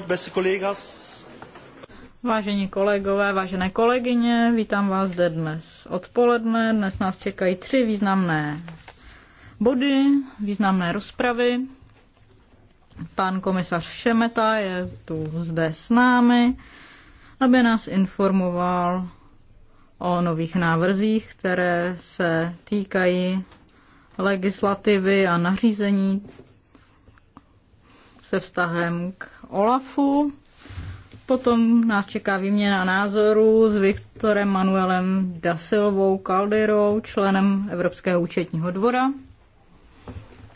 beste collega's. Vážení kolegové, vážené kolegyně, vítám vás zde dnes odpoledne. Dnes nás čekají tři významné body, významné rozpravy. Pan komisař Šemeta je tu zde s námi, aby nás informoval o nových návrzích, které se týkají legislativy a nařízení se vztahem k OLAFu. Potom nás čeká výměna názorů s Viktorem Manuelem Dasilovou Calderou, členem Evropského účetního dvora.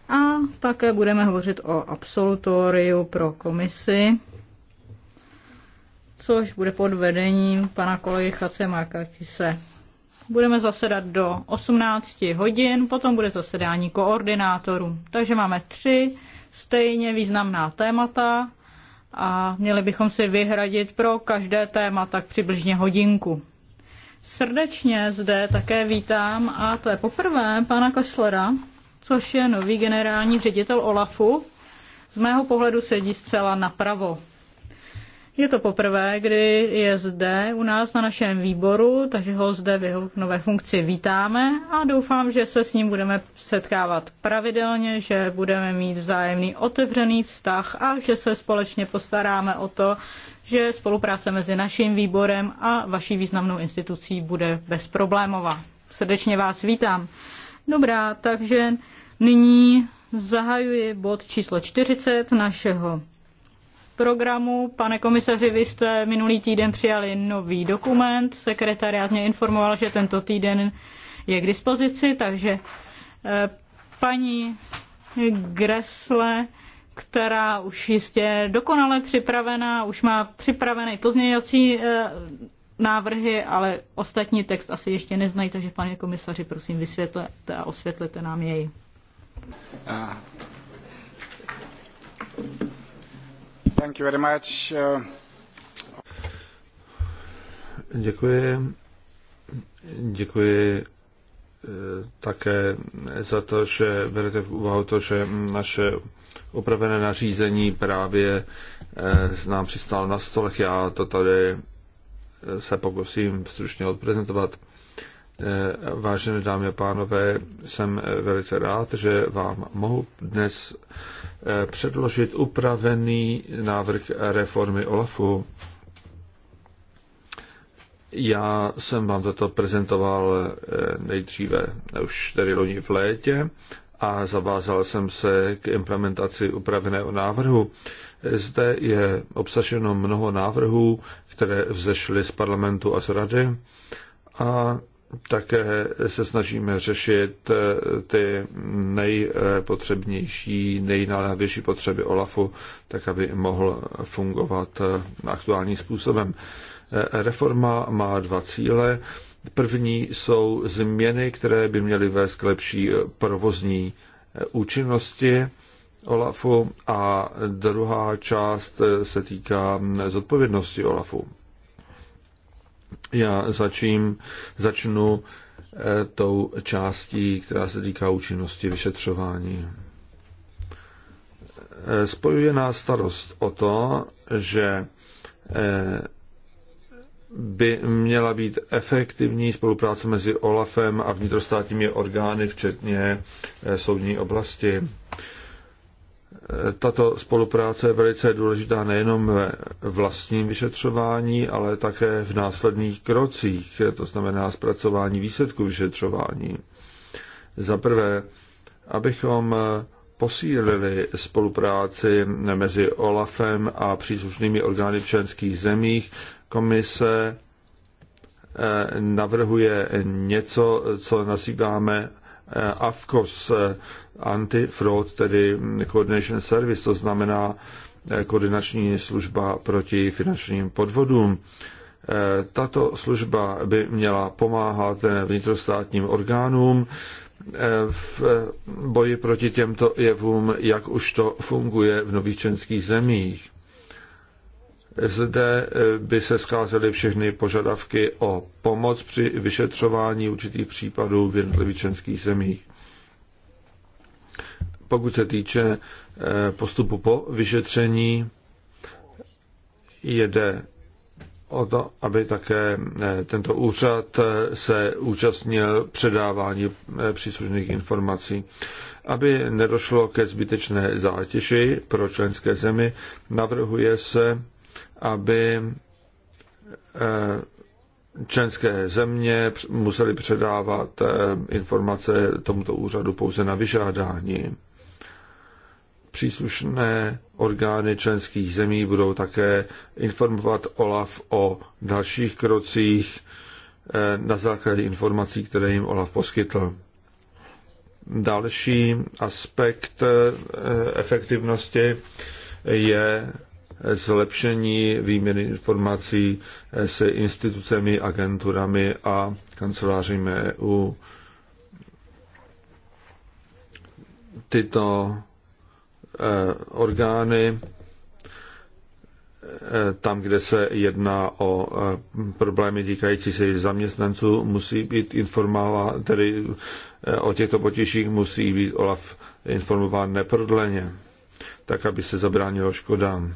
A také budeme hovořit o absolutoriu pro komisi, což bude pod vedením pana kolegy Chace Marka Kise. Budeme zasedat do 18 hodin, potom bude zasedání koordinátorů. Takže máme tři stejně významná témata a měli bychom si vyhradit pro každé téma tak přibližně hodinku. Srdečně zde také vítám, a to je poprvé, pana Kašlera, což je nový generální ředitel OLAFu. Z mého pohledu sedí zcela napravo. Je to poprvé, kdy je zde u nás na našem výboru, takže ho zde v jeho nové funkci vítáme a doufám, že se s ním budeme setkávat pravidelně, že budeme mít vzájemný otevřený vztah a že se společně postaráme o to, že spolupráce mezi naším výborem a vaší významnou institucí bude bezproblémová. Srdečně vás vítám. Dobrá, takže nyní zahajuji bod číslo 40 našeho programu. Pane komisaři, vy jste minulý týden přijali nový dokument. Sekretariát mě informoval, že tento týden je k dispozici, takže eh, paní Gresle, která už jistě dokonale připravená, už má připravený pozměňovací eh, návrhy, ale ostatní text asi ještě neznají, takže pane komisaři, prosím, vysvětlete a osvětlete nám jej. Děkuji. Děkuji eh, také za to, že berete v úvahu to, že naše upravené nařízení právě eh, nám přistálo na stolech. Já to tady eh, se pokusím stručně odprezentovat. Eh, vážené dámy a pánové, jsem eh, velice rád, že vám mohu dnes eh, předložit upravený návrh reformy OLAFu. Já jsem vám toto prezentoval nejdříve už tedy loni v létě a zavázal jsem se k implementaci upraveného návrhu. Zde je obsaženo mnoho návrhů, které vzešly z parlamentu a z rady a také se snažíme řešit eh, ty nejpotřebnější, nejnáležitější potřeby OLAFu, tak aby mohl fungovat eh, aktuálním způsobem. Eh, reforma má dva cíle. První jsou změny, které by měly vést k lepší provozní účinnosti OLAFu a druhá část se týká mm, zodpovědnosti OLAFu. Já začím, začnu eh, tou částí, která se týká účinnosti vyšetřování. Eh, spojuje nás starost o to, že eh, by měla být efektivní spolupráce mezi OLAFem a vnitrostátními orgány, včetně soudní oblasti tato spolupráce je velice důležitá nejenom ve vlastním vyšetřování, ale také v následných krocích, to znamená zpracování výsledků vyšetřování. Za prvé, abychom posílili spolupráci mezi OLAFem a příslušnými orgány v členských zemích, komise eh, navrhuje něco, co nazýváme Eh, AFCOS, eh, Anti-Fraud, tedy Coordination Service, to znamená eh, koordinační služba proti finančním podvodům. Tato služba by měla pomáhat vnitrostátním orgánům v boji proti těmto jevům, jak už to funguje v nových členských zemích. Zde eh, by se scházely všechny požadavky o pomoc při vyšetřování určitých případů v jednotlivých členských zemích. Pokud se týče eh, postupu po vyšetření, jede o to, aby také eh, tento úřad se účastnil předávání příslušných informací. Aby nedošlo ke zbytečné zátěži pro členské zemi, navrhuje se aby eh, členské země museli předávat eh, informace tomuto úřadu pouze na vyžádání. Příslušné orgány členských zemí budou také informovat OLAF o dalších krocích eh, na základě informací, které jim OLAF poskytl. Další aspekt efektivnosti je zlepšení výměny informací s institucemi, agenturami a kancelářími EU. Tyto eh, orgány eh, tam, kde se jedná o eh, problémy týkající se zaměstnanců, musí být informován, tedy o těchto potěších musí být OLAF informován neprodleně, tak aby se zabránilo škodám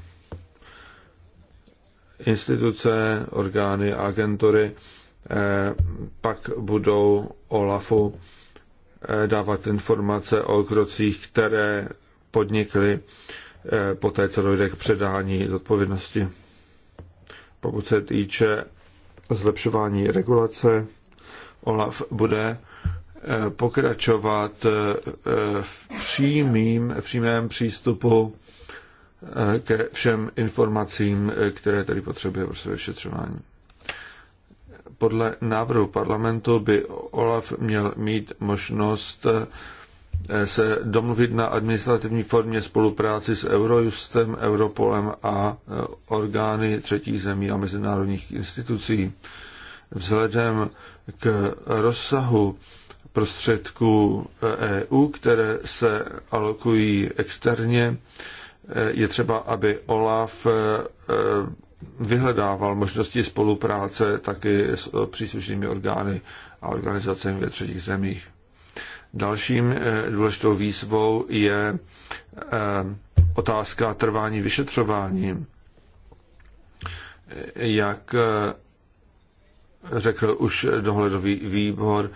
instituce, orgány agentury eh, pak budou OLAFu eh, dávat informace o krocích, které podnikly eh, po té, co dojde k předání zodpovědnosti. Pokud se týče zlepšování regulace, OLAF bude pokračovat v přímým, v přímém přístupu Eh, ke všem informacím, eh, které tady potřebuje pro své vyšetřování. Podle návrhu parlamentu by OLAF měl mít možnost eh, se domluvit na administrativní formě spolupráci s Eurojustem, Europolem a orgány třetích zemí a mezinárodních institucí. Vzhledem k rozsahu prostředků EU, e které se alokují externě, je třeba, aby OLAF eh, eh, vyhledával možnosti spolupráce taky s příslušnými orgány a organizacemi ve třetích zemích. Dalším eh, důležitou výzvou je otázka trvání vyšetřování. Jak řekl už dohledový výbor,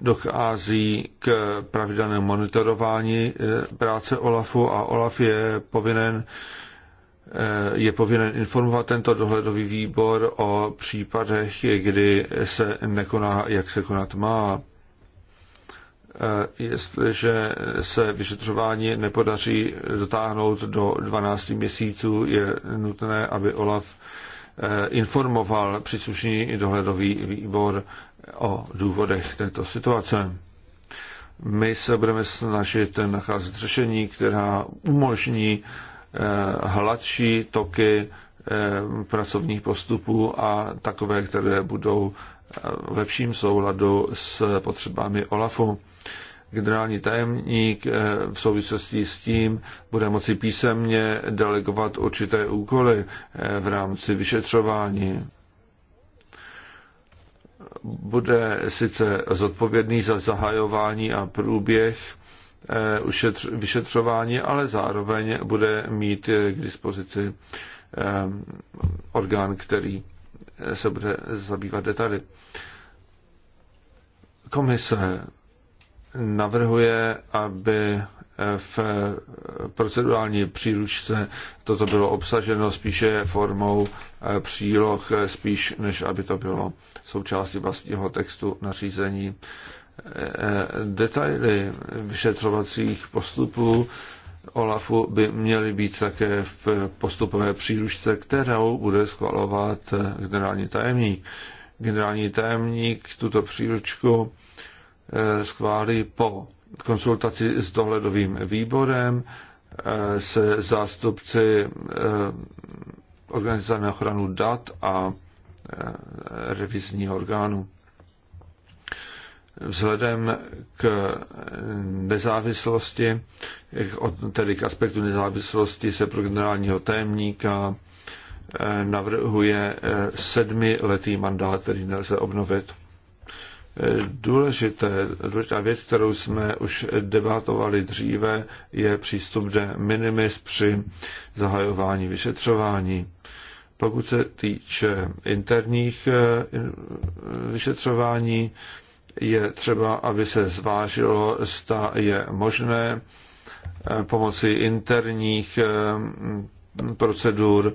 dochází k pravidelnému monitorování eh, práce OLAFu a OLAF je povinen eh, je povinen informovat tento dohledový výbor o případech, kdy se nekoná, jak se konat má. Eh, jestliže se vyšetřování nepodaří dotáhnout do 12 měsíců, je nutné, aby OLAF informoval příslušný dohledový výbor o důvodech této situace. My se budeme snažit nacházet řešení, která umožní eh, hladší toky eh, pracovních postupů a takové, které budou eh, v lepším souladu s potřebami OLAFu. Generální tajemník v souvislosti s tím bude moci písemně delegovat určité úkoly v rámci vyšetřování bude sice zodpovědný za zahajování a průběh eh, vyšetřování, ale zároveň bude mít k dispozici eh, orgán, který eh, se bude zabývat detaily. Komise navrhuje, aby v procedurální příručce toto bylo obsaženo spíše formou Eh, příloh eh, spíš, než aby to bylo součástí vlastního textu nařízení. Eh, detaily vyšetřovacích postupů OLAFu by měly být také v postupové příručce, kterou bude schvalovat generální tajemník. Generální tajemník tuto příručku schválí po konsultaci s dohledovým výborem, se zástupci organizace na ochranu dat a e, revizního orgánu. Vzhledem k nezávislosti, tedy k aspektu nezávislosti se pro generálního témníka e, navrhuje e, sedmiletý mandát, který nelze obnovit. Důležité, důležitá věc, kterou jsme už debatovali dříve, je přístup de minimis při zahajování vyšetřování. Pokud se týče interních eh, vyšetřování, je třeba, aby se zvážilo, zda je možné eh, pomocí interních eh, procedur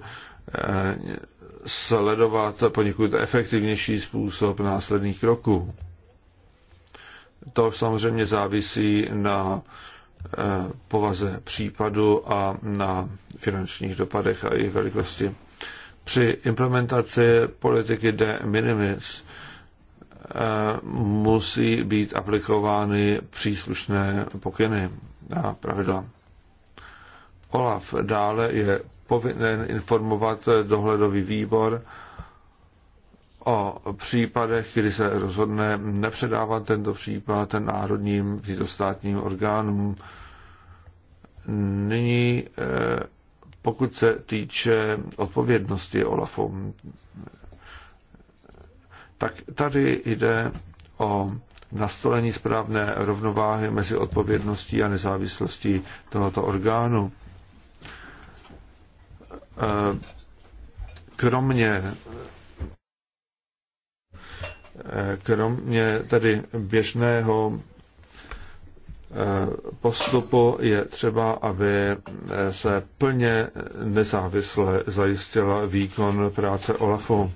sledovat poněkud efektivnější způsob následných kroků. To samozřejmě závisí na eh, povaze případu a na finančních dopadech a jejich velikosti. Při implementaci politiky de minimis eh, musí být aplikovány příslušné pokyny a pravidla. OLAF dále je povinen informovat dohledový výbor o případech, kdy se rozhodne nepředávat tento případ ten národním vnitrostátním orgánům. Nyní, eh, pokud se týče odpovědnosti Olafu, tak tady jde o nastolení správné rovnováhy mezi odpovědností a nezávislostí tohoto orgánu. Eh, kromě Kromě tedy běžného eh, postupu je třeba, aby eh, se plně nezávisle zajistila výkon práce OLAFu.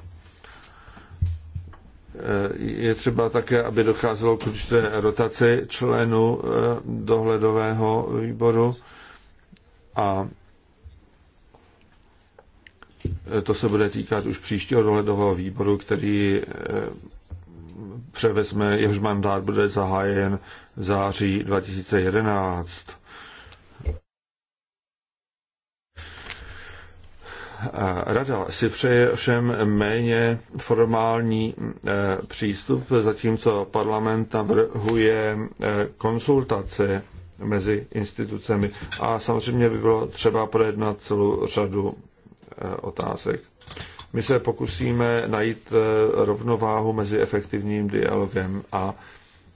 Eh, je třeba také, aby docházelo k určité rotaci členů dohledového výboru a to se bude týkat už příštího dohledového výboru, který převezme, jehož mandát bude zahájen v září 2011. Rada si přeje všem méně formální e, přístup, zatímco parlament navrhuje e, konsultace mezi institucemi. A samozřejmě by bylo třeba projednat celou řadu e, otázek. My se pokusíme najít eh, rovnováhu mezi efektivním dialogem a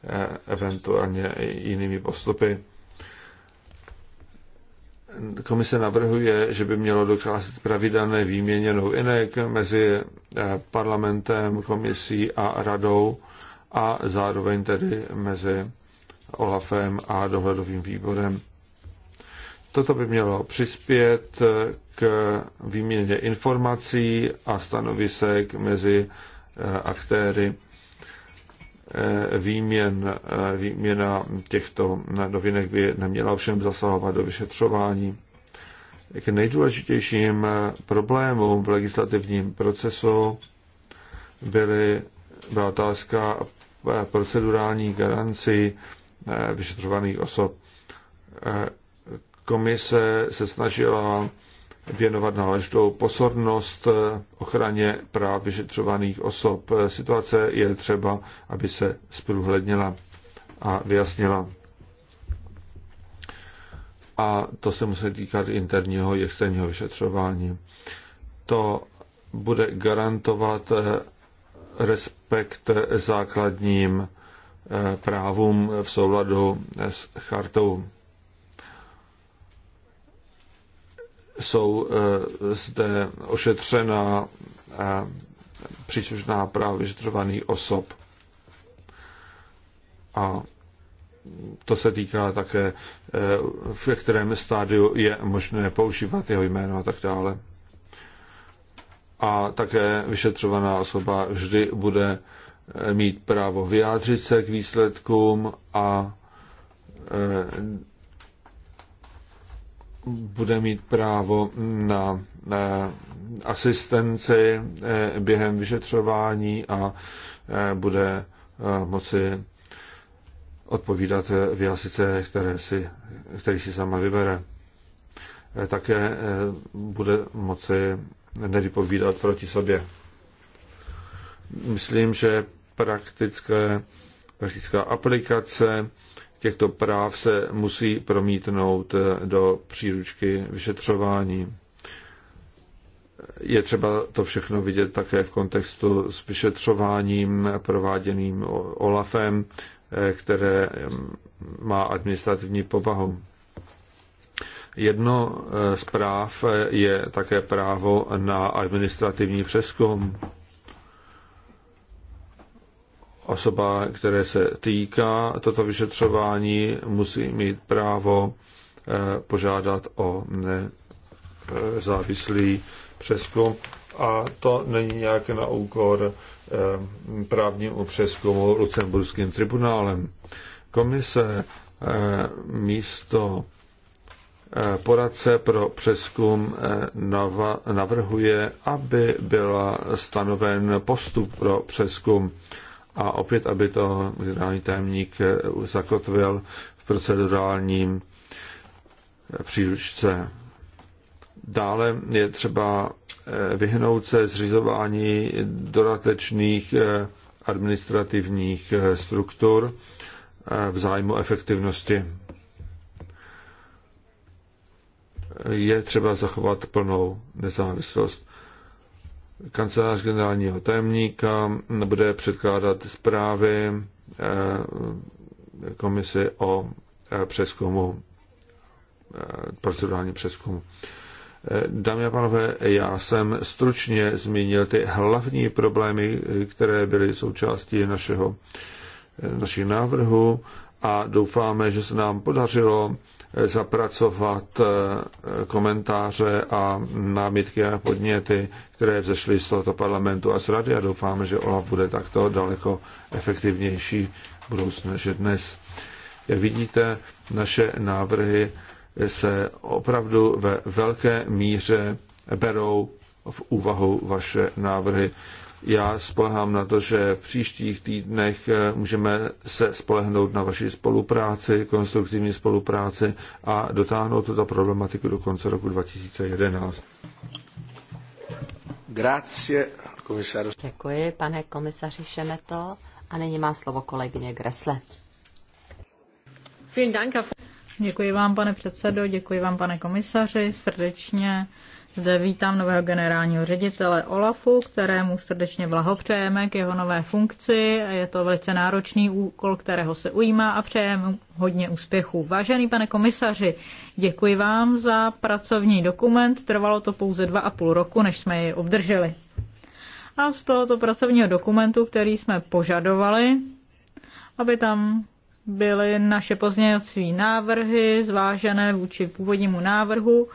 eh, eventuálně jinými postupy. Komise navrhuje, že by mělo docházet pravidelné výměně novinek mezi eh, parlamentem, komisí a radou a zároveň tedy mezi OLAFem a dohledovým výborem. Toto by mělo přispět k výměně informací a stanovisek mezi eh, aktéry eh, výměn, eh, výměna těchto novinek by neměla všem zasahovat do vyšetřování. K nejdůležitějším problémům v legislativním procesu byly, byla otázka procedurální garanci vyšetřovaných osob. Komise se snažila věnovat náležitou pozornost eh, ochraně práv vyšetřovaných osob. Situace je třeba, aby se zprůhlednila a vyjasnila. A to se musí týkat interního i externího vyšetřování. To bude garantovat eh, respekt základním eh, právům v souladu s chartou jsou eh, zde ošetřena eh, příslušná práva vyšetřovaných osob. A to se týká také, eh, v kterém stádiu je možné používat jeho jméno a tak dále. A také vyšetřovaná osoba vždy bude mít právo vyjádřit se k výsledkům a bude mít právo na, asistenci eh, během vyšetřování a eh, bude eh, moci odpovídat v jazyce, které si, který si sama vybere. Také bude moci nevypovídat proti sobě. Myslím, že praktické, praktická aplikace těchto práv se musí promítnout eh, do příručky vyšetřování. Je třeba to všechno vidět také v kontextu s vyšetřováním prováděným OLAFem, eh, které mm, má administrativní povahu. Jedno eh, z práv je také právo na administrativní přeskum osoba, které se týká toto vyšetřování, musí mít právo eh, požádat o nezávislý přeskum. A to není nějak na úkor eh, právnímu přeskumu Lucemburským tribunálem. Komise eh, místo poradce pro přeskum navrhuje, aby byla stanoven postup pro přeskum a opět, aby to generální tajemník zakotvil v procedurálním příručce. Dále je třeba eh, vyhnout se zřizování dodatečných eh, administrativních eh, struktur v zájmu efektivnosti. Je třeba zachovat plnou nezávislost kancelář generálního tajemníka bude předkládat zprávy eh, komisi o eh, přeskumu, eh, procedurální přeskumu. Dámy a pánové, já jsem stručně zmínil ty hlavní problémy, které byly součástí našeho, našich návrhů a doufáme, že se nám podařilo eh, zapracovat eh, komentáře a námitky a podněty, které vzešly z tohoto parlamentu a z rady a doufáme, že OLAF bude takto daleko efektivnější v budoucnu než dnes. Jak vidíte, naše návrhy se opravdu ve velké míře berou v úvahu vaše návrhy. Já spolehám na to, že v příštích týdnech eh, můžeme se spolehnout na vaši spolupráci, konstruktivní spolupráci a dotáhnout tuto problematiku do konce roku 2011. Děkuji, pane komisaři Šemeto. A nyní má slovo kolegyně Gresle. Děkuji vám, pane předsedo, děkuji vám, pane komisaři, srdečně zde vítám nového generálního ředitele Olafu, kterému srdečně blahopřejeme k jeho nové funkci. Je to velice náročný úkol, kterého se ujímá a přejeme hodně úspěchů. Vážený pane komisaři, děkuji vám za pracovní dokument. Trvalo to pouze dva a půl roku, než jsme jej obdrželi. A z tohoto pracovního dokumentu, který jsme požadovali, aby tam byly naše pozměňovací návrhy zvážené vůči původnímu návrhu,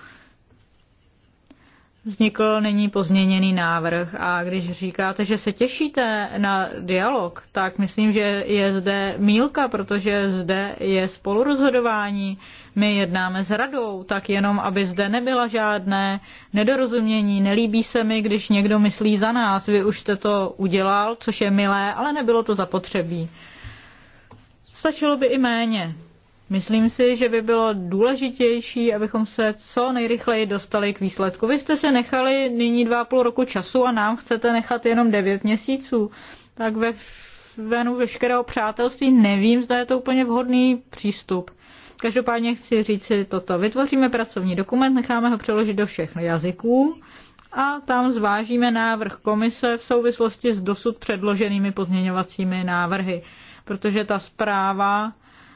vznikl není pozměněný návrh a když říkáte, že se těšíte na dialog, tak myslím, že je zde mílka, protože zde je spolurozhodování. My jednáme s radou, tak jenom, aby zde nebyla žádné nedorozumění. Nelíbí se mi, když někdo myslí za nás, vy už jste to udělal, což je milé, ale nebylo to zapotřebí. Stačilo by i méně. Myslím si, že by bylo důležitější, abychom se co nejrychleji dostali k výsledku. Vy jste se nechali nyní dva a půl roku času a nám chcete nechat jenom devět měsíců. Tak ve venu veškerého přátelství nevím, zda je to úplně vhodný přístup. Každopádně chci říct si toto. Vytvoříme pracovní dokument, necháme ho přeložit do všech jazyků a tam zvážíme návrh komise v souvislosti s dosud předloženými pozměňovacími návrhy, protože ta zpráva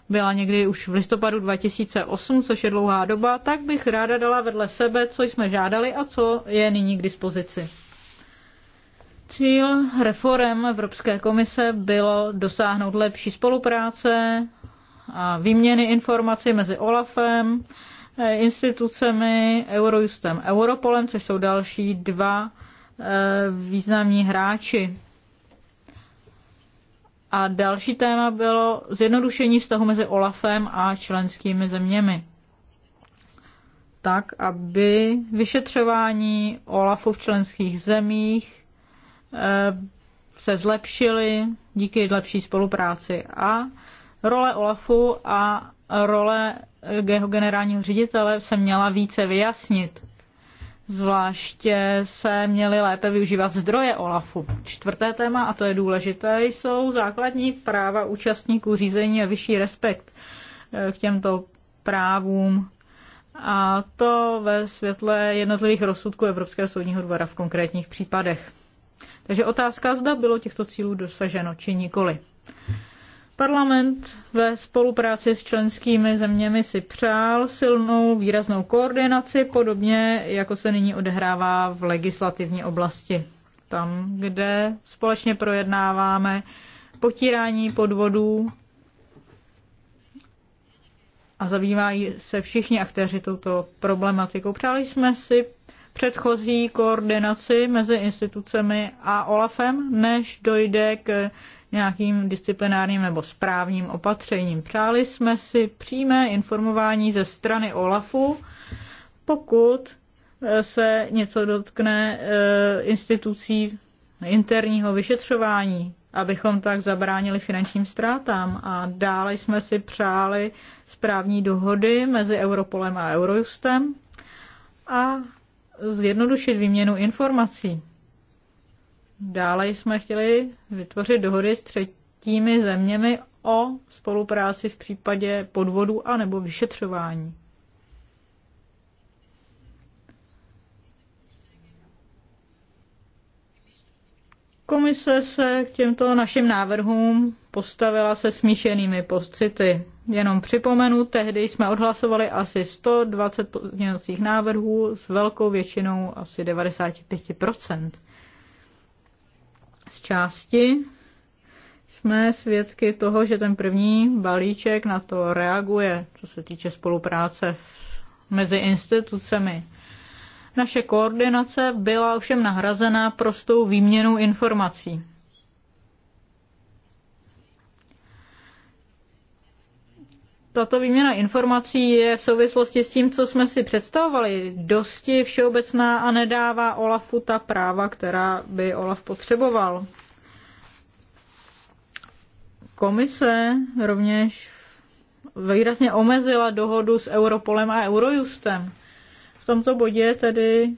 byla někdy už v listopadu 2008, což je dlouhá doba, tak bych ráda dala vedle sebe, co jsme žádali a co je nyní k dispozici. Cíl reform Evropské komise bylo dosáhnout lepší spolupráce a výměny informací mezi OLAFem, eh, institucemi Eurojustem, Europolem, což jsou další dva eh, významní hráči a další téma bylo zjednodušení vztahu mezi OLAFem a členskými zeměmi. Tak, aby vyšetřování OLAFu v členských zemích eh, se zlepšily díky lepší spolupráci. A role OLAFu a role eh, jeho generálního ředitele se měla více vyjasnit. Zvláště se měly lépe využívat zdroje OLAFu. Čtvrté téma, a to je důležité, jsou základní práva účastníků řízení a vyšší respekt eh, k těmto právům. A to ve světle jednotlivých rozsudků Evropského soudního dvora v konkrétních případech. Takže otázka, zda bylo těchto cílů dosaženo či nikoli. Parlament ve spolupráci s členskými zeměmi si přál silnou výraznou koordinaci, podobně jako se nyní odehrává v legislativní oblasti. Tam, kde společně projednáváme potírání podvodů a zabývají se všichni aktéři touto problematikou. Přáli jsme si předchozí koordinaci mezi institucemi a OLAFem, než dojde k nějakým disciplinárním nebo správním opatřením. Přáli jsme si přímé informování ze strany OLAFu, pokud e, se něco dotkne e, institucí interního vyšetřování, abychom tak zabránili finančním ztrátám. A dále jsme si přáli správní dohody mezi Europolem a Eurojustem a zjednodušit výměnu informací. Dále jsme chtěli vytvořit dohody s třetími zeměmi o spolupráci v případě podvodu a nebo vyšetřování. Komise se k těmto našim návrhům postavila se smíšenými pocity. Jenom připomenu, tehdy jsme odhlasovali asi 120 pozměňovacích návrhů s velkou většinou asi 95 z části jsme svědky toho, že ten první balíček na to reaguje, co se týče spolupráce mezi institucemi. Naše koordinace byla ovšem nahrazena prostou výměnou informací. tato výměna informací je v souvislosti s tím, co jsme si představovali, dosti všeobecná a nedává Olafu ta práva, která by Olaf potřeboval. Komise rovněž výrazně omezila dohodu s Europolem a Eurojustem. V tomto bodě tedy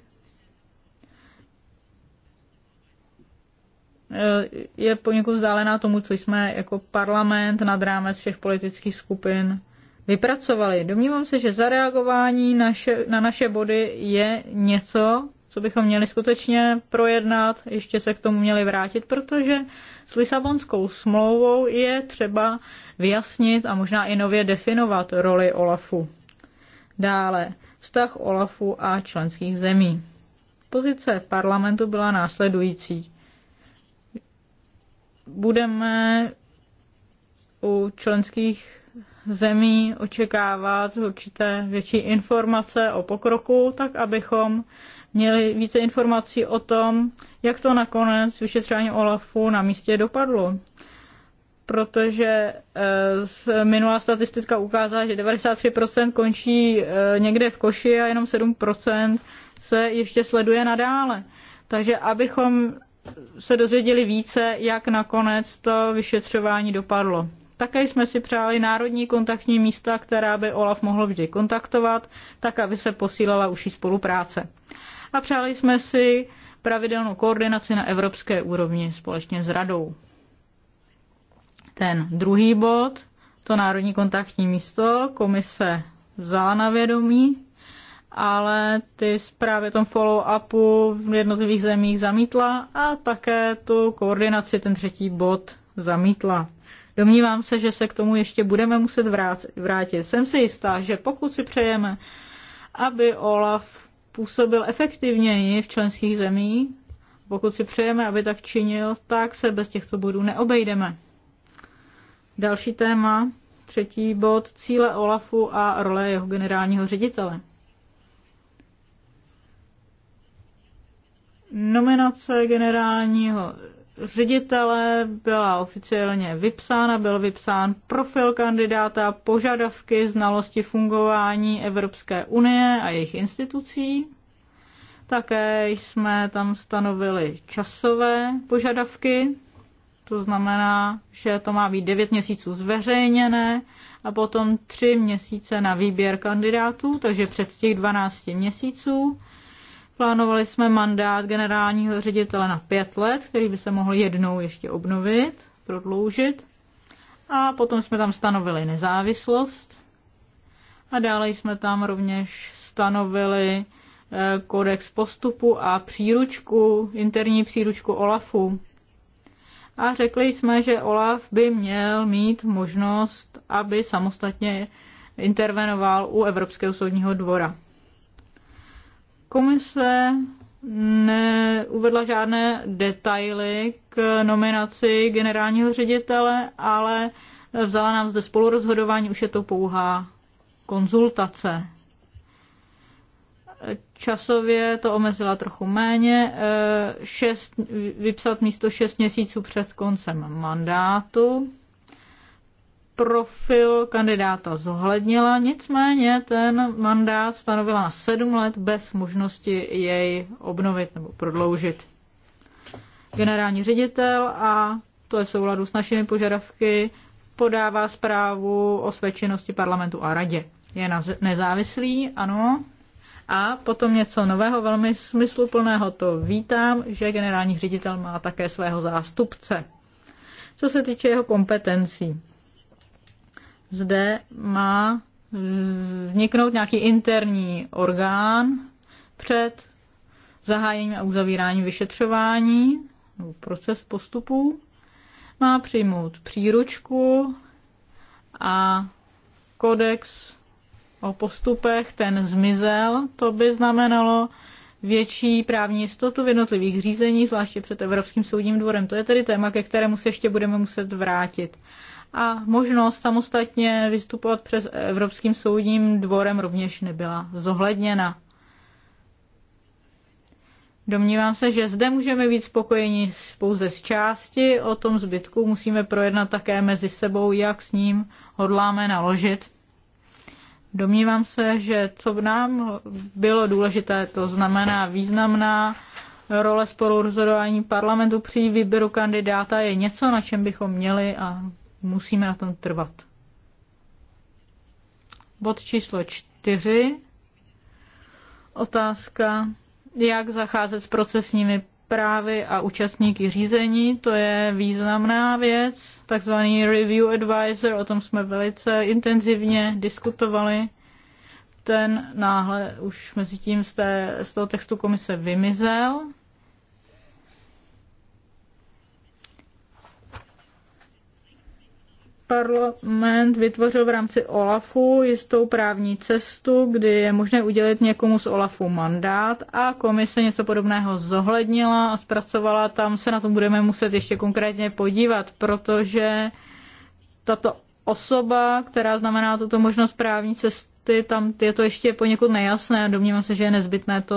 eh, je poněkud vzdálená tomu, co jsme jako parlament nad rámec všech politických skupin vypracovali. Domnívám se, že zareagování naše, na naše body je něco, co bychom měli skutečně projednat, ještě se k tomu měli vrátit, protože s Lisabonskou smlouvou je třeba vyjasnit a možná i nově definovat roli OLAFu. Dále vztah OLAFu a členských zemí. Pozice parlamentu byla následující. Budeme u členských zemí očekávat určité větší informace o pokroku, tak abychom měli více informací o tom, jak to nakonec vyšetřování OLAFu na místě dopadlo. Protože e, minulá statistika ukázala, že 93% končí e, někde v koši a jenom 7% se ještě sleduje nadále. Takže abychom se dozvěděli více, jak nakonec to vyšetřování dopadlo. Také jsme si přáli národní kontaktní místa, která by OLAF mohl vždy kontaktovat, tak aby se posílala uší spolupráce. A přáli jsme si pravidelnou koordinaci na evropské úrovni společně s radou. Ten druhý bod, to národní kontaktní místo, komise vzala na vědomí, ale ty zprávy tom follow-upu v jednotlivých zemích zamítla a také tu koordinaci, ten třetí bod, zamítla. Domnívám se, že se k tomu ještě budeme muset vrátit. Jsem si jistá, že pokud si přejeme, aby OLAF působil efektivněji v členských zemích, pokud si přejeme, aby tak činil, tak se bez těchto bodů neobejdeme. Další téma, třetí bod, cíle OLAFu a role jeho generálního ředitele. Nominace generálního ředitele byla oficiálně vypsána, byl vypsán profil kandidáta, požadavky, znalosti fungování Evropské unie a jejich institucí. Také jsme tam stanovili časové požadavky, to znamená, že to má být 9 měsíců zveřejněné a potom 3 měsíce na výběr kandidátů, takže před těch 12 měsíců Plánovali jsme mandát generálního ředitele na pět let, který by se mohl jednou ještě obnovit, prodloužit. A potom jsme tam stanovili nezávislost. A dále jsme tam rovněž stanovili eh, kodex postupu a příručku, interní příručku OLAFu. A řekli jsme, že OLAF by měl mít možnost, aby samostatně intervenoval u Evropského soudního dvora. Komise neuvedla žádné detaily k nominaci generálního ředitele, ale vzala nám zde spolurozhodování, už je to pouhá konzultace. Časově to omezila trochu méně, eh, šest, vypsat místo 6 měsíců před koncem mandátu profil kandidáta zohlednila, nicméně ten mandát stanovila na sedm let bez možnosti jej obnovit nebo prodloužit. Generální ředitel a to je v souladu s našimi požadavky, podává zprávu o své činnosti parlamentu a radě. Je nezávislý, ano. A potom něco nového, velmi smysluplného, to vítám, že generální ředitel má také svého zástupce. Co se týče jeho kompetencí, zde má eh, vzniknout nějaký interní orgán před zahájením a uzavíráním vyšetřování, proces postupů, má přijmout příručku a kodex o postupech, ten zmizel, to by znamenalo větší právní jistotu v jednotlivých řízení, zvláště před Evropským soudním dvorem. To je tedy téma, ke kterému se ještě budeme muset vrátit a možnost samostatně vystupovat přes Evropským soudním dvorem rovněž nebyla zohledněna. Domnívám se, že zde můžeme být spokojeni pouze z části, o tom zbytku musíme projednat také mezi sebou, jak s ním hodláme naložit. Domnívám se, že co v nám bylo důležité, to znamená významná role rozhodování parlamentu při výběru kandidáta je něco, na čem bychom měli a Musíme na tom trvat. Bod číslo čtyři. Otázka, jak zacházet s procesními právy a účastníky řízení. To je významná věc, takzvaný review advisor, o tom jsme velice intenzivně diskutovali. Ten náhle už mezi tím z, té, z toho textu komise vymizel. Parlament vytvořil v rámci OLAFu jistou právní cestu, kdy je možné udělit někomu z OLAFu mandát a komise něco podobného zohlednila a zpracovala. Tam se na to budeme muset ještě konkrétně podívat, protože tato osoba, která znamená tuto možnost právní cesty, tam je to ještě poněkud nejasné. Domnívám se, že je nezbytné to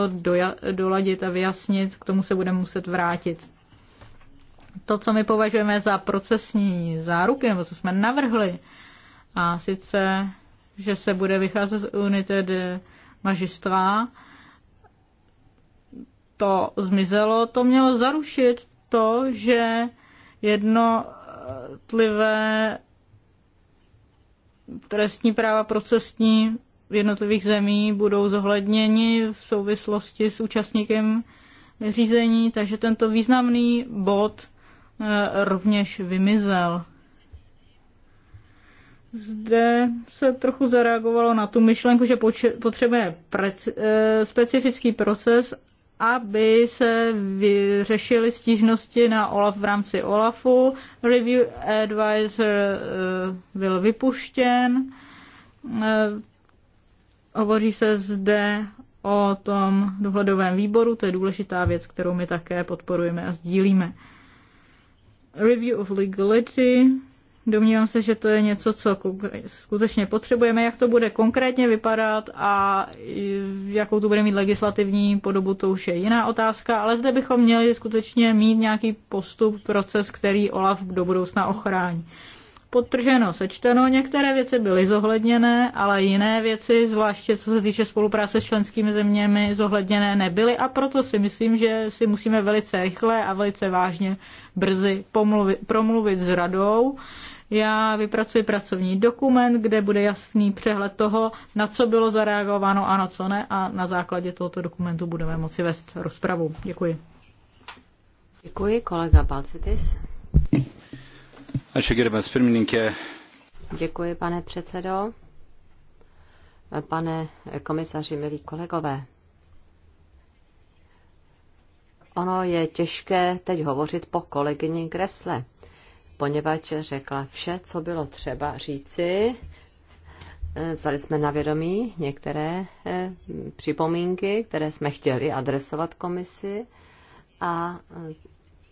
doladit a vyjasnit. K tomu se budeme muset vrátit to, co my považujeme za procesní záruky, nebo co jsme navrhli, a sice, že se bude vycházet z unity de magistva, to zmizelo, to mělo zarušit to, že jednotlivé trestní práva procesní v jednotlivých zemí budou zohledněni v souvislosti s účastníkem řízení, takže tento významný bod Eh, rovněž vymizel. Zde se trochu zareagovalo na tu myšlenku, že potřebuje eh, specifický proces, aby se vyřešily stížnosti na OLAF v rámci OLAFu. Review Advisor eh, byl vypuštěn. Hovoří se zde o tom dohledovém výboru, to je důležitá věc, kterou my také podporujeme a sdílíme. Review of legality. Domnívám se, že to je něco, co skutečně potřebujeme, jak to bude konkrétně vypadat a jakou to bude mít legislativní podobu, to už je jiná otázka, ale zde bychom měli skutečně mít nějaký postup, proces, který OLAF do budoucna ochrání. Podtrženo, sečteno, některé věci byly zohledněné, ale jiné věci, zvláště co se týče spolupráce s členskými zeměmi, zohledněné nebyly a proto si myslím, že si musíme velice rychle a velice vážně brzy pomluvit, promluvit s radou. Já vypracuji pracovní dokument, kde bude jasný přehled toho, na co bylo zareagováno a na co ne a na základě tohoto dokumentu budeme moci vést rozpravu. Děkuji. Děkuji, kolega Balcetis. Děkuji, pane předsedo. Pane komisaři, milí kolegové, ono je těžké teď hovořit po kolegyni Gresle, poněvadž řekla vše, co bylo třeba říci. Vzali jsme na vědomí některé eh, připomínky, které jsme chtěli adresovat komisi a eh,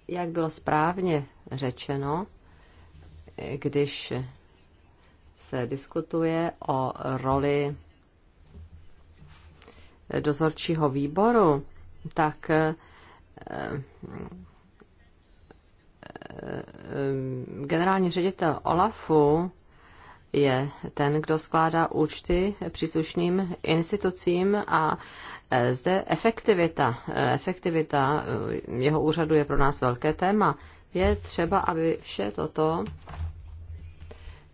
jak bylo správně řečeno, když se diskutuje o roli dozorčího výboru, tak eh, eh, generální ředitel Olafu je ten, kdo skládá účty příslušným institucím a eh, zde efektivita, efektivita jeho úřadu je pro nás velké téma. Je třeba, aby vše toto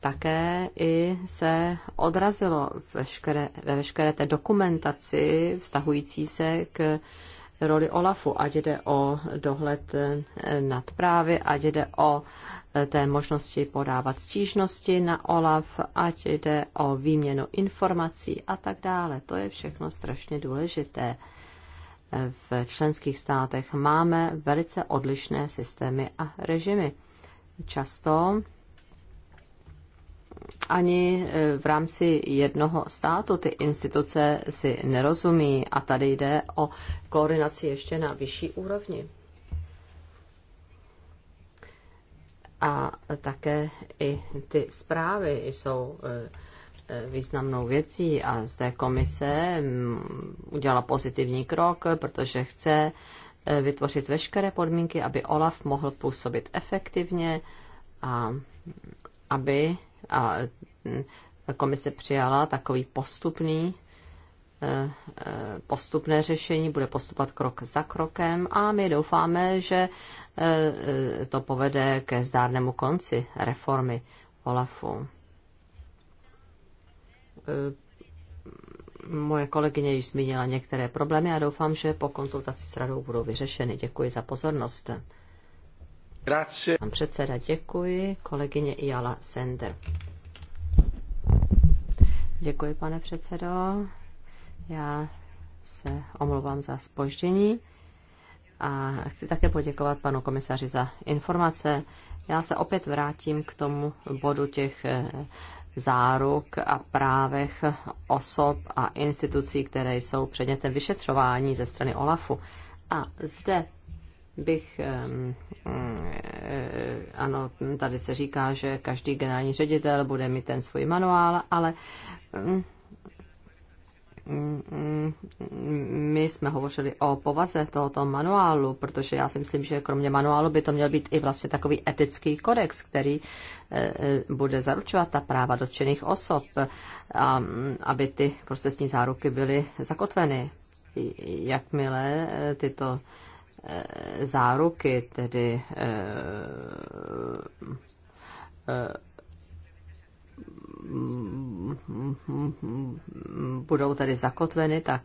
také i se odrazilo veškeré, ve veškeré té dokumentaci vztahující se k roli OLAFu, ať jde o dohled nad právy, ať jde o té možnosti podávat stížnosti na OLAF, ať jde o výměnu informací a tak dále. To je všechno strašně důležité. V členských státech máme velice odlišné systémy a režimy. Často ani e, v rámci jednoho státu ty instituce si nerozumí a tady jde o koordinaci ještě na vyšší úrovni. A také i ty zprávy jsou e, e, významnou věcí a zde komise udělala pozitivní krok, protože chce vytvořit veškeré podmínky, aby OLAF mohl působit efektivně a aby a mm, komise přijala takový postupný eh, eh, postupné řešení, bude postupovat krok za krokem a my doufáme, že eh, to povede ke zdárnému konci reformy OLAFu. Moje kolegyně již zmínila některé problémy a doufám, že po konzultaci s radou budou vyřešeny. Děkuji za pozornost. Grazie. Pan předseda, děkuji. Kolegyně Iala Sender. Děkuji, pane předsedo. Já se omlouvám za spoždění a chci také poděkovat panu komisaři za informace. Já se opět vrátím k tomu bodu těch eh, záruk a právech osob a institucí, které jsou předmětem vyšetřování ze strany OLAFu. A zde bych, ano, tady se říká, že každý generální ředitel bude mít ten svůj manuál, ale my jsme hovořili o povaze tohoto manuálu, protože já si myslím, že kromě manuálu by to měl být i vlastně takový etický kodex, který eh, bude zaručovat ta práva dotčených osob, aby ty procesní záruky byly zakotveny. Jakmile eh, tyto Eh, záruky, tedy eh, eh, budou tedy zakotveny, tak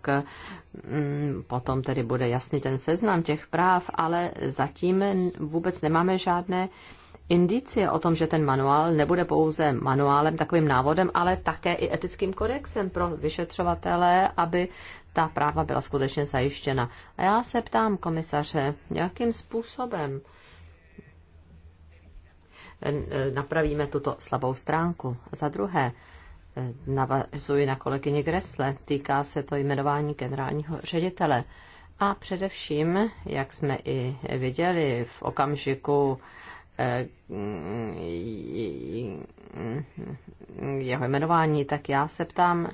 mm, potom tedy bude jasný ten seznam těch práv, ale zatím vůbec nemáme žádné indicie o tom, že ten manuál nebude pouze manuálem, takovým návodem, ale také i etickým kodexem pro vyšetřovatele, aby ta práva byla skutečně zajištěna. A já se ptám komisaře, jakým způsobem eh, eh, napravíme tuto slabou stránku. Za druhé, eh, navazuji na kolegyně Gresle, týká se to jmenování generálního ředitele. A především, jak jsme i viděli v okamžiku jeho jmenování, tak já se ptám,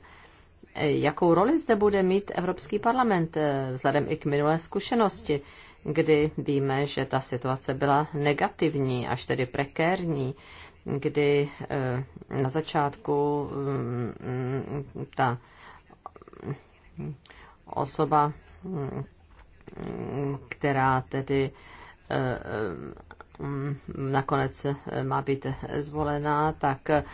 jakou roli zde bude mít Evropský parlament, eh, vzhledem i k minulé zkušenosti, kdy víme, že ta situace byla negativní, až tedy prekérní, kdy eh, na začátku mm, ta osoba, mm, která tedy eh, Mm, nakonec eh, má být zvolená, tak eh,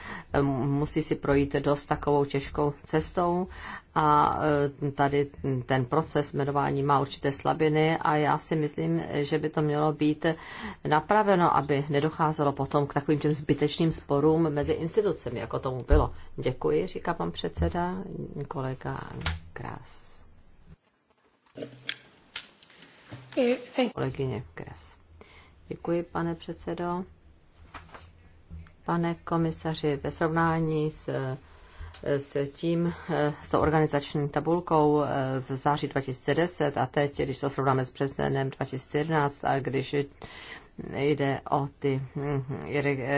musí si projít dost takovou těžkou cestou a eh, tady ten proces jmenování má určité slabiny a já si myslím, že by to mělo být napraveno, aby nedocházelo potom k takovým těm zbytečným sporům mezi institucemi, jako tomu bylo. Děkuji, říká pan předseda, kolega Krás. Kolegyně Krás. Děkuji, pane předsedo. Pane komisaři, ve srovnání s s tím, s tou organizační tabulkou eh, v září 2010 a teď, když to srovnáme s březnem 2011 a když jde o ty hm, hm,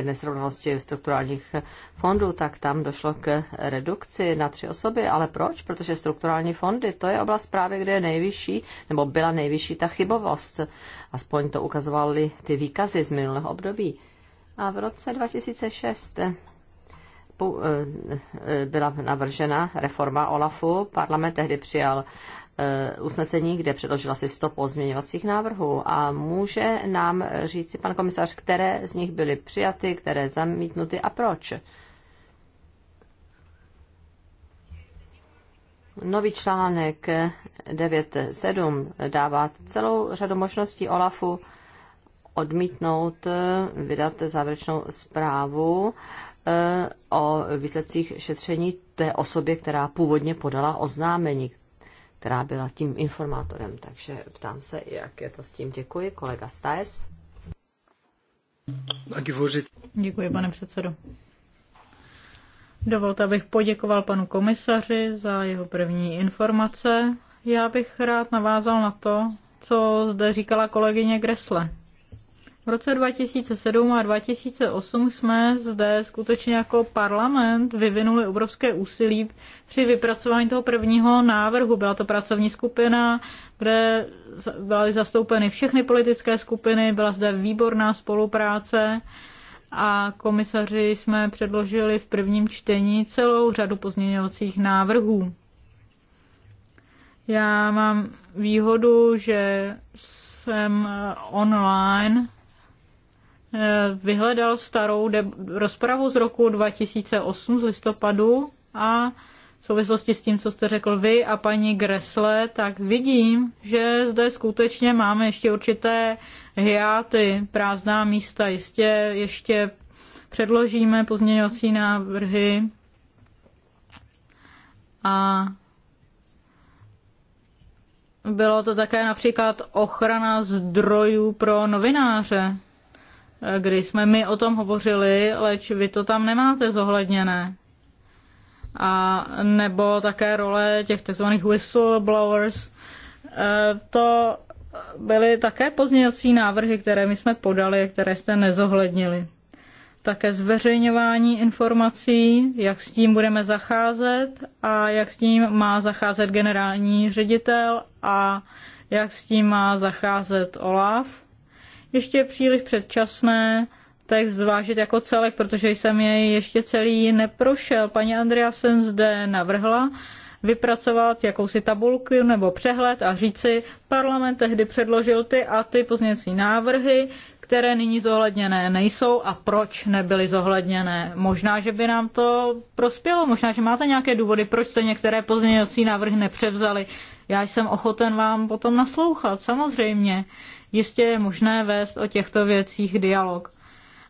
nesrovnalosti strukturálních fondů, tak tam došlo k redukci na tři osoby. Ale proč? Protože strukturální fondy, to je oblast právě, kde je nejvyšší, nebo byla nejvyšší ta chybovost. Aspoň to ukazovaly ty výkazy z minulého období. A v roce 2006 eh, eh, byla navržena reforma OLAFu. Parlament tehdy přijal Eh, usnesení, kde předložila asi 100 pozměňovacích návrhů a může nám říci pan komisař, které z nich byly přijaty, které zamítnuty a proč. Nový článek 9.7 dává celou řadu možností OLAFu odmítnout eh, vydat závěrečnou zprávu eh, o výsledcích šetření té osobě, která původně podala oznámení, která byla tím informátorem. Takže ptám se, jak je to s tím. Děkuji. Kolega Staes. Děkuji, pane předsedo. Dovolte, abych poděkoval panu komisaři za jeho první informace. Já bych rád navázal na to, co zde říkala kolegyně Gresle. V roce 2007 a 2008 jsme zde skutečně jako parlament vyvinuli obrovské úsilí při vypracování toho prvního návrhu. Byla to pracovní skupina, kde byly zastoupeny všechny politické skupiny, byla zde výborná spolupráce a komisaři jsme předložili v prvním čtení celou řadu pozměňovacích návrhů. Já mám výhodu, že jsem online Eh, vyhledal starou rozpravu z roku 2008 z listopadu a v souvislosti s tím, co jste řekl vy a paní Gresle, tak vidím, že zde skutečně máme ještě určité hiáty, prázdná místa. Jistě ještě předložíme pozměňovací návrhy a bylo to také například ochrana zdrojů pro novináře kdy jsme my o tom hovořili, leč vy to tam nemáte zohledněné. A nebo také role těch tzv. whistleblowers. E, to byly také pozměňovací návrhy, které my jsme podali, které jste nezohlednili. Také zveřejňování informací, jak s tím budeme zacházet a jak s tím má zacházet generální ředitel a jak s tím má zacházet OLAF ještě příliš předčasné text zvážit jako celek, protože jsem jej ještě celý neprošel. Paní Andrea jsem zde navrhla vypracovat jakousi tabulku nebo přehled a říci, parlament tehdy předložil ty a ty pozměňovací návrhy, které nyní zohledněné nejsou a proč nebyly zohledněné. Možná, že by nám to prospělo, možná, že máte nějaké důvody, proč jste některé pozměňovací návrhy nepřevzali. Já jsem ochoten vám potom naslouchat, samozřejmě. Jistě je možné vést o těchto věcích dialog.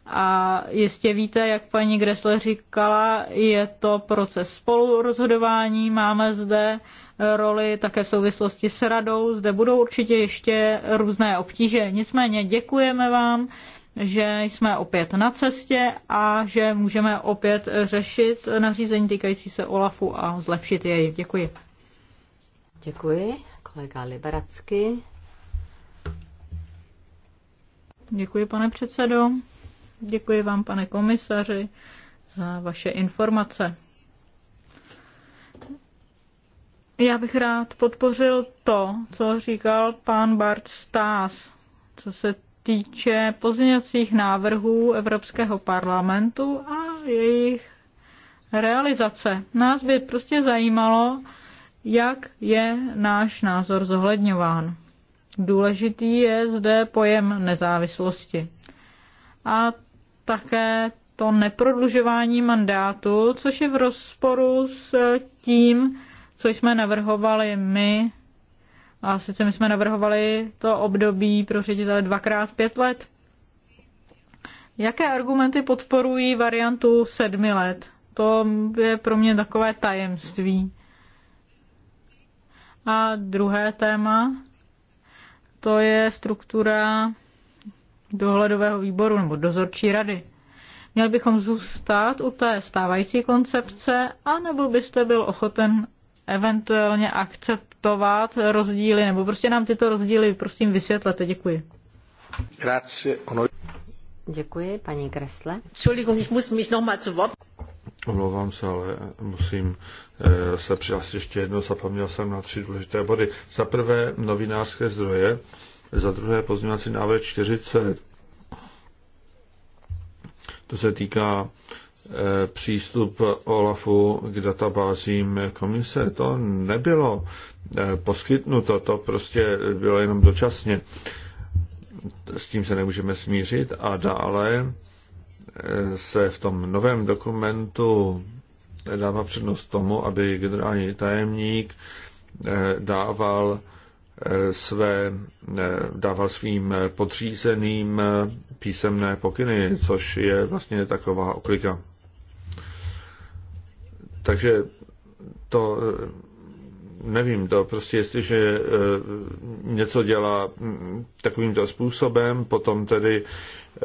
A jistě víte, jak paní Gressler říkala, je to proces spolurozhodování, máme zde roli také v souvislosti s radou. Zde budou určitě ještě různé obtíže. Nicméně děkujeme vám, že jsme opět na cestě a že můžeme opět řešit nařízení týkající se OLAFu a zlepšit jej. Děkuji. Děkuji. Kolega Liberacky. Děkuji, pane předsedo. Děkuji vám, pane komisaři, za vaše informace. Já bych rád podpořil to, co říkal pán Bart Stás, co se týče pozměňovacích návrhů Evropského parlamentu a jejich realizace. Nás by prostě zajímalo, jak je náš názor zohledňován. Důležitý je zde pojem nezávislosti. A také to neprodlužování mandátu, což je v rozporu s tím, co jsme navrhovali my, a sice my jsme navrhovali to období pro ředitele dvakrát pět let. Jaké argumenty podporují variantu sedmi let? To je pro mě takové tajemství. A druhé téma, to je struktura dohledového výboru nebo dozorčí rady. Měl bychom zůstat u té stávající koncepce, anebo byste byl ochoten eventuálně akceptovat rozdíly, nebo prostě nám tyto rozdíly prosím vysvětlete. Děkuji. Grazie. Ono... Děkuji, paní Kresle. Entschuldigung, ich muss mich noch zu Wort... Omlouvám se, ale musím eh, se přihlásit ještě jednou. Zapomněl jsem na tři důležité body. Za prvé novinářské zdroje, za druhé pozměňovací návrh 40. To se týká Eh, přístup OLAFu k databázím komise. To nebylo eh, poskytnuto, to prostě bylo jenom dočasně. S tím se nemůžeme smířit a dále eh, se v tom novém dokumentu dává přednost tomu, aby generální tajemník dával své, dával svým podřízeným písemné pokyny, což je vlastně taková oklika. Takže to eh, nevím, to prostě jestliže eh, něco dělá mm, takovýmto způsobem, potom tedy eh,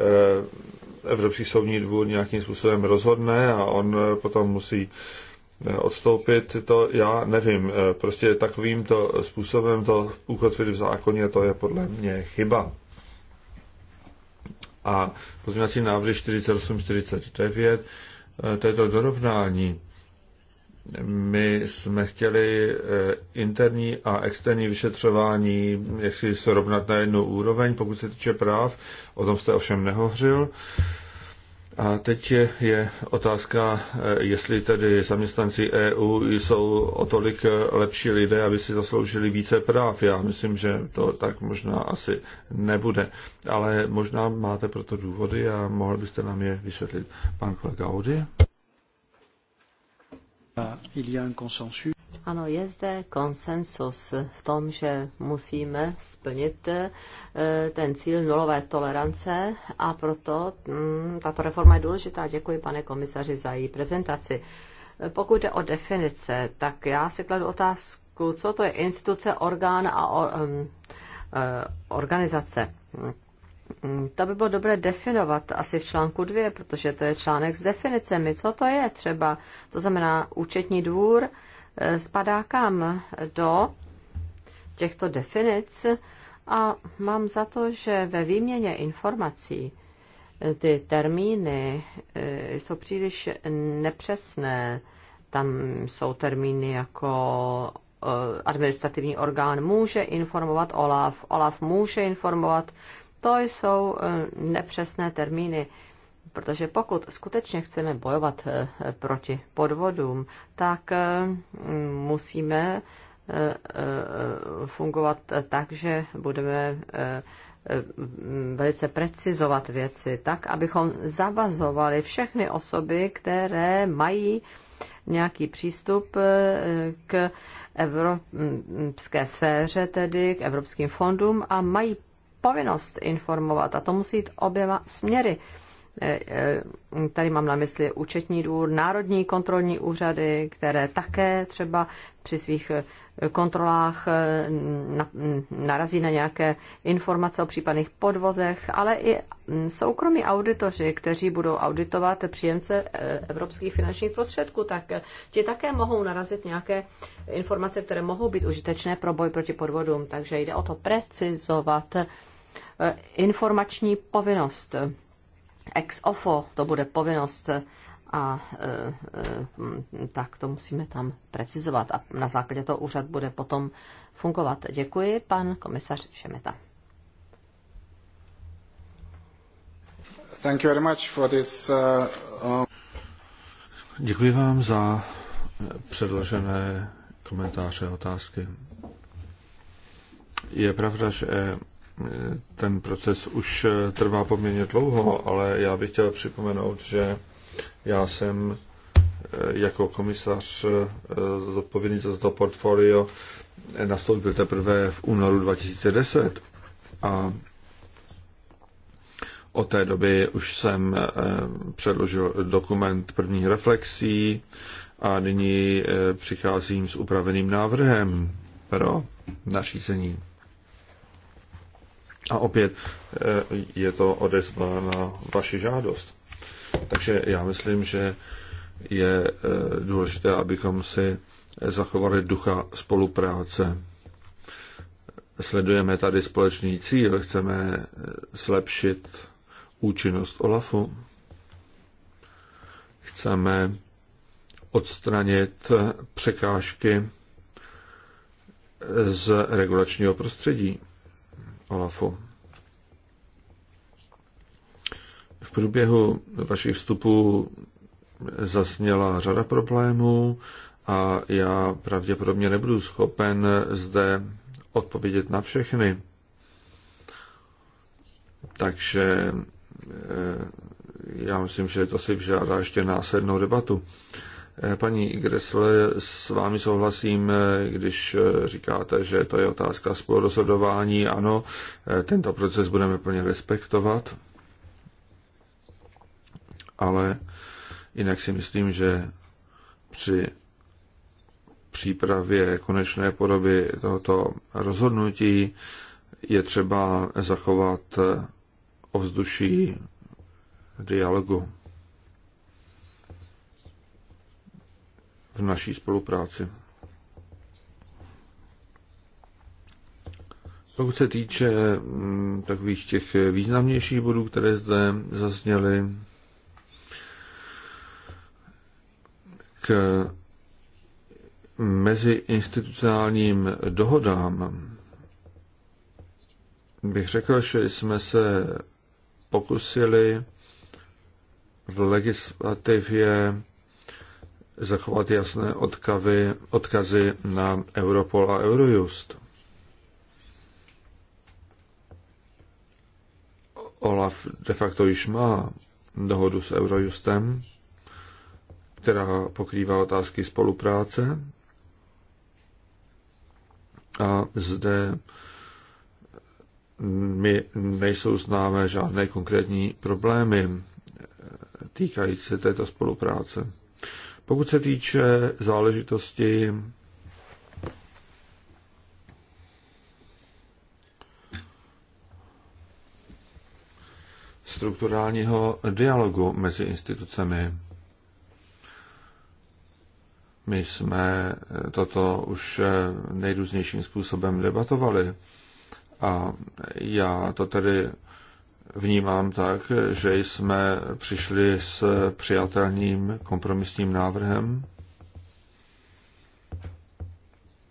Evropský soudní dvůr nějakým způsobem rozhodne a on potom musí odstoupit, to já nevím. Prostě takovýmto způsobem to ukotvit v zákoně, to je podle mě chyba. A pozměňovací návrhy 48-49, to je to dorovnání my jsme chtěli eh, interní a externí vyšetřování jak si srovnat na jednu úroveň, pokud se týče práv, o tom jste ovšem nehořil. A teď je, je otázka, eh, jestli tedy zaměstnanci EU jsou o tolik eh, lepší lidé, aby si zasloužili více práv. Já myslím, že to tak možná asi nebude. Ale možná máte proto důvody a mohl byste nám je vysvětlit. Pan kolega Audi. Ano, je zde konsensus v tom, že musíme splnit eh, ten cíl nulové tolerance a proto mm, tato reforma je důležitá. Děkuji, pane komisaři, za její prezentaci. Pokud jde o definice, tak já si kladu otázku, co to je instituce, orgán a mm, eh, organizace. Mm, to by bylo dobré definovat asi v článku 2, protože to je článek s definicemi. Co to je třeba? To znamená, účetní dvůr eh, spadá kam do těchto definic a mám za to, že ve výměně informací eh, ty termíny eh, jsou příliš nepřesné. Tam jsou termíny jako administrativní orgán může informovat OLAF, OLAF může informovat to jsou e, nepřesné termíny, protože pokud skutečně chceme bojovat e, proti podvodům, tak e, musíme fungovat tak, že budeme velice precizovat věci tak, abychom zavazovali všechny osoby, které mají nějaký přístup k evropské sféře, tedy k evropským fondům a mají povinnost informovat a to musí jít oběma směry. E, e, tady mám na mysli účetní důr, národní kontrolní úřady, které také třeba při svých e, kontrolách narazí na nějaké informace o případných podvodech, ale i soukromí auditoři, kteří budou auditovat příjemce evropských finančních prostředků, tak ti také mohou narazit nějaké informace, které mohou být užitečné pro boj proti podvodům. Takže jde o to precizovat Eh, informační povinnost. Ex ofo to bude povinnost a eh, eh, hm, tak to musíme tam precizovat a na základě toho úřad bude potom fungovat. Děkuji, pan komisař Šemeta. Thank you very much for this, uh, um... Děkuji vám za předložené komentáře a otázky. Je pravda, že ten proces už trvá poměrně dlouho, ale já bych chtěl připomenout, že já jsem eh, jako komisař eh, zodpovědný za to portfolio eh, nastoupil teprve v únoru 2010 a od té doby už jsem předložil dokument prvních reflexí a nyní přicházím s upraveným návrhem pro nařízení. A opět eh, je to na vaši žádost. Takže já myslím, že je eh, důležité, abychom si zachovali ducha spolupráce. Sledujeme tady společný cíl, chceme eh, zlepšit účinnost OLAFu, chceme odstranit překážky z regulačního prostředí. Olafu. V průběhu vašich vstupů zasněla řada problémů a já pravděpodobně nebudu schopen zde odpovědět na všechny. Takže eh, já myslím, že to si vyžádá ještě následnou debatu. Eh, paní Gresle, s vámi souhlasím, eh, když eh, říkáte, že to je otázka spolurozhodování. Ano, tento proces budeme plně respektovat, ale jinak si myslím, že při přípravě konečné podoby tohoto rozhodnutí je třeba zachovat ovzduší dialogu. v naší spolupráci. Pokud se týče mm, takových těch významnějších bodů, které zde zazněly, k meziinstitucionálním dohodám bych řekl, že jsme se pokusili v legislativě zachovat jasné odkavy, odkazy na Europol a Eurojust. Olaf de facto již má dohodu s Eurojustem, která pokrývá otázky spolupráce. A zde mi nejsou známé žádné konkrétní problémy týkající se této spolupráce. Pokud se týče záležitosti strukturálního dialogu mezi institucemi, my jsme toto už nejrůznějším způsobem debatovali a já to tedy vnímám tak, že jsme přišli s přijatelným kompromisním návrhem,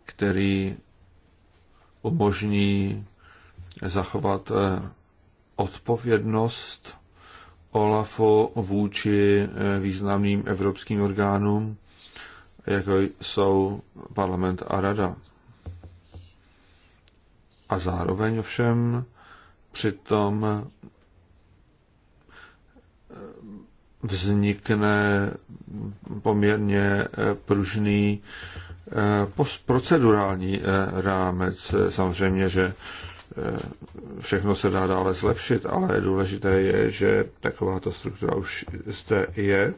který umožní zachovat odpovědnost OLAFu vůči významným evropským orgánům, jako jsou parlament a rada. A zároveň ovšem přitom vznikne poměrně eh, pružný eh, procedurální eh, rámec. Samozřejmě, že všechno se dá dále zlepšit, ale důležité je, že takováto struktura už zde je.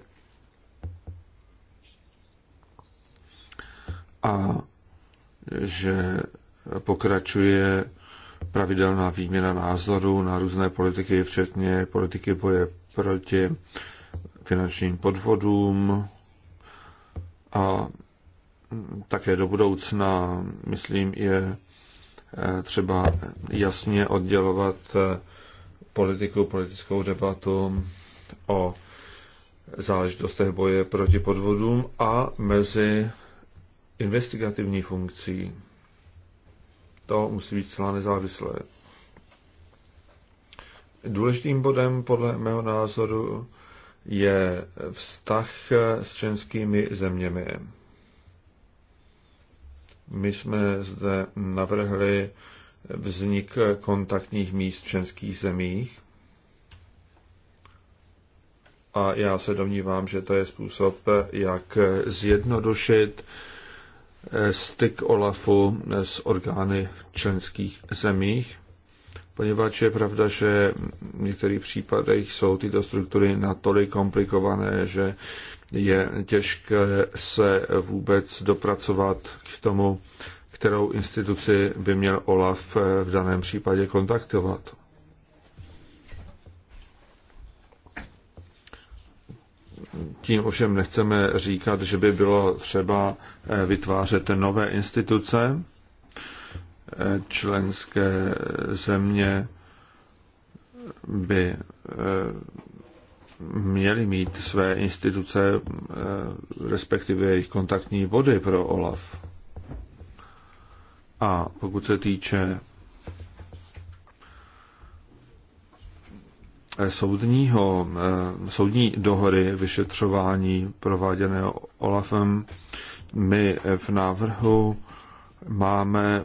A že pokračuje pravidelná výměna názorů na různé politiky, včetně politiky boje proti finančním podvodům a také do budoucna, myslím, je eh, třeba jasně oddělovat eh, politiku, politickou debatu o záležitostech boje proti podvodům a mezi investigativní funkcí. To musí být celá nezávislé. Důležitým bodem podle mého názoru je vztah s členskými zeměmi. My jsme zde navrhli vznik kontaktních míst v členských zemích a já se domnívám, že to je způsob, jak zjednodušit eh, styk OLAFu s orgány v členských zemích poněvadž je pravda, že v některých případech jsou tyto struktury natolik komplikované, že je těžké se vůbec dopracovat k tomu, kterou instituci by měl OLAF v daném případě kontaktovat. Tím ovšem nechceme říkat, že by bylo třeba vytvářet nové instituce, členské země by eh, měly mít své instituce, eh, respektive jejich kontaktní body pro OLAF. A pokud se týče eh, soudního, soudní dohody vyšetřování prováděného OLAFem, my v návrhu máme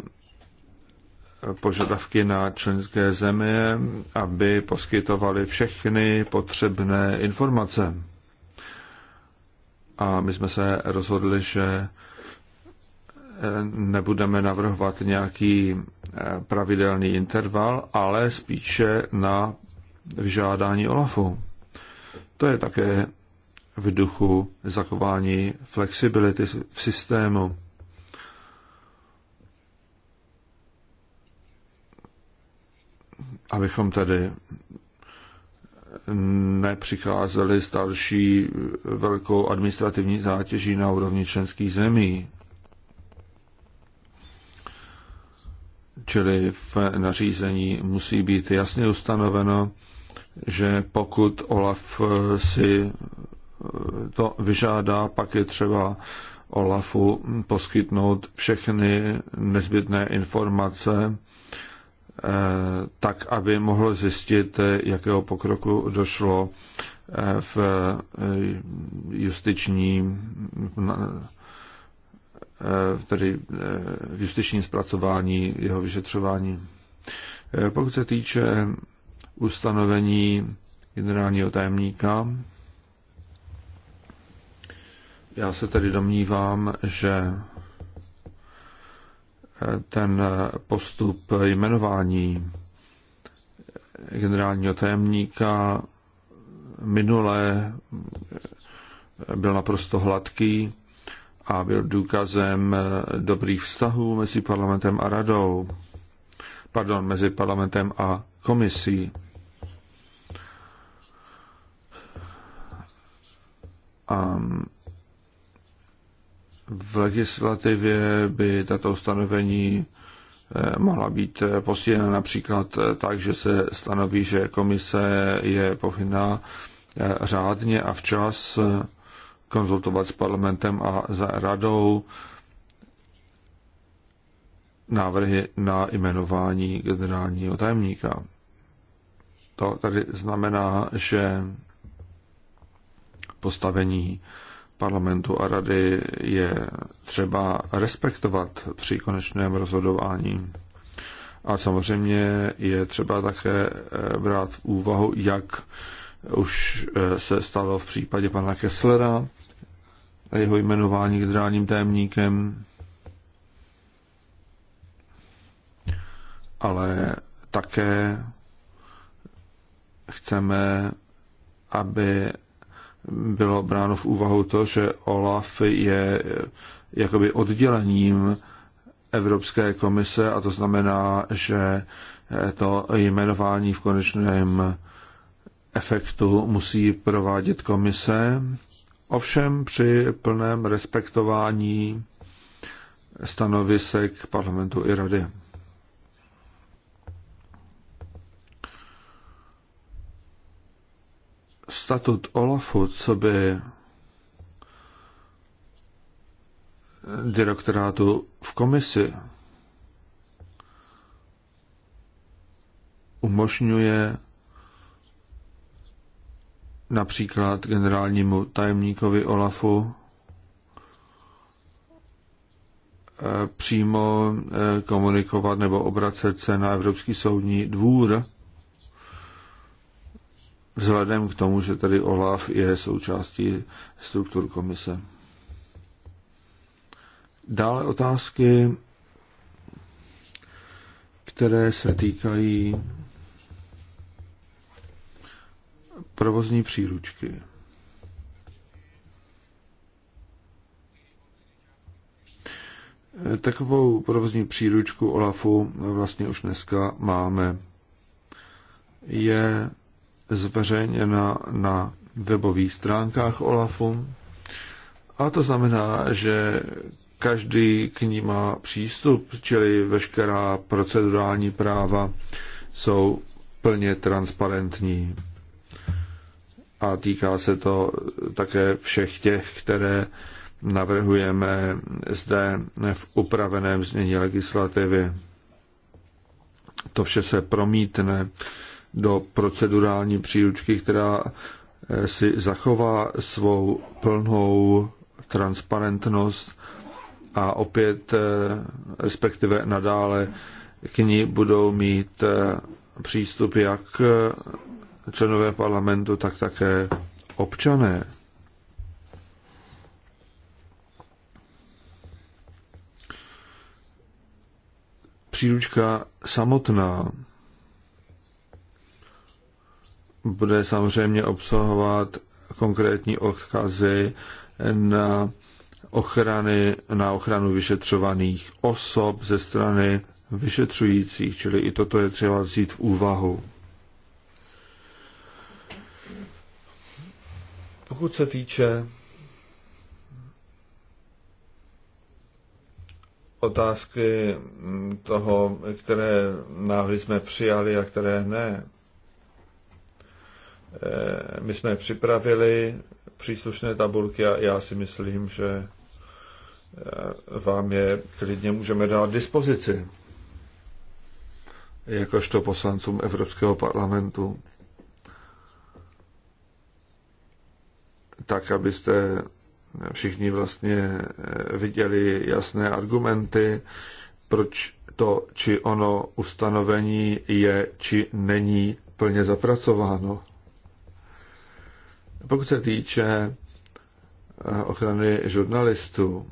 požadavky na členské země, aby poskytovali všechny potřebné informace. A my jsme se rozhodli, že eh, nebudeme navrhovat nějaký eh, pravidelný interval, ale spíše na vyžádání OLAFu. To je také v duchu zachování flexibility v systému. abychom tedy nepřicházeli s další velkou administrativní zátěží na úrovni členských zemí. Čili v nařízení musí být jasně ustanoveno, že pokud OLAF si to vyžádá, pak je třeba OLAFu poskytnout všechny nezbytné informace, Eh, tak aby mohl zjistit, eh, jakého pokroku došlo eh, v justiční tedy v justičním zpracování jeho vyšetřování. Pokud se týče ustanovení generálního tajemníka, já se tedy domnívám, že ten postup jmenování generálního tajemníka minule byl naprosto hladký a byl důkazem dobrých vztahů mezi parlamentem a radou, pardon, mezi parlamentem a komisí. Um, v legislativě by tato ustanovení eh, mohla být eh, posílena například eh, tak, že se stanoví, že komise je povinná řádně a včas konzultovat s parlamentem a za radou návrhy na jmenování generálního tajemníka. To tady znamená, že postavení parlamentu a rady je třeba respektovat při konečném rozhodování. A samozřejmě je třeba také eh, brát v úvahu, jak už eh, se stalo v případě pana Kesslera a jeho jmenování generálním témníkem. Ale také chceme, aby bylo bráno v úvahu to, že OLAF je eh, jakoby oddělením Evropské komise a to znamená, že eh, to jmenování v konečném efektu musí provádět komise, ovšem při plném respektování stanovisek parlamentu i rady. statut OLAFu, co by direktorátu v komisi umožňuje například generálnímu tajemníkovi OLAFu eh, přímo eh, komunikovat nebo obracet se na Evropský soudní dvůr vzhledem k tomu, že tady OLAF je součástí struktur komise. Dále otázky, které se týkají provozní příručky. Takovou provozní příručku OLAFu vlastně už dneska máme. Je zveřejněna na webových stránkách OLAFu. A to znamená, že každý k ní má přístup, čili veškerá procedurální práva jsou plně transparentní. A týká se to také všech těch, které navrhujeme zde v upraveném změně legislativy. To vše se promítne do procedurální příručky, která eh, si zachová svou plnou transparentnost a opět, eh, respektive nadále, k ní budou mít eh, přístup jak členové parlamentu, tak také občané. Příručka samotná bude samozřejmě obsahovat konkrétní odkazy na ochrany, na ochranu vyšetřovaných osob ze strany vyšetřujících, čili i toto je třeba vzít v úvahu. Pokud se týče otázky toho, které návrhy jsme přijali a které ne, Eh, my jsme připravili příslušné tabulky a já si myslím, že eh, vám je klidně můžeme dát dispozici jakožto poslancům Evropského parlamentu. Tak, abyste všichni vlastně eh, viděli jasné argumenty, proč to či ono ustanovení je či není plně zapracováno. Pokud se týče eh, ochrany žurnalistů,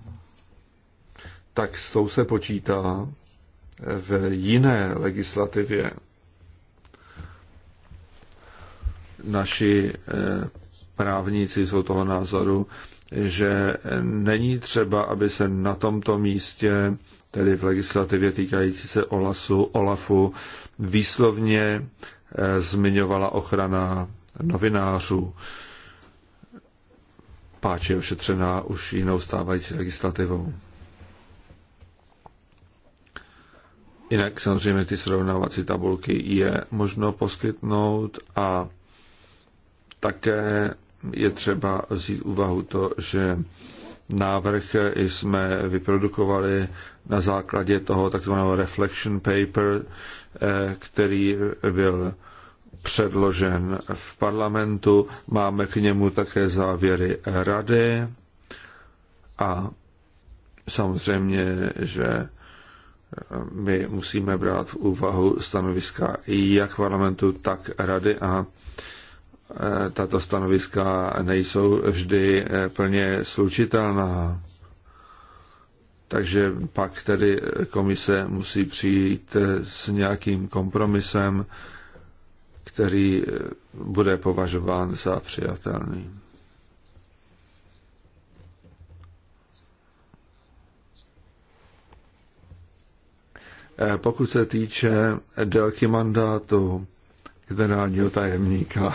tak s tou se počítá eh, v jiné legislativě. Naši eh, právníci jsou toho názoru, že není třeba, aby se na tomto místě, tedy v legislativě týkající se OLASu, OLAFu, výslovně zmiňovala ochrana novinářů páč je ošetřená už jinou stávající legislativou. Jinak samozřejmě ty srovnávací tabulky je možno poskytnout a také je třeba vzít úvahu to, že návrh jsme vyprodukovali na základě toho takzvaného reflection paper, eh, který byl předložen v parlamentu, máme k němu také závěry rady a samozřejmě, že eh, my musíme brát v úvahu stanoviska jak parlamentu, tak rady a eh, tato stanoviska nejsou vždy eh, plně slučitelná. Takže pak tedy komise musí přijít s nějakým kompromisem, který eh, bude považován za přijatelný. Eh, pokud se týče délky mandátu generálního tajemníka,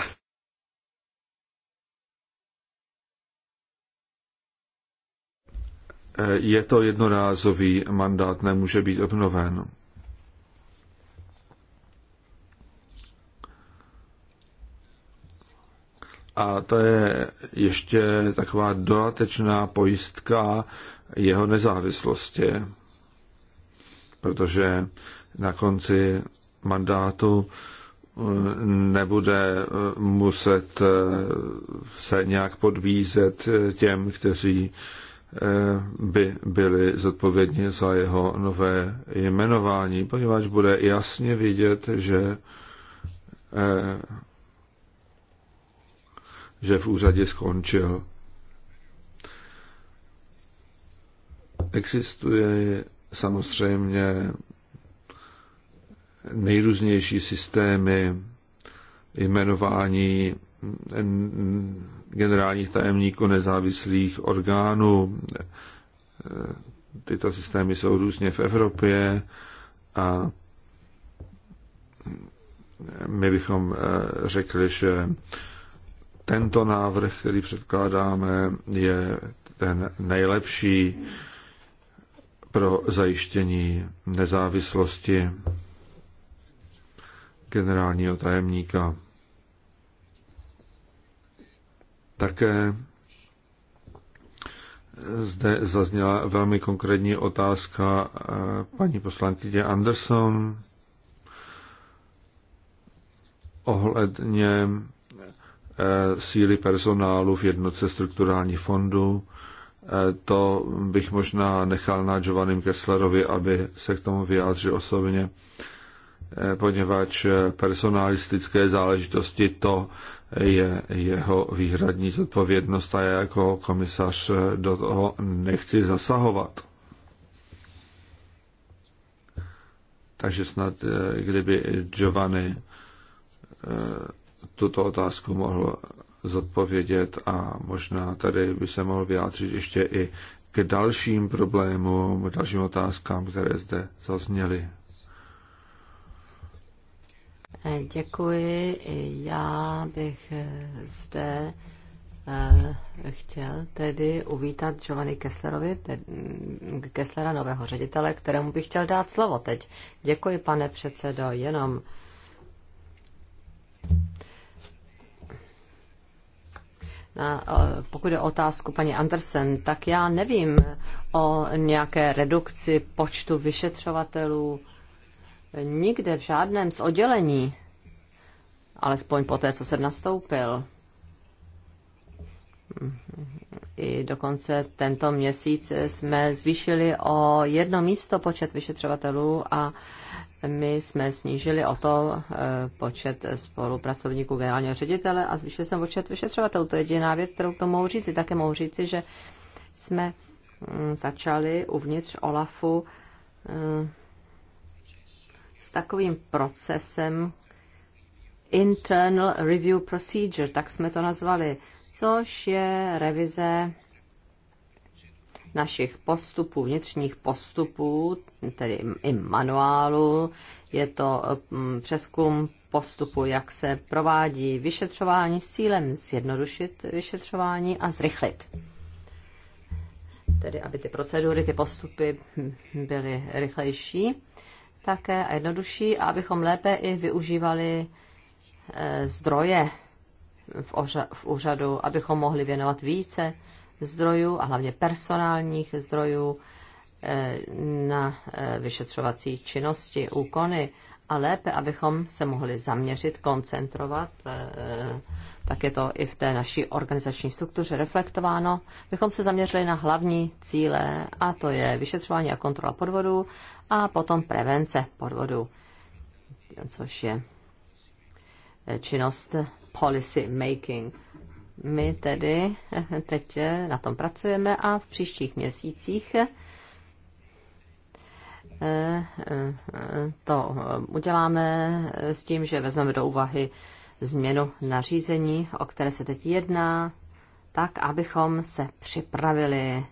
eh, je to jednorázový mandát, nemůže být obnoven. A to je ještě taková dodatečná pojistka jeho nezávislosti, protože na konci mandátu eh, nebude eh, muset eh, se nějak podvízet těm, kteří by byli zodpovědní za jeho nové jmenování, poněvadž bude jasně vidět, že že v úřadě skončil. Existuje samozřejmě nejrůznější systémy jmenování generálních tajemníků nezávislých orgánů. Tyto systémy jsou různě v Evropě a my bychom eh, řekli, že tento návrh, který předkládáme, je ten nejlepší pro zajištění nezávislosti generálního tajemníka. Také zde zazněla velmi konkrétní otázka eh, paní poslankyně Anderson ohledně Eh, síly personálu v jednotce strukturální fondu eh, To bych možná nechal na Giovannim Kesslerovi, aby se k tomu vyjádřil osobně, eh, poněvadž personalistické záležitosti to je jeho výhradní zodpovědnost a já jako komisař do toho nechci zasahovat. Takže snad, kdyby Giovanni tuto otázku mohl zodpovědět a možná tady by se mohl vyjádřit ještě i k dalším problémům, k dalším otázkám, které zde zazněly. Eh, děkuji. Já bych eh, zde eh, chtěl tedy uvítat Giovanni Kesslerovi, mm, Kesslera, nového ředitele, kterému bych chtěl dát slovo teď. Děkuji, pane předsedo, jenom Eh, pokud je otázku paní Andersen, tak já nevím o nějaké redukci počtu vyšetřovatelů nikde v žádném z oddělení, alespoň po té, co jsem nastoupil. I dokonce tento měsíc jsme zvýšili o jedno místo počet vyšetřovatelů a my jsme snížili o to eh, počet spolupracovníků generálního ředitele a zvýšili jsme počet vyšetřovatelů. To je jediná věc, kterou to mohu říci. Také mohu říci, že jsme mm, začali uvnitř OLAFu eh, s takovým procesem Internal Review Procedure, tak jsme to nazvali, což je revize našich postupů, vnitřních postupů, tedy i manuálu. Je to mm, přeskum postupu, jak se provádí vyšetřování s cílem zjednodušit vyšetřování a zrychlit. Tedy, aby ty procedury, ty postupy hm, byly rychlejší také a jednodušší a abychom lépe i využívali eh, zdroje v, úřadu, abychom mohli věnovat více zdrojů a hlavně personálních zdrojů eh, na eh, vyšetřovací činnosti, úkony a lépe, abychom se mohli zaměřit, koncentrovat, eh, tak je to i v té naší organizační struktuře reflektováno, bychom se zaměřili na hlavní cíle a to je vyšetřování a kontrola podvodů a potom prevence podvodů, což je činnost policy making. My tedy teď na tom pracujeme a v příštích měsících eh, eh, to uděláme s tím, že vezmeme do úvahy změnu nařízení, o které se teď jedná, tak, abychom se připravili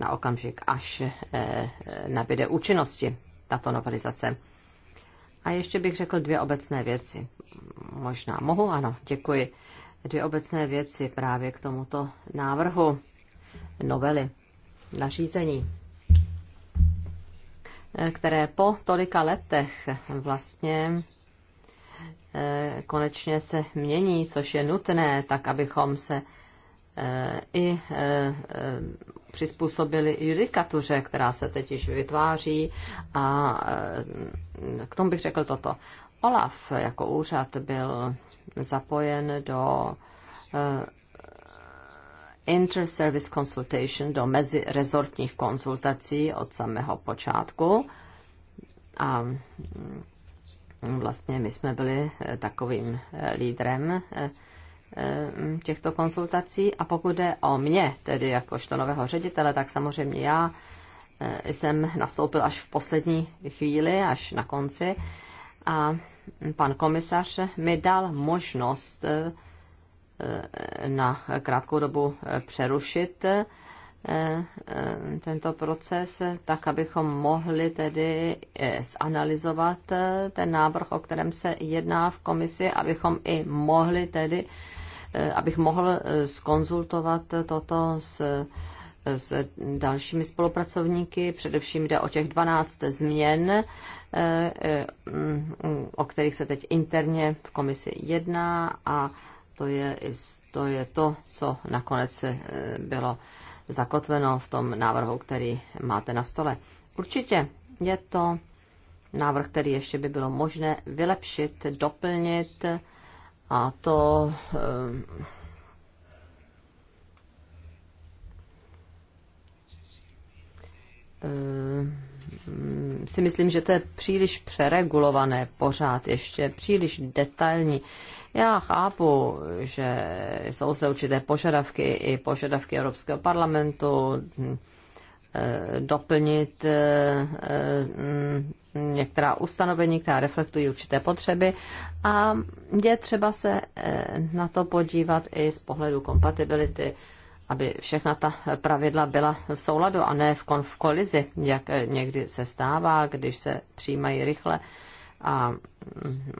na okamžik, až eh, nabíde účinnosti tato novelizace. A ještě bych řekl dvě obecné věci. Možná mohu, ano, děkuji dvě obecné věci právě k tomuto návrhu novely nařízení, které po tolika letech vlastně eh, konečně se mění, což je nutné, tak abychom se eh, i eh, přizpůsobili judikatuře, která se teď již vytváří. A k tomu bych řekl toto. Olaf jako úřad byl zapojen do eh, inter-service consultation, do mezirezortních konzultací od samého počátku. A mm, vlastně my jsme byli eh, takovým eh, lídrem těchto konzultací. A pokud jde o mě, tedy jakožto nového ředitele, tak samozřejmě já jsem nastoupil až v poslední chvíli, až na konci. A pan komisař mi dal možnost eh, eh, na krátkou dobu eh, přerušit tento proces, tak abychom mohli tedy zanalizovat ten návrh, o kterém se jedná v komisi, abychom i mohli tedy, abych mohl skonzultovat toto s s dalšími spolupracovníky. Především jde o těch 12 změn, eh, eh, mm, o kterých se teď interně v komisi jedná a to je, to je to, co nakonec eh, bylo zakotveno v tom návrhu, který máte na stole. Určitě je to návrh, který ještě by bylo možné vylepšit, doplnit a to Eh, si myslím, že to je příliš přeregulované pořád, ještě příliš detailní. Já chápu, že jsou se určité požadavky i požadavky Evropského parlamentu hm, eh, doplnit eh, hm, některá ustanovení, která reflektují určité potřeby a je třeba se na to podívat i z pohledu kompatibility aby všechna ta pravidla byla v souladu a ne v, kolizi, jak někdy se stává, když se přijímají rychle. A, mm,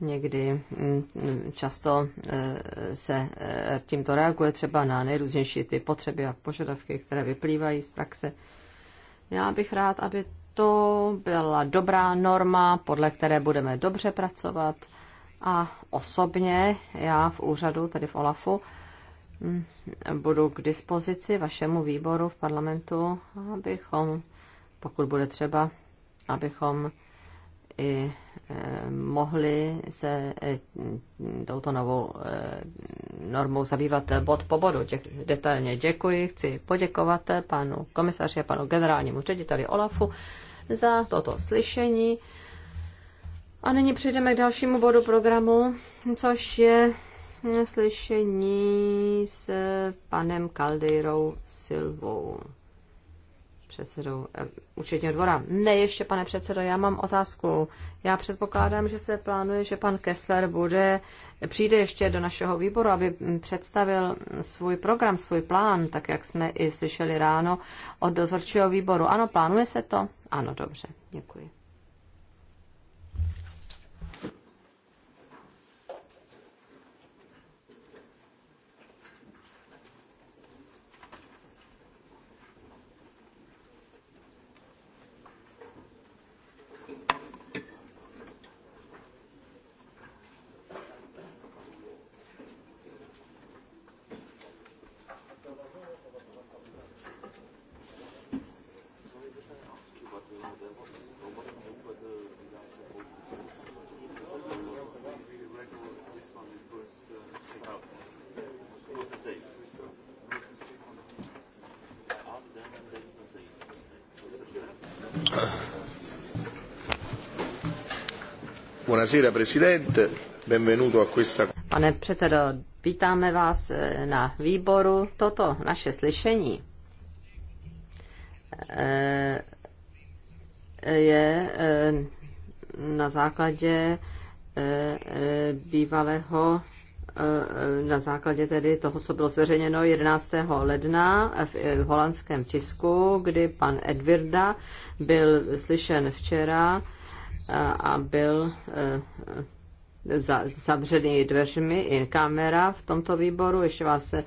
Někdy mm, často eh, se eh, tímto reaguje třeba na nejrůznější ty potřeby a požadavky, které vyplývají z praxe. Já bych rád, aby to byla dobrá norma, podle které budeme dobře pracovat – a osobně já v úřadu, tedy v OLAFu, mm, budu k dispozici vašemu výboru v parlamentu, abychom, pokud bude třeba, abychom i e, mohli se e, touto novou e, normou zabývat bod po bodu. Děk, detailně děkuji, chci poděkovat panu komisaři a panu generálnímu řediteli Olafu za toto slyšení. A nyní přejdeme k dalšímu bodu programu, což je slyšení s panem Kaldejrou Silvou, předsedou eh, účetního dvora. Ne, ještě, pane předsedo, já mám otázku. Já předpokládám, že se plánuje, že pan Kessler bude, přijde ještě do našeho výboru, aby představil svůj program, svůj plán, tak jak jsme i slyšeli ráno od dozorčího výboru. Ano, plánuje se to? Ano, dobře, děkuji. Pane předsedo, vítáme vás eh, na výboru. Toto naše slyšení eh, je eh, na základě bývalého na základě tedy toho, co bylo zveřejněno 11. ledna v holandském tisku, kdy pan Edvirda byl slyšen včera a byl eh, zavřený dveřmi i kamera v tomto výboru. Ještě vás eh,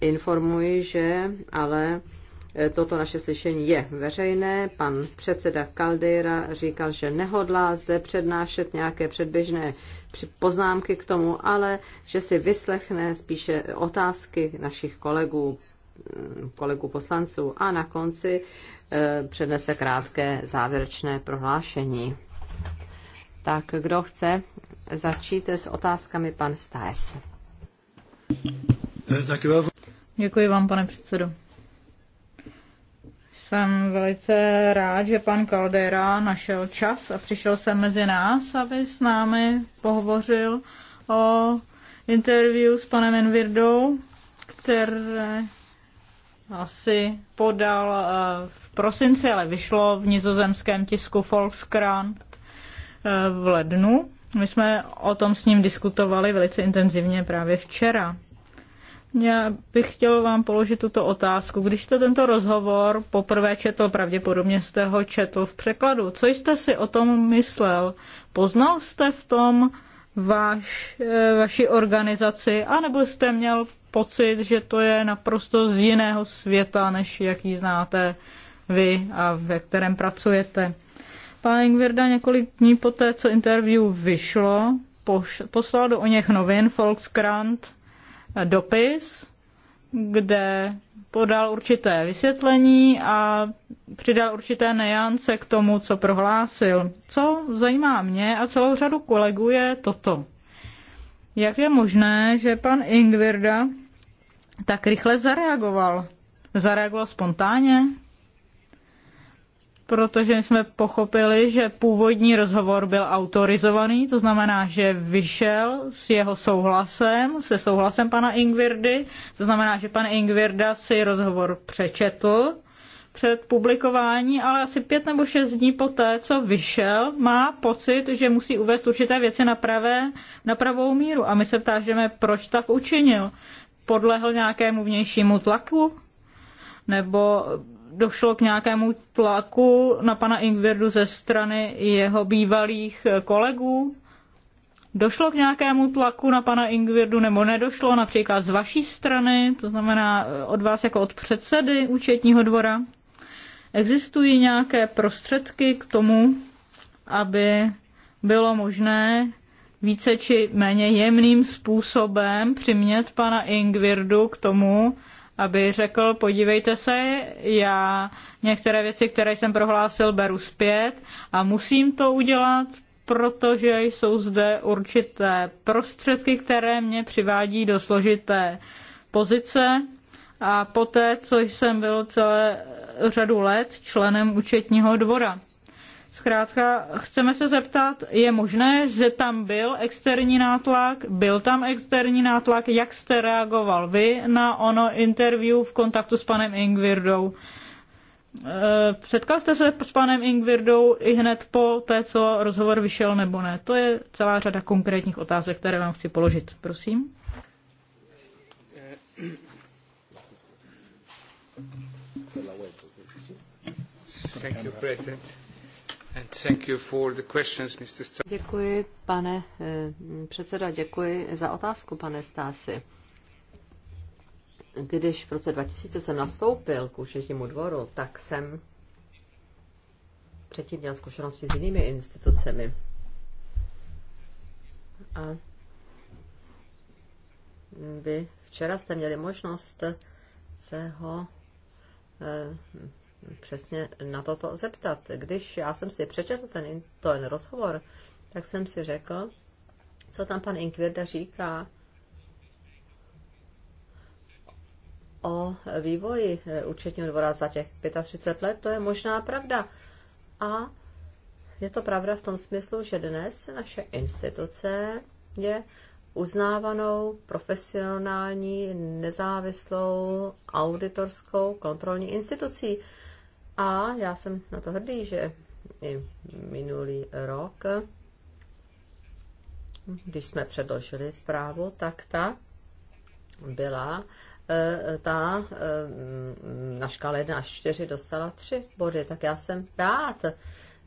informuji, že ale eh, toto naše slyšení je veřejné. Pan předseda Caldeira říkal, že nehodlá zde přednášet nějaké předběžné poznámky k tomu, ale že si vyslechne spíše otázky našich kolegů Kolegu poslanců a na konci eh, přednese krátké závěrečné prohlášení. Tak kdo chce začít s otázkami, pan Stajs. Eh, Děkuji vám, pane předsedo. Jsem velice rád, že pan Caldera našel čas a přišel sem mezi nás, aby s námi pohovořil o interview s panem Envirdou, které asi podal eh, v prosinci, ale vyšlo v nizozemském tisku Volkskrant eh, v lednu. My jsme o tom s ním diskutovali velice intenzivně právě včera. Já bych chtěl vám položit tuto otázku. Když jste tento rozhovor poprvé četl, pravděpodobně jste ho četl v překladu. Co jste si o tom myslel? Poznal jste v tom vaš, eh, vaši organizaci, anebo jste měl pocit, že to je naprosto z jiného světa, než jaký znáte vy a ve kterém pracujete. Pán Ingvirda několik dní poté, co interview vyšlo, poslal do o něch novin Volkskrant eh, dopis, kde podal určité vysvětlení a přidal určité nejance k tomu, co prohlásil. Co zajímá mě a celou řadu kolegů je toto. Jak je možné, že pan Ingvirda tak rychle zareagoval? Zareagoval spontánně? Protože jsme pochopili, že původní rozhovor byl autorizovaný, to znamená, že vyšel s jeho souhlasem, se souhlasem pana Ingvirdy, to znamená, že pan Ingvirda si rozhovor přečetl před publikování, ale asi pět nebo šest dní poté, co vyšel, má pocit, že musí uvést určité věci na, pravé, na pravou míru. A my se ptážeme, proč tak učinil. Podlehl nějakému vnějšímu tlaku? Nebo došlo k nějakému tlaku na pana Ingvirdu ze strany jeho bývalých kolegů? Došlo k nějakému tlaku na pana Ingvirdu nebo nedošlo například z vaší strany, to znamená od vás jako od předsedy účetního dvora? Existují nějaké prostředky k tomu, aby bylo možné více či méně jemným způsobem přimět pana Ingvirdu k tomu, aby řekl, podívejte se, já některé věci, které jsem prohlásil, beru zpět a musím to udělat, protože jsou zde určité prostředky, které mě přivádí do složité pozice a poté, co jsem byl celé řadu let členem účetního dvora. Zkrátka, chceme se zeptat, je možné, že tam byl externí nátlak, byl tam externí nátlak, jak jste reagoval vy na ono interview v kontaktu s panem Ingvirdou? Předkal eh, jste se s panem Ingvirdou i hned po té, co rozhovor vyšel nebo ne? To je celá řada konkrétních otázek, které vám chci položit. Prosím. Děkuji, pane eh, předsedo, děkuji za otázku, pane Stasi. Když v roce 2000 jsem nastoupil k účetnímu dvoru, tak jsem předtím měl zkušenosti s jinými institucemi. A vy včera jste měli možnost se ho eh, přesně na toto zeptat. Když já jsem si přečetl ten, ten rozhovor, tak jsem si řekl, co tam pan Inkvirda říká o vývoji eh, účetního dvora za těch 35 let, to je možná pravda. A je to pravda v tom smyslu, že dnes naše instituce je uznávanou profesionální, nezávislou auditorskou kontrolní institucí. A já jsem na to hrdý, že i minulý rok, když jsme předložili zprávu, tak ta byla e, ta e, na škále 1 až 4 dostala 3 body, tak já jsem rád,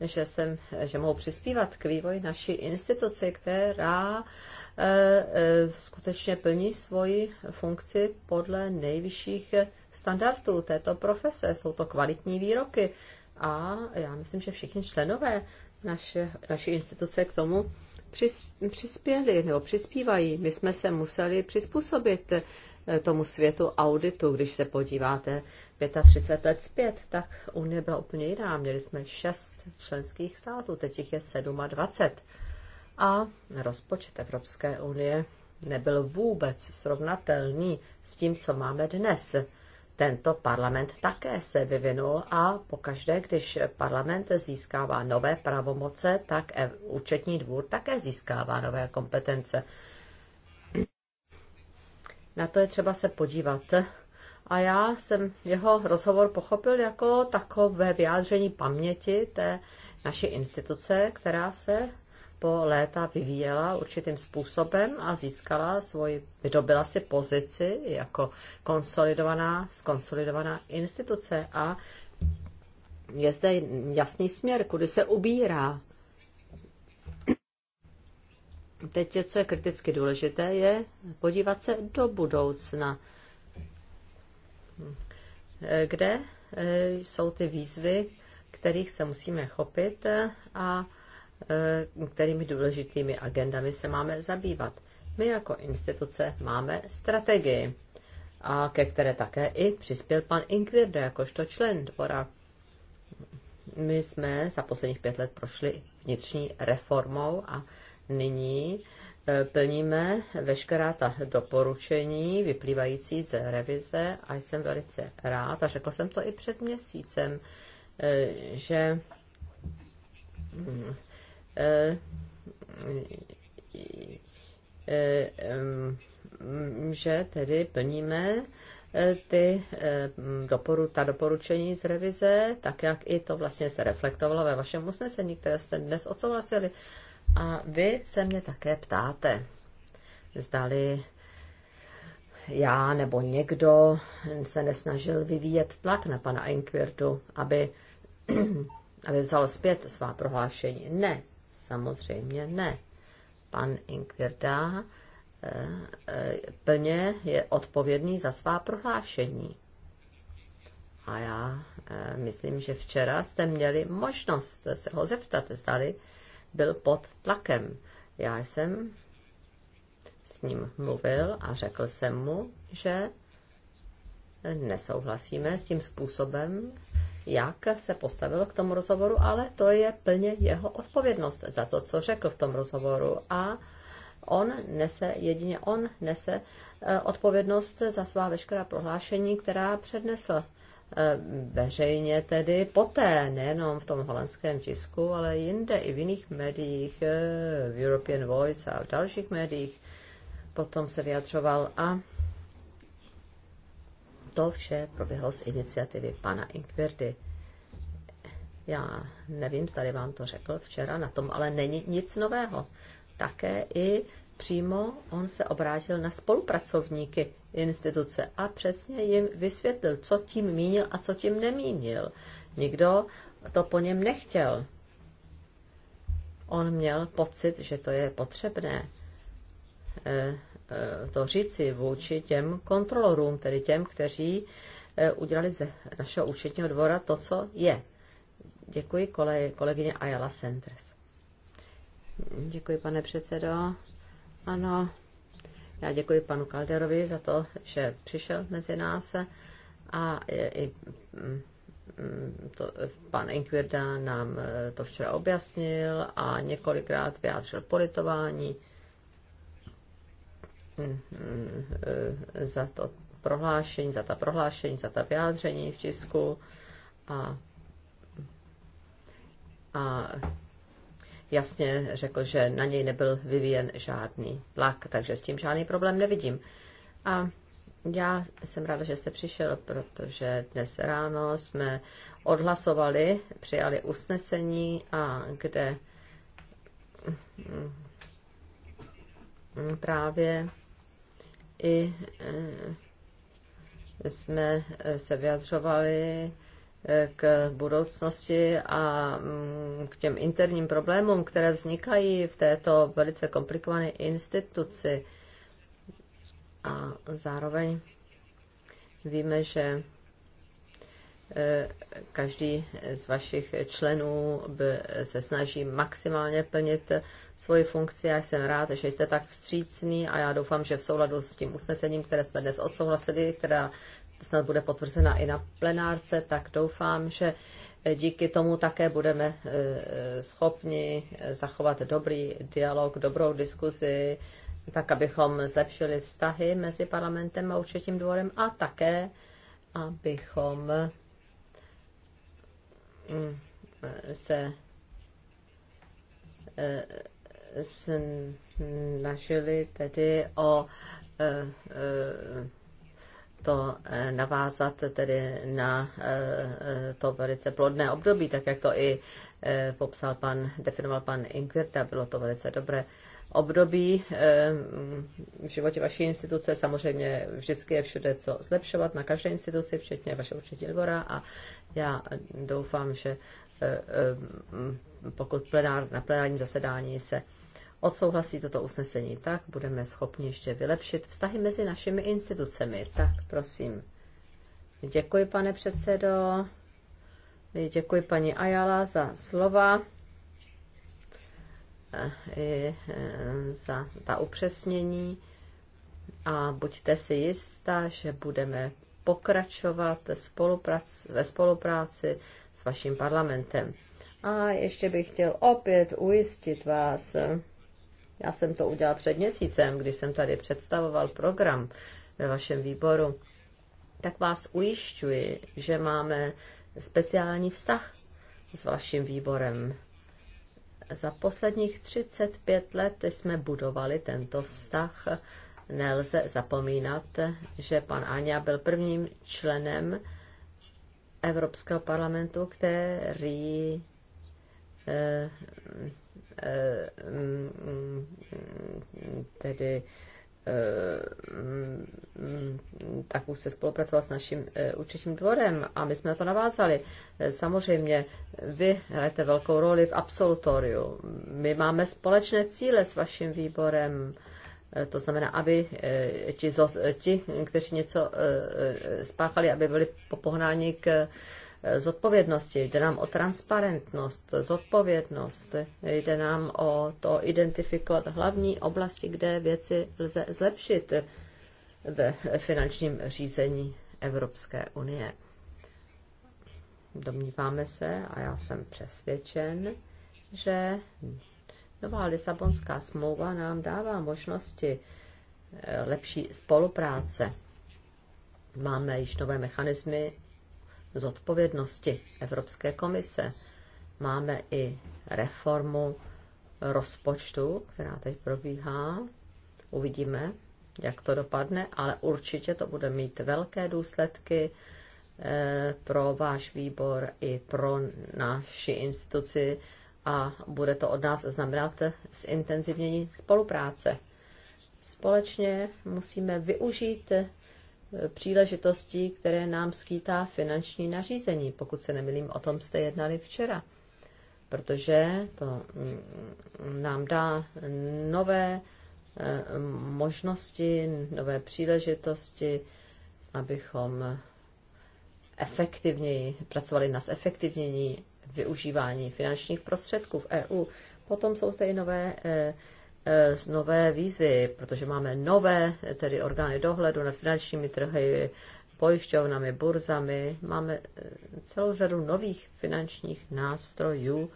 že, jsem, že mohu přispívat k vývoji naší instituce, která E, e, skutečně plní svoji funkci podle nejvyšších standardů této profese. Jsou to kvalitní výroky a já myslím, že všichni členové naše, naší instituce k tomu přispěli nebo přispívají. My jsme se museli přizpůsobit e, tomu světu auditu, když se podíváte 35 let zpět, tak Unie byla úplně jiná. Měli jsme šest členských států, teď jich je 27 a rozpočet Evropské unie nebyl vůbec srovnatelný s tím, co máme dnes. Tento parlament také se vyvinul a pokaždé, když parlament získává nové pravomoce, tak e- účetní dvůr také získává nové kompetence. Na to je třeba se podívat. A já jsem jeho rozhovor pochopil jako takové vyjádření paměti té naší instituce, která se po léta vyvíjela určitým způsobem a získala svoji, vydobila si pozici jako konsolidovaná, skonsolidovaná instituce a je zde jasný směr, kudy se ubírá. Teď, co je kriticky důležité, je podívat se do budoucna, kde eh, jsou ty výzvy, kterých se musíme chopit eh, a Eh, kterými důležitými agendami se máme zabývat. My jako instituce máme strategii, a ke které také i přispěl pan Inkvirde jakožto člen dvora. My jsme za posledních pět let prošli vnitřní reformou a nyní eh, plníme veškerá ta doporučení vyplývající z revize a jsem velice rád, a řekl jsem to i před měsícem, eh, že hm, Eh, eh, eh, že tedy plníme ty doporu, ta doporučení z revize, tak jak i to vlastně se reflektovalo ve vašem usnesení, které jste dnes odsouhlasili. A vy se mě také ptáte, zdali já nebo někdo se nesnažil vyvíjet tlak na pana Inkvirdu, aby, aby vzal zpět svá prohlášení. Ne, Samozřejmě ne. Pan Inkvirda eh, eh, plně je odpovědný za svá prohlášení. A já eh, myslím, že včera jste měli možnost se ho zeptat, zdali byl pod tlakem. Já jsem s ním mluvil a řekl jsem mu, že nesouhlasíme s tím způsobem, jak se postavil k tomu rozhovoru, ale to je plně jeho odpovědnost za to, co řekl v tom rozhovoru. A on nese, jedině on nese eh, odpovědnost za svá veškerá prohlášení, která přednesl eh, veřejně tedy poté, nejenom v tom holandském tisku, ale jinde i v jiných médiích, eh, v European Voice a v dalších médiích, potom se vyjadřoval a to vše proběhlo z iniciativy pana Inkvirdy. Já nevím, zda vám to řekl včera, na tom ale není nic nového. Také i přímo on se obrátil na spolupracovníky instituce a přesně jim vysvětlil, co tím mínil a co tím nemínil. Nikdo to po něm nechtěl. On měl pocit, že to je potřebné eh, Eh, to říci vůči těm kontrolorům, tedy těm, kteří eh, udělali ze našeho účetního dvora to, co je. Děkuji kole, kolegyně Ayala Sentres. Děkuji, pane předsedo. Ano, já děkuji panu Kalderovi za to, že přišel mezi nás a i mm, mm, to, pan Inkvirda nám eh, to včera objasnil a několikrát vyjádřil politování za to prohlášení, za ta prohlášení, za ta vyjádření v tisku a, a jasně řekl, že na něj nebyl vyvíjen žádný tlak, takže s tím žádný problém nevidím. A já jsem ráda, že jste přišel, protože dnes ráno jsme odhlasovali, přijali usnesení, a kde právě i e, jsme se vyjadřovali e, k budoucnosti a mm, k těm interním problémům, které vznikají v této velice komplikované instituci. A zároveň víme, že Eh, každý z vašich členů by se snaží maximálně plnit svoji funkci. Já jsem rád, že jste tak vstřícný a já doufám, že v souladu s tím usnesením, které jsme dnes odsouhlasili, která snad bude potvrzena i na plenárce, tak doufám, že díky tomu také budeme eh, schopni zachovat dobrý dialog, dobrou diskuzi, tak abychom zlepšili vztahy mezi parlamentem a určitým dvorem a také abychom Mm, se eh, snažili tedy o eh, eh, to navázat tedy na to velice plodné období, tak jak to i popsal pan, definoval pan Inkvirta, bylo to velice dobré období eh, v životě vaší instituce. Samozřejmě vždycky je všude co zlepšovat na každé instituci, včetně vašeho určitě dvora a já doufám, že eh, eh, pokud plenár, na plenárním zasedání se odsouhlasí toto usnesení, tak budeme schopni ještě vylepšit vztahy mezi našimi institucemi. Tak, prosím. Děkuji, pane předsedo. Děkuji paní Ajala za slova. Eh, i eh, za ta upřesnění a buďte si jistá, že budeme pokračovat ve spolupráci s vaším parlamentem. A ještě bych chtěl opět ujistit vás, já jsem to udělal před měsícem, když jsem tady představoval program ve vašem výboru, tak vás ujišťuji, že máme speciální vztah s vaším výborem za posledních 35 let jsme budovali tento vztah. Nelze zapomínat, že pan Aňa byl prvním členem Evropského parlamentu, který eh, eh, mm, mm, tedy Eh, tak už se spolupracovat s naším určitým eh, dvorem a my jsme na to navázali. Eh, samozřejmě vy hrajete velkou roli v absolutoriu. My máme společné cíle s vaším výborem, to znamená, aby ti, ti kteří něco spáchali, aby byli pohnáni k zodpovědnosti, jde nám o transparentnost, zodpovědnost, jde nám o to identifikovat hlavní oblasti, kde věci lze zlepšit ve finančním řízení Evropské unie. Domníváme se, a já jsem přesvědčen, že nová Lisabonská smlouva nám dává možnosti eh, lepší spolupráce. Máme již nové mechanismy zodpovědnosti Evropské komise. Máme i reformu rozpočtu, která teď probíhá. Uvidíme, jak to dopadne, ale určitě to bude mít velké důsledky eh, pro váš výbor i pro naši instituci a bude to od nás znamenat zintenzivnění spolupráce. Společně musíme využít příležitostí, které nám skýtá finanční nařízení. Pokud se nemilím, o tom jste jednali včera, protože to mm, nám dá nové eh, možnosti, nové příležitosti, abychom efektivněji, pracovali na zefektivnění využívání finančních prostředků v EU. Potom jsou zde i nové eh, E, z nové výzvy, protože máme nové tedy orgány dohledu nad finančními trhy, pojišťovnami, burzami. Máme e, celou řadu nových finančních nástrojů,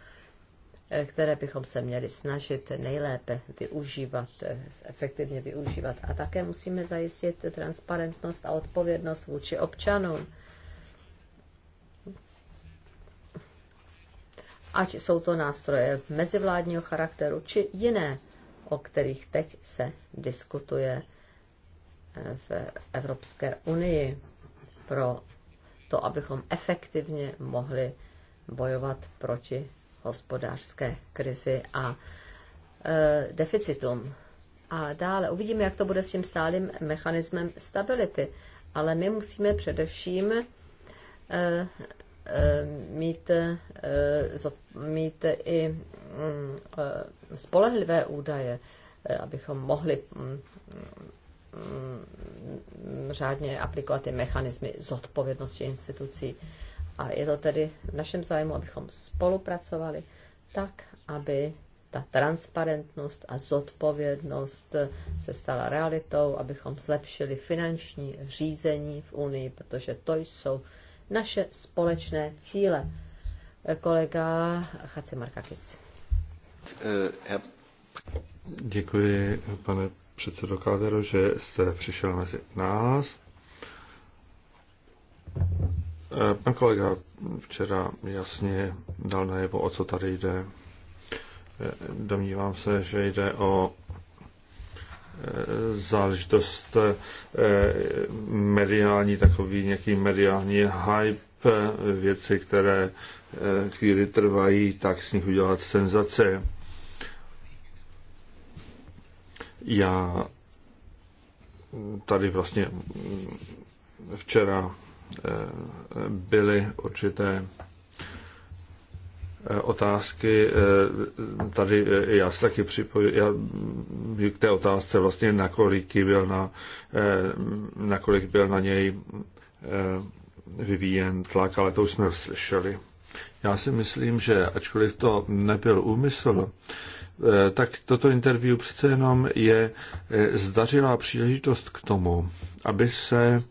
e, které bychom se měli snažit nejlépe využívat, efektivně využívat. A také musíme zajistit transparentnost a odpovědnost vůči občanům. Ať jsou to nástroje mezivládního charakteru či jiné o kterých teď se diskutuje eh, v Evropské unii pro to, abychom efektivně mohli bojovat proti hospodářské krizi a e, deficitům. A dále uvidíme, jak to bude s tím stálým mechanismem stability. Ale my musíme především e, Eh, mít, eh, mít i mm, eh, spolehlivé údaje, abychom mohli mm, mm, řádně aplikovat ty mechanismy zodpovědnosti institucí. A je to tedy v našem zájmu, abychom spolupracovali tak, aby ta transparentnost a zodpovědnost se stala realitou, abychom zlepšili finanční řízení v Unii, protože to jsou naše společné cíle. Kolega Markakis. Děkuji, pane předsedo Kádero, že jste přišel mezi nás. Pan kolega včera jasně dal najevo, o co tady jde. Domnívám se, že jde o Eh, záležitost eh, mediální, takový nějaký mediální hype, eh, věci, které chvíli trvají, tak s nich udělat senzace. Já tady vlastně mm, včera byly určité Eh, otázky, eh, tady eh, já se taky připoju, já, hm, k té otázce vlastně, nakolik byl na, nakolik byl na něj vyvíjen tlak, ale to už jsme slyšeli. Já si myslím, že ačkoliv to nebyl úmysl, tak toto interview přece jenom je zdařilá příležitost k tomu, aby se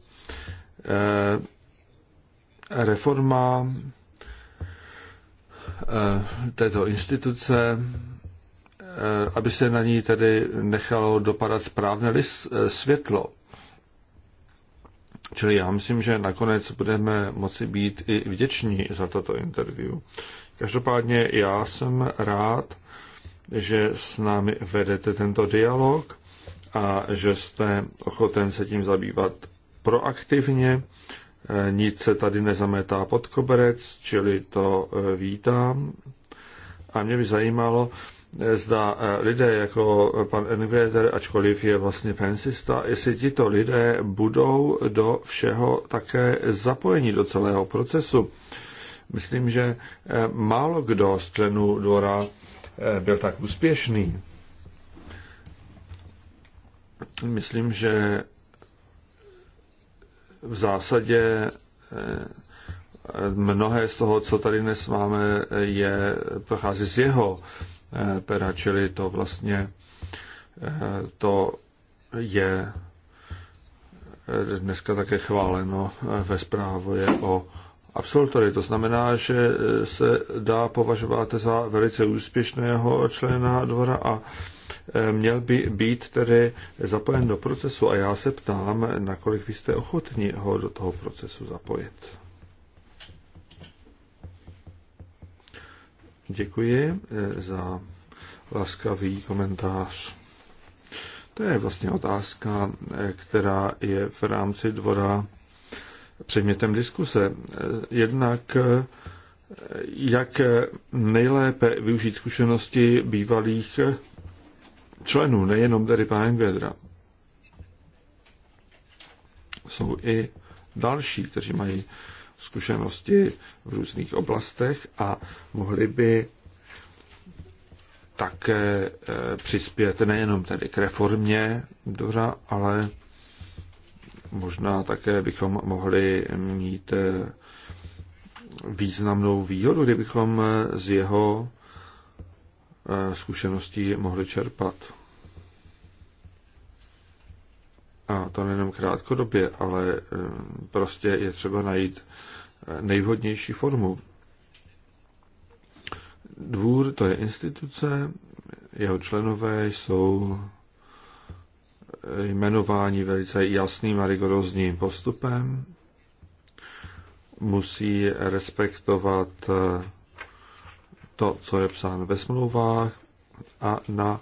reforma Eh, této instituce, eh, aby se na ní tedy nechalo dopadat správné list, eh, světlo. Čili já myslím, že nakonec budeme moci být i vděční za toto interview. Každopádně já jsem rád, že s námi vedete tento dialog a že jste ochoten se tím zabývat proaktivně E, nic se tady nezametá pod koberec, čili to e, vítám. A mě by zajímalo, e, zda lidé jako pan Engveder, ačkoliv je vlastně pensista, jestli tito lidé budou do všeho také zapojeni do celého procesu. Myslím, že málo kdo z členů dvora byl tak úspěšný. Myslím, že v zásadě eh, mnohé z toho, co tady dnes máme, je, prochází z jeho eh, pera, čili to vlastně eh, to je dneska také chváleno ve zprávě o absolutory. To znamená, že se dá považovat za velice úspěšného člena dvora a Eh, měl by být tedy zapojen do procesu a já se ptám, nakolik vy jste ochotni ho do toho procesu zapojit. Děkuji eh, za laskavý komentář. To je vlastně otázka, eh, která je v rámci dvora předmětem diskuse. Jednak jak nejlépe využít zkušenosti bývalých členů, nejenom tedy pana Engedra. Jsou i další, kteří mají zkušenosti v různých oblastech a mohli by také eh, přispět nejenom tedy k reformě dobra, ale možná také bychom mohli mít eh, významnou výhodu, kdybychom eh, z jeho zkušeností mohli čerpat. a to nejenom krátkodobě, ale eh, prostě je třeba najít eh, nejvhodnější formu. Dvůr to je instituce, jeho členové jsou eh, jmenováni velice jasným a rigorózním postupem, musí respektovat to, co je psáno ve smlouvách a na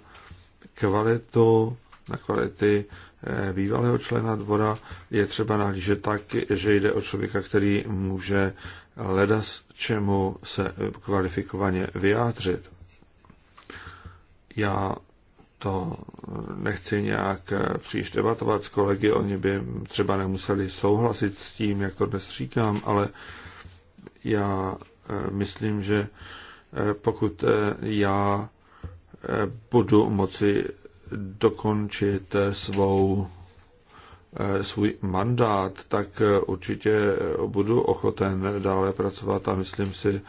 kvalitu, na kvality Eh, bývalého člena dvora je třeba nahlížet tak, že jde o člověka, který může leda čemu se eh, kvalifikovaně vyjádřit. Já to eh, nechci nějak příliš debatovat s kolegy, oni by třeba nemuseli souhlasit s tím, jak to dnes říkám, ale já myslím, že pokud já budu moci dokončit svou, eh, svůj mandát, tak eh, určitě eh, budu ochoten dále pracovat a myslím si,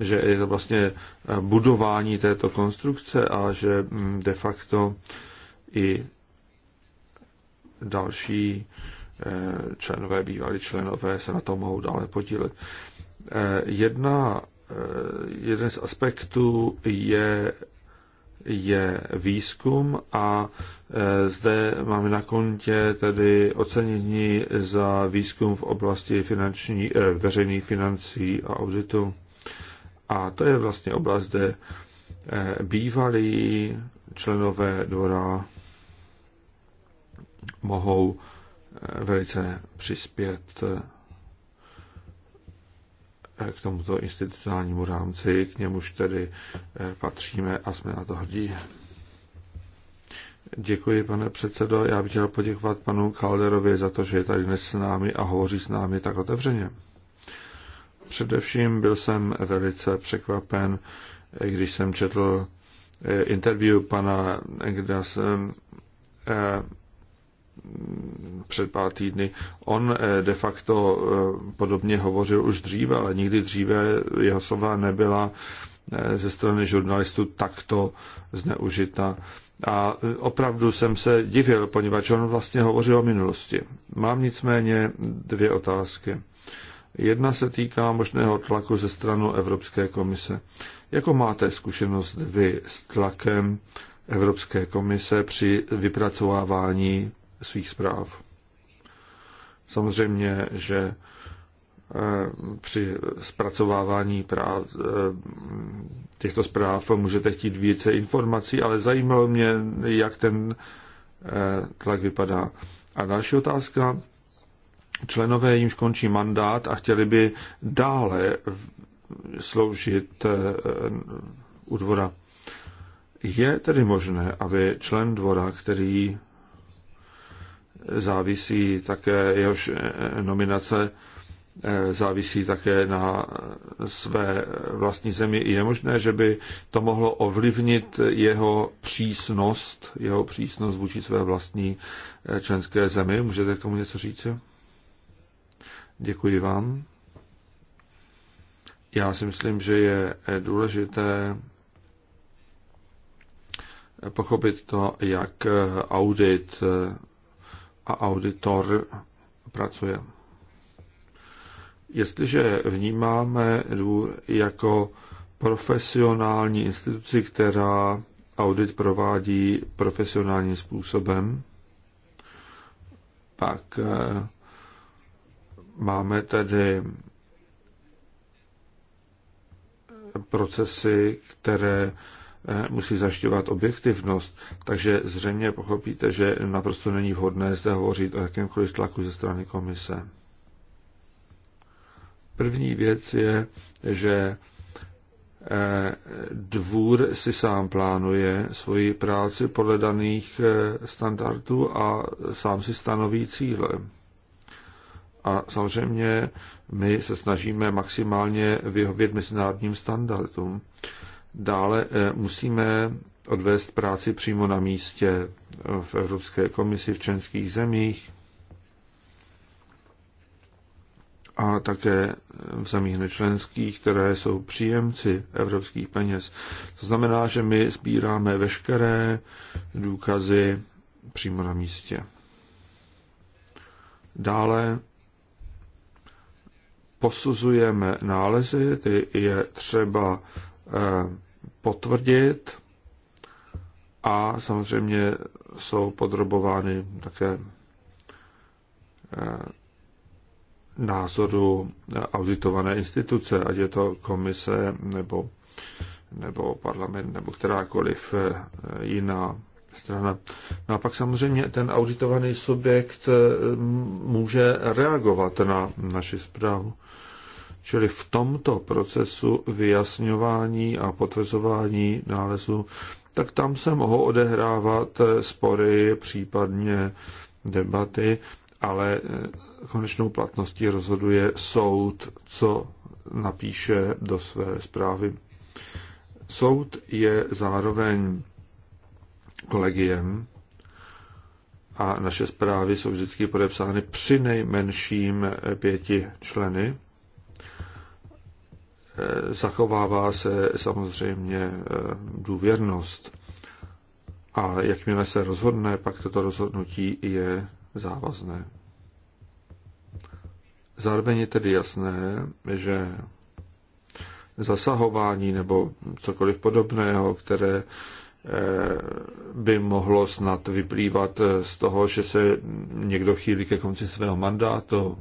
že je to vlastně budování této konstrukce a že mm, de facto i další členové, bývalí členové se na tom mohou dále podílet. Jedna, jeden z aspektů je je výzkum a e, zde máme na kontě tedy ocenění za výzkum v oblasti finanční, e, veřejných financí a auditu. A to je vlastně oblast, kde e, bývalí členové dvora mohou velice přispět k tomuto institucionálnímu rámci, k němuž tedy eh, patříme a jsme na to hrdí. Děkuji, pane předsedo. Já bych chtěl poděkovat panu Kalderovi za to, že je tady dnes s námi a hovoří s námi tak otevřeně. Především byl jsem velice překvapen, eh, když jsem četl eh, interview pana Egda před pár týdny. On eh, de facto eh, podobně hovořil už dříve, ale nikdy dříve jeho slova nebyla eh, ze strany žurnalistů takto zneužita. A opravdu jsem se divil, poněvadž on vlastně hovořil o minulosti. Mám nicméně dvě otázky. Jedna se týká možného tlaku ze stranu Evropské komise. Jako máte zkušenost vy s tlakem Evropské komise při vypracovávání svých zpráv. Samozřejmě, že eh, při zpracovávání práv, eh, těchto zpráv můžete chtít více informací, ale zajímalo mě, jak ten eh, tlak vypadá. A další otázka. Členové jim končí mandát a chtěli by dále sloužit u dvora. Je tedy možné, aby člen dvora, který závisí také, jehož nominace eh, závisí také na své vlastní zemi. Je možné, že by to mohlo ovlivnit jeho přísnost, jeho přísnost vůči své vlastní eh, členské zemi. Můžete k tomu něco říct? Děkuji vám. Já si myslím, že je eh, důležité pochopit to, jak audit a auditor pracuje. Jestliže vnímáme dvůr jako profesionální instituci, která audit provádí profesionálním způsobem, pak eh, máme tedy procesy, které Eh, musí zajišťovat objektivnost, takže zřejmě pochopíte, že naprosto není vhodné zde hovořit o jakémkoliv tlaku ze strany komise. První věc je, že eh, dvůr si sám plánuje svoji práci podle daných eh, standardů a sám si stanoví cíle. A samozřejmě my se snažíme maximálně vyhovět mezinárodním standardům. Dále eh, musíme odvést práci přímo na místě eh, v Evropské komisi v členských zemích a také eh, v zemích nečlenských, které jsou příjemci evropských peněz. To znamená, že my sbíráme veškeré důkazy přímo na místě. Dále posuzujeme nálezy, ty je třeba potvrdit a samozřejmě jsou podrobovány také eh, názoru auditované instituce, ať je to komise nebo, nebo parlament nebo kterákoliv eh, jiná strana. No a pak samozřejmě ten auditovaný subjekt eh, může reagovat na naši zprávu. Čili v tomto procesu vyjasňování a potvrzování nálezu, tak tam se mohou odehrávat spory, případně debaty, ale eh, konečnou platností rozhoduje soud, co napíše do své zprávy. Soud je zároveň kolegiem a naše zprávy jsou vždycky podepsány při nejmenším pěti členy Eh, zachovává se samozřejmě eh, důvěrnost. A jakmile se rozhodne, pak toto rozhodnutí je závazné. Zároveň je tedy jasné, že zasahování nebo cokoliv podobného, které eh, by mohlo snad vyplývat z toho, že se někdo chýlí ke konci svého mandátu,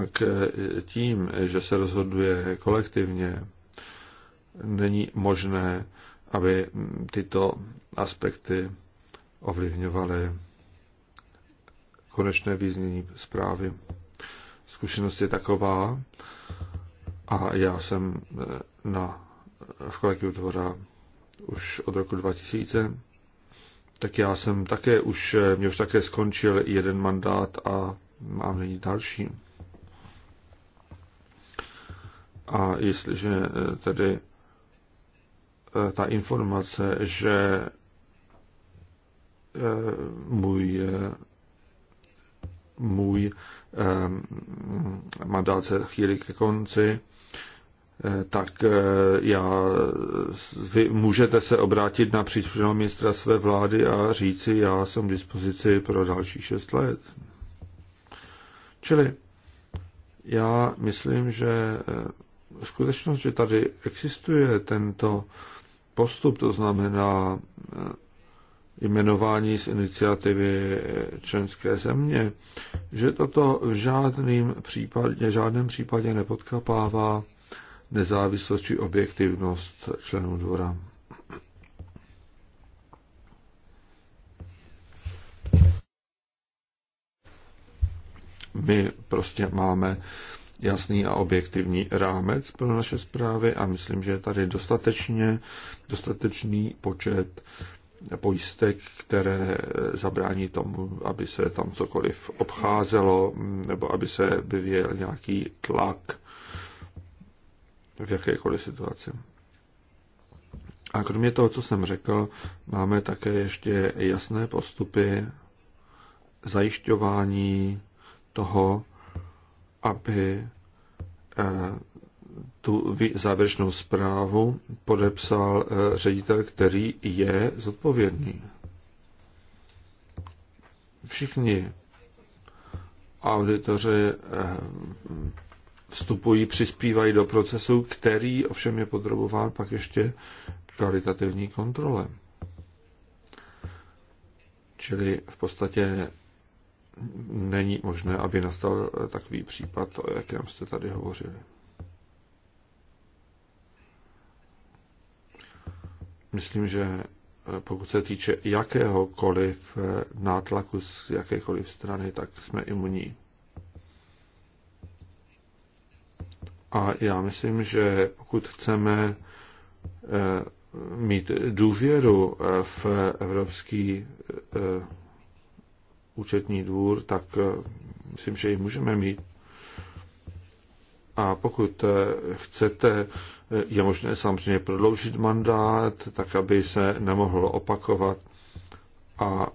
tak eh, tím, že se rozhoduje kolektivně, není možné, aby mm, tyto aspekty ovlivňovaly konečné význění zprávy. Zkušenost je taková, a já jsem eh, na, v kolektivu tvora už od roku 2000, tak já jsem také už, eh, mě už také skončil jeden mandát a mám nyní další. A jestliže eh, tedy eh, ta informace, že eh, můj, můj mandát se chvíli ke konci, tak já, vy můžete se obrátit na příslušného ministra své vlády a říci, já jsem k dispozici pro další šest let. Čili já myslím, že skutečnost, že tady existuje tento postup, to znamená eh, jmenování z iniciativy členské země, že toto v žádným případě, žádném případě nepodkapává nezávislost či objektivnost členů dvora. My prostě máme jasný a objektivní rámec pro naše zprávy a myslím, že je tady dostatečně, dostatečný počet pojistek, které zabrání tomu, aby se tam cokoliv obcházelo nebo aby se vyvíjel nějaký tlak v jakékoliv situaci. A kromě toho, co jsem řekl, máme také ještě jasné postupy zajišťování toho, aby eh, tu závěrečnou zprávu podepsal eh, ředitel, který je zodpovědný. Všichni auditoři eh, vstupují, přispívají do procesu, který ovšem je podrobován pak ještě kvalitativní kontrole. Čili v podstatě není možné, aby nastal takový případ, o jakém jste tady hovořili. Myslím, že eh, pokud se týče jakéhokoliv eh, nátlaku z jakékoliv strany, tak jsme imunní. A já myslím, že pokud chceme eh, mít důvěru v evropský účetní dvůr, tak eh, myslím, že ji můžeme mít. A pokud eh, chcete, eh, je možné samozřejmě prodloužit mandát, tak aby se nemohlo opakovat. A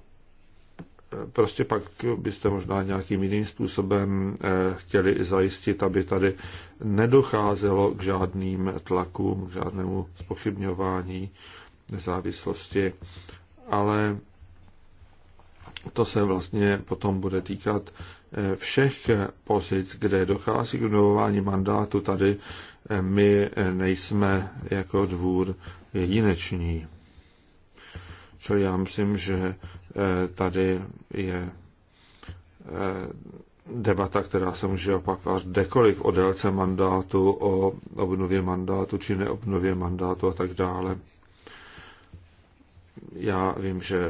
prostě pak byste možná nějakým jiným způsobem chtěli zajistit, aby tady nedocházelo k žádným tlakům, k žádnému spochybňování nezávislosti. Ale to se vlastně potom bude týkat eh, všech pozic, kde dochází k obnovování mandátu. Tady eh, my eh, nejsme jako dvůr jedineční. Čili já myslím, že tady je debata, která se může opakovat dekoliv o délce mandátu, o obnově mandátu či neobnově mandátu a tak dále já vím, že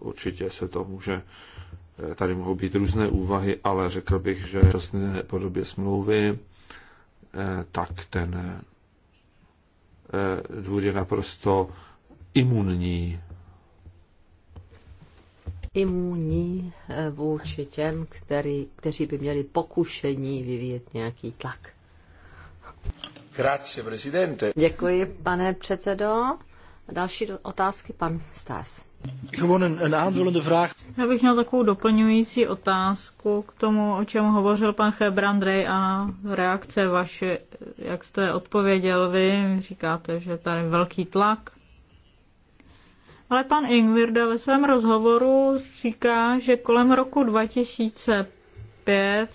určitě se to může, eh, tady mohou být různé úvahy, ale řekl bych, že v časné podobě smlouvy, eh, tak ten eh, dvůr je naprosto imunní. Imunní vůči těm, který, kteří by měli pokušení vyvíjet nějaký tlak. Grazie, presidente. Děkuji, pane předsedo. Další otázky, pan Stas. Já bych měl takovou doplňující otázku k tomu, o čem hovořil pan Hebrandrej a reakce vaše, jak jste odpověděl vy, říkáte, že tady velký tlak. Ale pan Ingvirda ve svém rozhovoru říká, že kolem roku 2005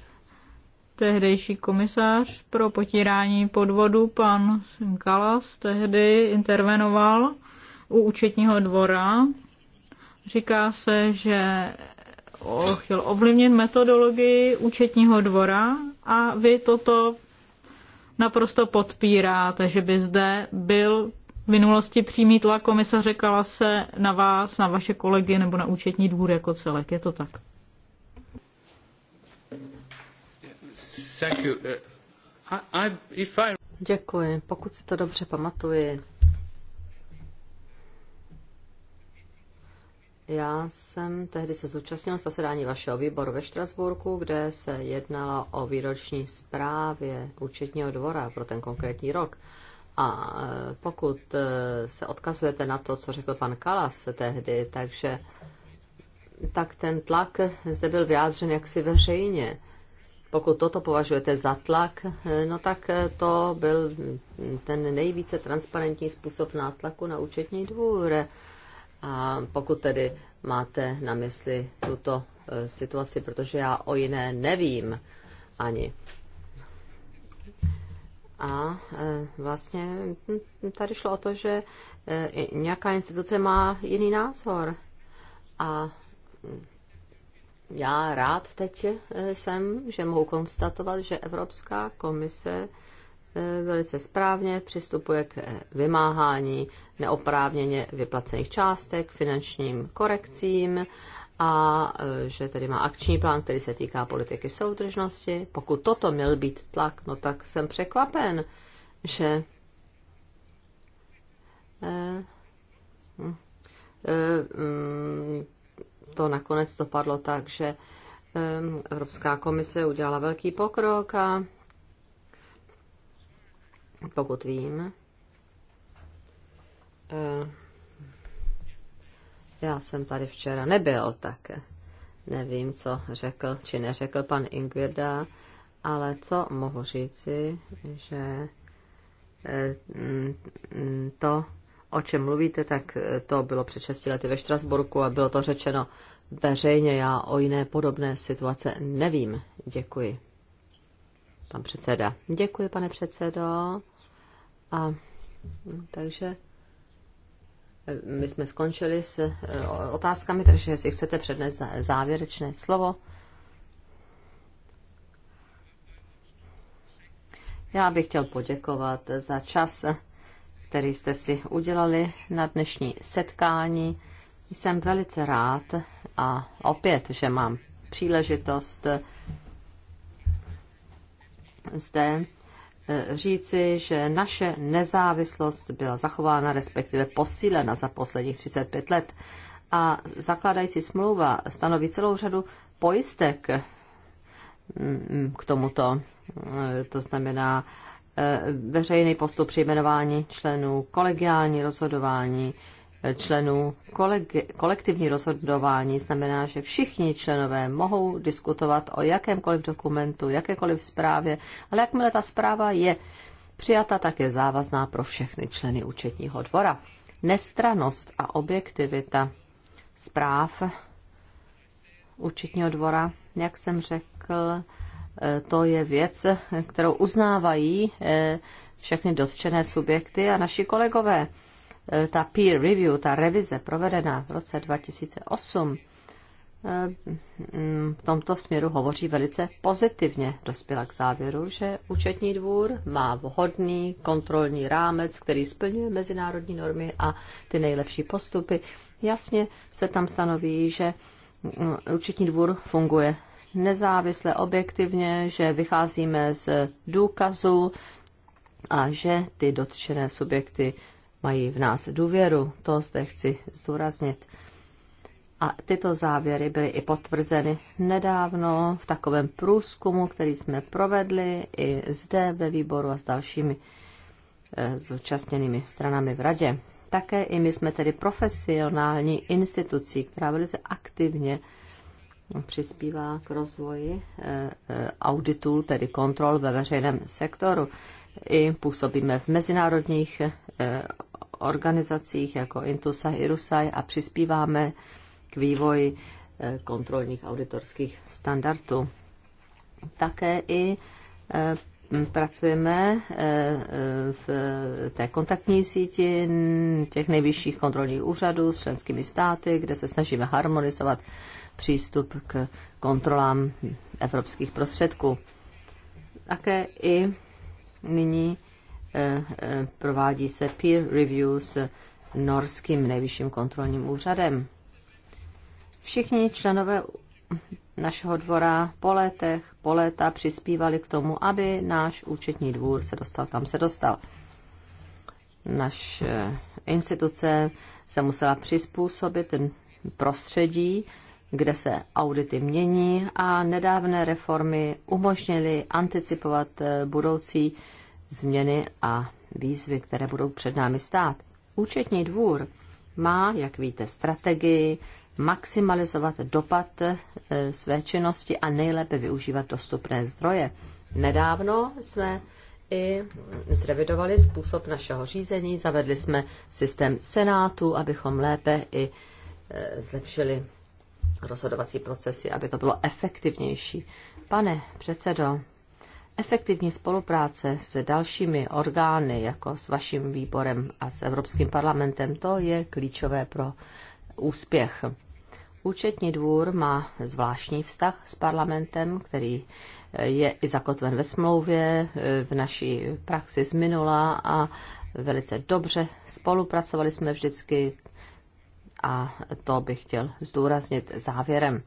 tehdejší komisář pro potírání podvodu, pan Kalas, tehdy intervenoval u účetního dvora. Říká se, že chtěl ovlivnit metodologii účetního dvora a vy toto naprosto podpíráte, že by zde byl v minulosti přímý tlak komisaře Kalase na vás, na vaše kolegy nebo na účetní dvůr jako celek. Je to tak? Thank you. Uh, I, I, if I... Děkuji. Pokud si to dobře pamatuji, Já jsem tehdy se zúčastnil zasedání vašeho výboru ve Štrasburku, kde se jednalo o výroční zprávě účetního dvora pro ten konkrétní rok. A eh, pokud eh, se odkazujete na to, co řekl pan Kalas tehdy, takže tak ten tlak zde byl vyjádřen jaksi veřejně. Pokud toto považujete za tlak, no tak to byl ten nejvíce transparentní způsob nátlaku na účetní dvůr. A pokud tedy máte na mysli tuto e, situaci, protože já o jiné nevím ani. A e, vlastně tady šlo o to, že e, nějaká instituce má jiný názor. A já rád teď eh, jsem, že mohu konstatovat, že Evropská komise eh, velice správně přistupuje k eh, vymáhání neoprávněně vyplacených částek, finančním korekcím a že tedy má akční plán, který se týká politiky soudržnosti. Pokud toto měl být tlak, no tak jsem překvapen, že mm, to nakonec dopadlo tak, že Evropská komise udělala velký pokrok a pokud vím, eh, já jsem tady včera nebyl, tak nevím, co řekl či neřekl pan Ingvirda, ale co mohu říci, že eh, mm, to o čem mluvíte, tak eh, to bylo před 6 lety ve Štrasburku a bylo to řečeno veřejně. Já o jiné podobné situace nevím. Děkuji. Pan předseda. Děkuji, pane předsedo. A takže eh, my jsme skončili s eh, otázkami, takže jestli chcete přednést závěrečné slovo. Já bych chtěl poděkovat za čas který jste si udělali na dnešní setkání. Jsem velice rád a opět, že mám příležitost zde eh, říci, že naše nezávislost byla zachována, respektive posílena za posledních 35 let. A zakládající smlouva stanoví celou řadu pojistek mm, mm, k tomuto. Eh, to znamená, Eh, veřejný postup při jmenování členů, kolegiální rozhodování eh, členů, kolegi, kolektivní rozhodování znamená, že všichni členové mohou diskutovat o jakémkoliv dokumentu, jakékoliv zprávě, ale jakmile ta zpráva je přijata, tak je závazná pro všechny členy účetního dvora. Nestranost a objektivita zpráv účetního dvora, jak jsem řekl, Eh, to je věc, eh, kterou uznávají eh, všechny dotčené subjekty a naši kolegové. Ta peer review, ta revize provedená v roce 2008, mm, v tomto směru hovoří velice pozitivně. Dospěla k závěru, že účetní dvůr má vhodný kontrolní rámec, který splňuje mezinárodní normy a ty nejlepší postupy. Jasně se tam stanoví, že mm, účetní dvůr funguje nezávisle, objektivně, že vycházíme z důkazů a že ty dotčené subjekty mají v nás důvěru. To zde chci zdůraznit. A tyto závěry byly i potvrzeny nedávno v takovém průzkumu, který jsme provedli i zde ve výboru a s dalšími eh, zúčastněnými stranami v radě. Také i my jsme tedy profesionální institucí, která velice aktivně přispívá k rozvoji eh, eh, auditu, tedy kontrol ve veřejném sektoru. I působíme v mezinárodních eh, organizacích jako Intusa, Irusai a přispíváme k vývoji kontrolních auditorských standardů. Také i pracujeme v té kontaktní síti těch nejvyšších kontrolních úřadů s členskými státy, kde se snažíme harmonizovat přístup k kontrolám evropských prostředků. Také i nyní eh, eh, provádí se peer review s norským nejvyšším kontrolním úřadem. Všichni členové našeho dvora po letech, po léta přispívali k tomu, aby náš účetní dvůr se dostal, kam se dostal. Naše eh, instituce se musela přizpůsobit prostředí, kde se audity mění a nedávné reformy umožnily anticipovat eh, budoucí změny a výzvy, které budou před námi stát. Účetní dvůr má, jak víte, strategii maximalizovat dopad eh, své činnosti a nejlépe využívat dostupné zdroje. Nedávno jsme i zrevidovali způsob našeho řízení, zavedli jsme systém Senátu, abychom lépe i eh, zlepšili rozhodovací procesy, aby to bylo efektivnější. Pane předsedo, efektivní spolupráce s dalšími orgány, jako s vaším výborem a s Evropským parlamentem, to je klíčové pro úspěch. Účetní dvůr má zvláštní vztah s parlamentem, který je i zakotven ve smlouvě, v naší praxi z minula a velice dobře spolupracovali jsme vždycky a to bych chtěl zdůraznit závěrem.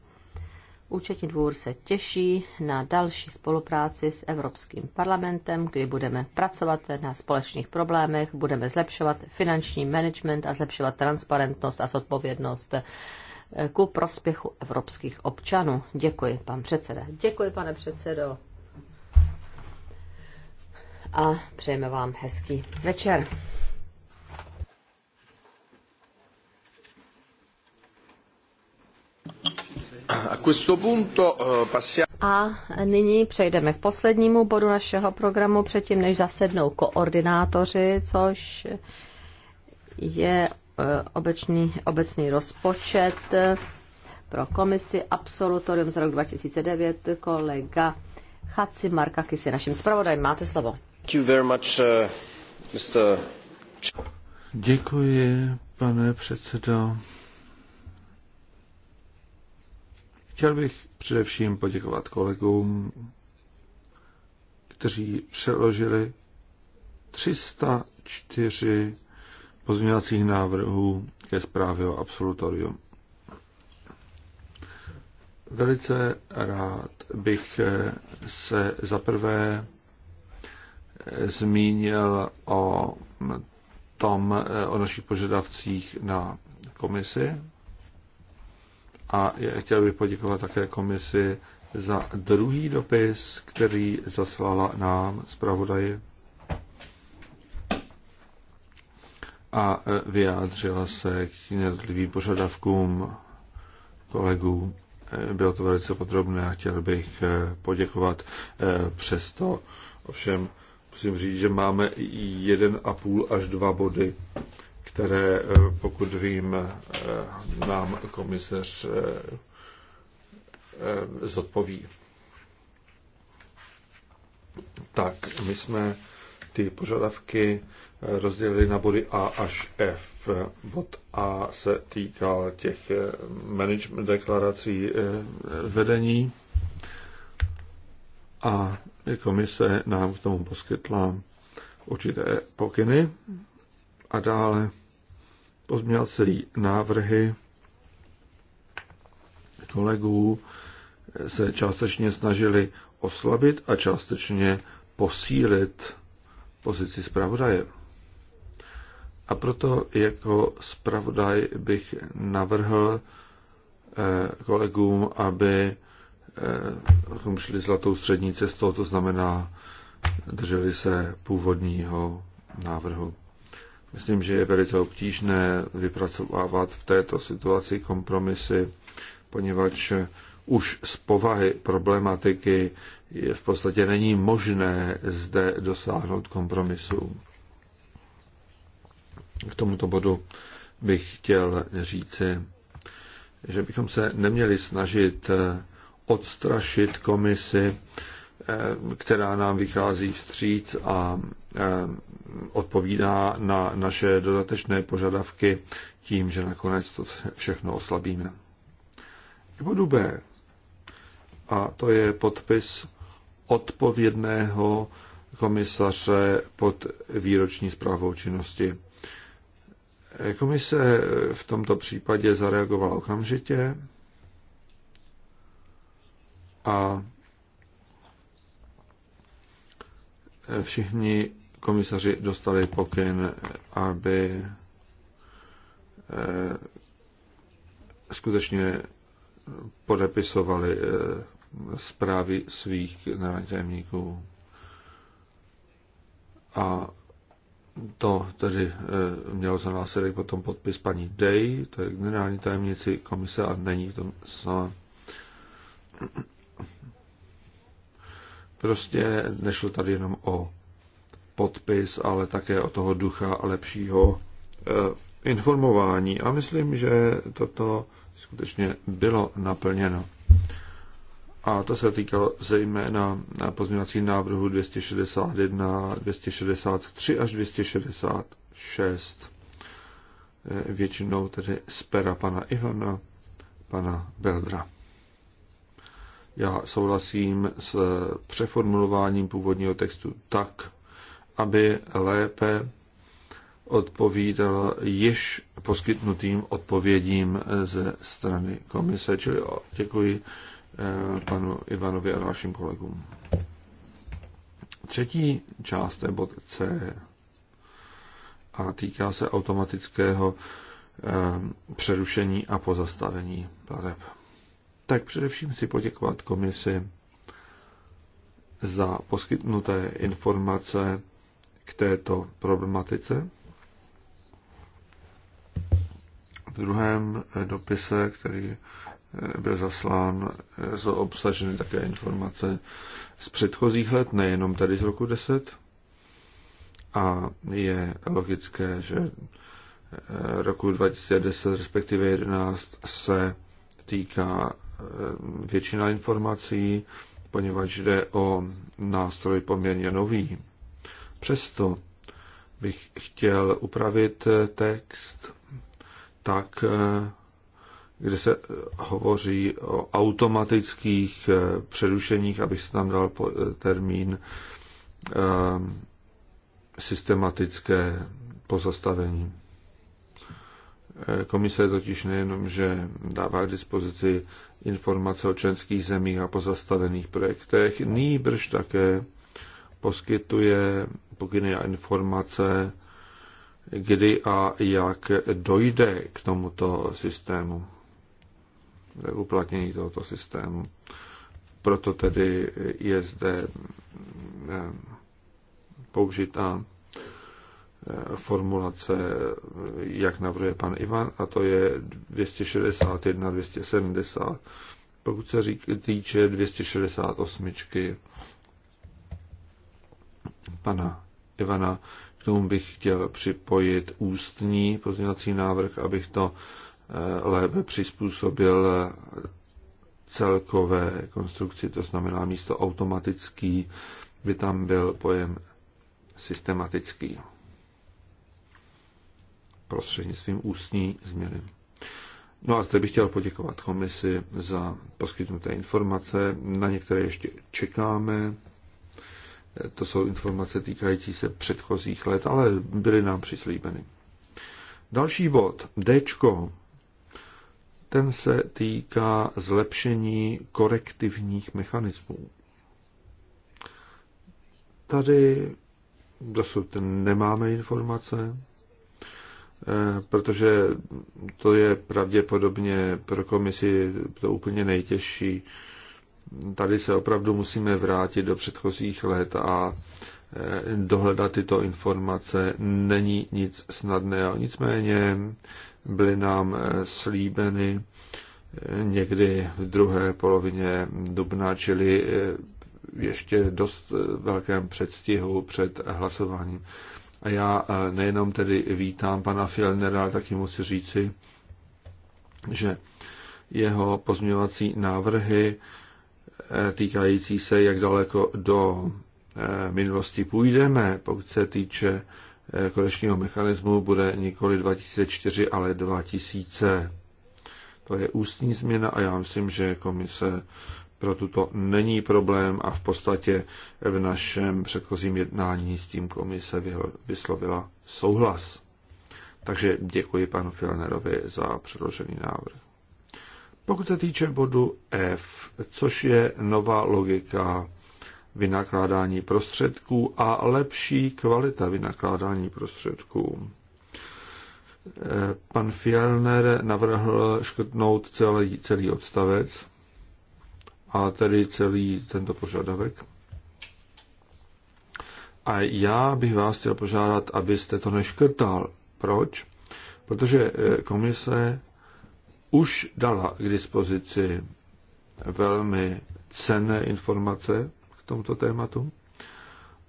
Účetní dvůr se těší na další spolupráci s Evropským parlamentem, kdy budeme pracovat na společných problémech, budeme zlepšovat finanční management a zlepšovat transparentnost a zodpovědnost eh, ku prospěchu evropských občanů. Děkuji, pan předseda. Děkuji, pane předsedo. A přejeme vám hezký večer. Eh, A nyní přejdeme k poslednímu bodu našeho programu, předtím než zasednou koordinátoři, což je eh, obecný, obecný rozpočet eh, pro komisi Absolutorium z roku 2009. Kolega Chaci Markakis je naším zpravodajem. Máte slovo. Děkuji, pane předsedo. Chtěl bych především poděkovat kolegům, kteří přeložili 304 pozměňovacích návrhů ke zprávě o absolutoriu. Velice rád bych se zaprvé zmínil o tom, o našich požadavcích na komisi. A chtěl bych poděkovat také komisi za druhý dopis, který zaslala nám zpravodaji a vyjádřila se k jednotlivým požadavkům kolegů. Bylo to velice podrobné a chtěl bych poděkovat eh, přesto. Ovšem musím říct, že máme jeden a půl až dva body které, eh, pokud vím, eh, nám komisař eh, zodpoví. Tak, my jsme ty požadavky rozdělili na body A až F. Bod A se týkal těch management deklarací vedení a komise nám k tomu poskytla určité pokyny a dále pozměňovací návrhy kolegů se částečně snažili oslabit a částečně posílit pozici zpravodaje. A proto jako zpravodaj bych navrhl eh, kolegům, aby eh, šli zlatou střední cestou, to znamená, drželi se původního návrhu. Myslím, že je velice obtížné vypracovávat v této situaci kompromisy, poněvadž už z povahy problematiky je v podstatě není možné zde dosáhnout kompromisu. K tomuto bodu bych chtěl říci, že bychom se neměli snažit odstrašit komisi Eh, která nám vychází vstříc a eh, odpovídá na naše dodatečné požadavky tím, že nakonec to všechno oslabíme. K bodu B. A to je podpis odpovědného komisaře pod výroční zprávou činnosti. Eh, komise v tomto případě zareagovala okamžitě a Všichni komisaři dostali pokyn, aby eh, skutečně podepisovali eh, zprávy svých tajemníků. A to tedy eh, mělo za následek potom podpis paní Day, to je generální tajemnici komise a není v tom sama. Prostě nešlo tady jenom o podpis, ale také o toho ducha a lepšího eh, informování. A myslím, že toto skutečně bylo naplněno. A to se týkalo zejména pozměňovací návrhu 261, 263 až 266. Eh, většinou tedy z pera pana Ivana, pana Beldra. Já souhlasím s přeformulováním původního textu tak, aby lépe odpovídal již poskytnutým odpovědím ze strany komise. Čili děkuji eh, panu Ivanovi a dalším kolegům. Třetí část je bod C a týká se automatického eh, přerušení a pozastavení plateb tak především chci poděkovat komisi za poskytnuté informace k této problematice. V druhém dopise, který eh, byl zaslán, eh, jsou obsaženy také informace z předchozích let, nejenom tady z roku 10. A je logické, že eh, roku 2010, respektive 2011, se týká Eh, většina informací, poněvadž jde o nástroj poměrně nový. Přesto bych chtěl upravit eh, text tak, eh, kde se hovoří o automatických přerušeních, aby se tam dal termín systematické pozastavení. Komise totiž nejenom, že dává k dispozici informace o členských zemích a pozastavených projektech, nýbrž také poskytuje pokyny a informace, kdy a jak dojde k tomuto systému, k uplatnění tohoto systému. Proto tedy je zde eh, použitá formulace, jak navrhuje pan Ivan, a to je 261, 270. Pokud se říká týče 268 pana Ivana, k tomu bych chtěl připojit ústní pozměňovací návrh, abych to eh, lépe přizpůsobil celkové konstrukci, to znamená místo automatický by tam byl pojem systematický prostřednictvím ústní změny. No a zde bych chtěl poděkovat komisi za poskytnuté informace. Na některé ještě čekáme. To jsou informace týkající se předchozích let, ale byly nám přislíbeny. Další bod, D, ten se týká zlepšení korektivních mechanismů. Tady dosud nemáme informace, Eh, protože to je pravděpodobně pro komisi to úplně nejtěžší. Tady se opravdu musíme vrátit do předchozích let a eh, dohledat tyto informace není nic snadného. Nicméně byly nám eh, slíbeny někdy v druhé polovině dubna, čili ještě dost velkém předstihu před hlasováním. A já eh, nejenom tedy vítám pana Fjellnera, ale taky musím říci, že jeho pozměňovací návrhy eh, týkající se, jak daleko do eh, minulosti půjdeme, pokud se týče konečního mechanismu, bude nikoli 2004, ale 2000. To je ústní změna a já myslím, že komise pro tuto není problém a v podstatě v našem předchozím jednání s tím komise vyslovila souhlas. Takže děkuji panu Filnerovi za předložený návrh. Pokud se týče bodu F, což je nová logika vynakládání prostředků a lepší kvalita vynakládání prostředků. Eh, pan Fielner navrhl škrtnout celý, celý odstavec a tedy celý tento požadavek. A já bych vás chtěl požádat, abyste to neškrtal. Proč? Protože eh, komise už dala k dispozici velmi cenné informace k tomuto tématu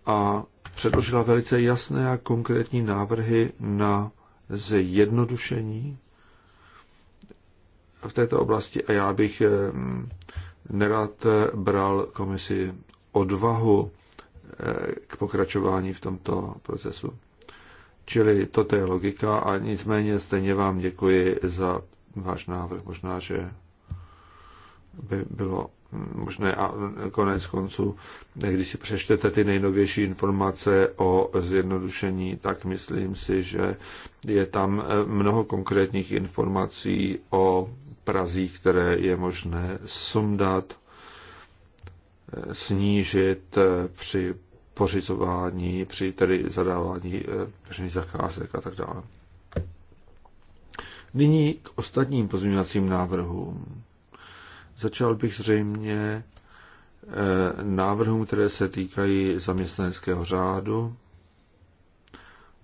a předložila velice jasné a konkrétní návrhy na zjednodušení v této oblasti a já bych eh, nerad bral komisi odvahu eh, k pokračování v tomto procesu. Čili toto je logika a nicméně stejně vám děkuji za váš návrh. Možná, že by bylo možné a konec konců, když si přečtete ty nejnovější informace o zjednodušení, tak myslím si, že je tam eh, mnoho konkrétních informací o prazí, které je možné sundat, eh, snížit eh, při pořizování, při tedy zadávání eh, veřejných zakázek a tak dále. Nyní k ostatním pozměňovacím návrhům. Začal bych zřejmě návrhům, které se týkají zaměstnaneckého řádu.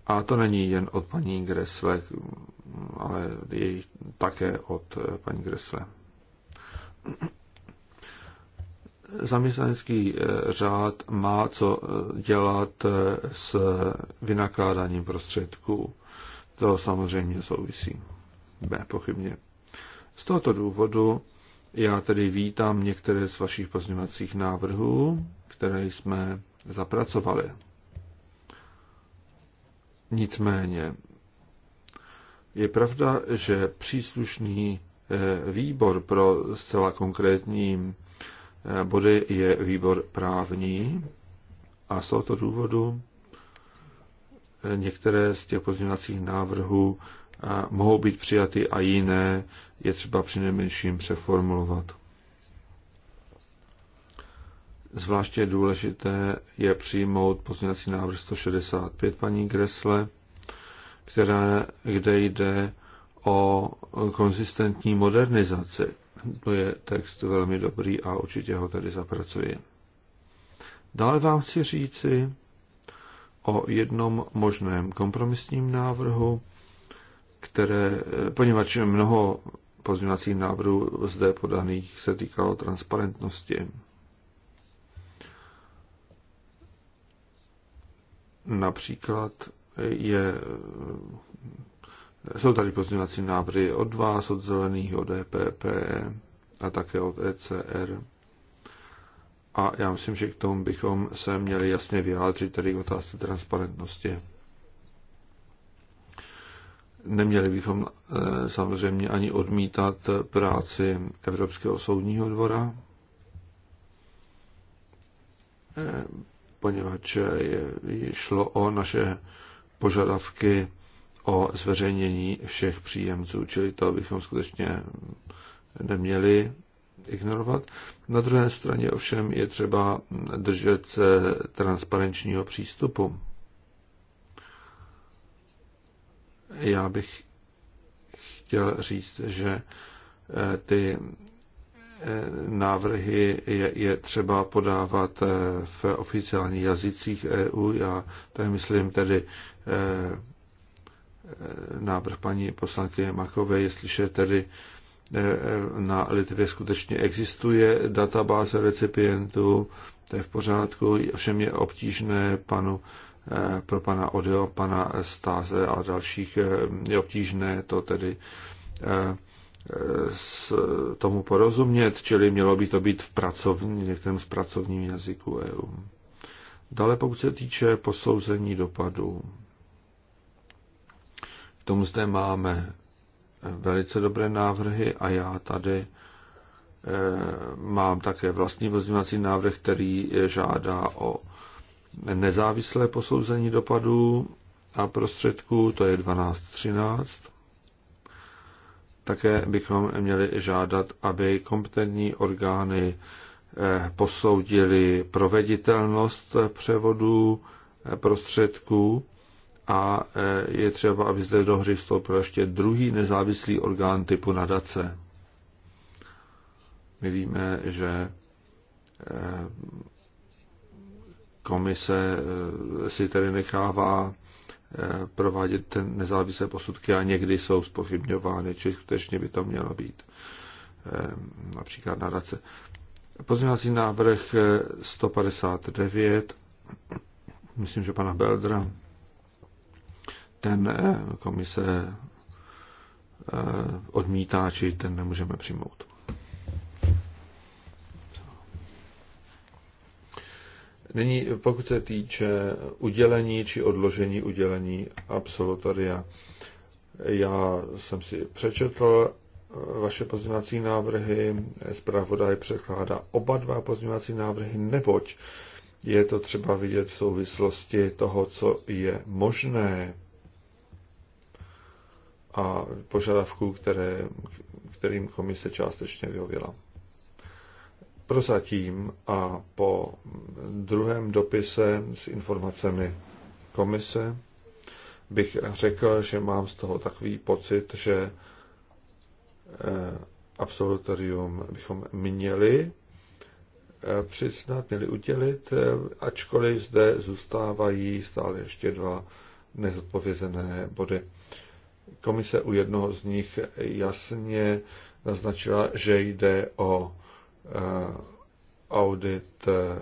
A to není jen od paní Gresle, ale je také od eh, paní Gresle. Zaměstnanecký eh, řád má co eh, dělat s vynakládáním prostředků. To samozřejmě souvisí. B, pochybně. Z tohoto důvodu já tedy vítám některé z vašich pozměňovacích návrhů, které jsme zapracovali. Nicméně je pravda, že příslušný eh, výbor pro zcela konkrétní eh, body je výbor právní a z tohoto důvodu eh, některé z těch pozměňovacích návrhů mohou být přijaty a jiné je třeba přinejmenším přeformulovat. Zvláště důležité je přijmout pozměňovací návrh 165 paní Gresle, která, kde jde o konzistentní modernizaci. To je text velmi dobrý a určitě ho tady zapracuji. Dále vám chci říci o jednom možném kompromisním návrhu, které, poněvadž mnoho pozměňovacích návrhů zde podaných se týkalo transparentnosti. Například je, eh, jsou tady pozměňovací návrhy od vás, od zelených, od EPP a také od ECR. A já myslím, že k tomu bychom se měli jasně vyjádřit, tedy k otázce transparentnosti. Neměli bychom eh, samozřejmě ani odmítat práci Evropského soudního dvora, eh, poněvadž šlo o naše požadavky o zveřejnění všech příjemců, čili to bychom skutečně neměli ignorovat. Na druhé straně ovšem je třeba držet se transparenčního přístupu. Já bych chtěl říct, že eh, ty návrhy je, je třeba podávat eh, v oficiálních jazycích EU. Já tady myslím tedy eh, eh, návrh paní poslankyně Makové, jestliže tedy na Litvě skutečně existuje databáze recipientů, to je v pořádku, ovšem je obtížné panu, pro pana Odeo, pana Stáze a dalších, je obtížné to tedy s tomu porozumět, čili mělo by to být v pracovní, některém z pracovním jazyku e EU. Dále pokud se týče posouzení dopadů. K tomu zde máme velice dobré návrhy a já tady e, mám také vlastní pozměňovací návrh, který žádá o nezávislé posouzení dopadů a prostředků, to je 12.13. Také bychom měli žádat, aby kompetentní orgány eh, posoudili proveditelnost převodu eh, prostředků a eh, je třeba, aby zde do hry vstoupil ještě druhý nezávislý orgán typu nadace. My víme, že komise si tedy nechává Eh, provádět ten nezávislé posudky a někdy jsou spochybňovány, či skutečně by to mělo být eh, například nadace. radce. Pozměňovací návrh 159, eh, myslím, že pana Beldra, ten komise odmítá, či ten nemůžeme přijmout. Nyní, pokud se týče udělení či odložení udělení absolutoria, já jsem si přečetl eh, vaše pozměňovací návrhy, zpravodaj překládá oba dva pozměňovací návrhy, neboť je to třeba vidět v souvislosti toho, co je možné a požadavků, které, kterým komise částečně vyhověla prozatím a po druhém dopise s informacemi komise bych řekl, že mám z toho takový pocit, že eh, absolutorium bychom měli eh, přiznat, měli udělit, eh, ačkoliv zde zůstávají stále ještě dva nezodpovězené body. Komise u jednoho z nich jasně naznačila, že jde o Eh, audit eh,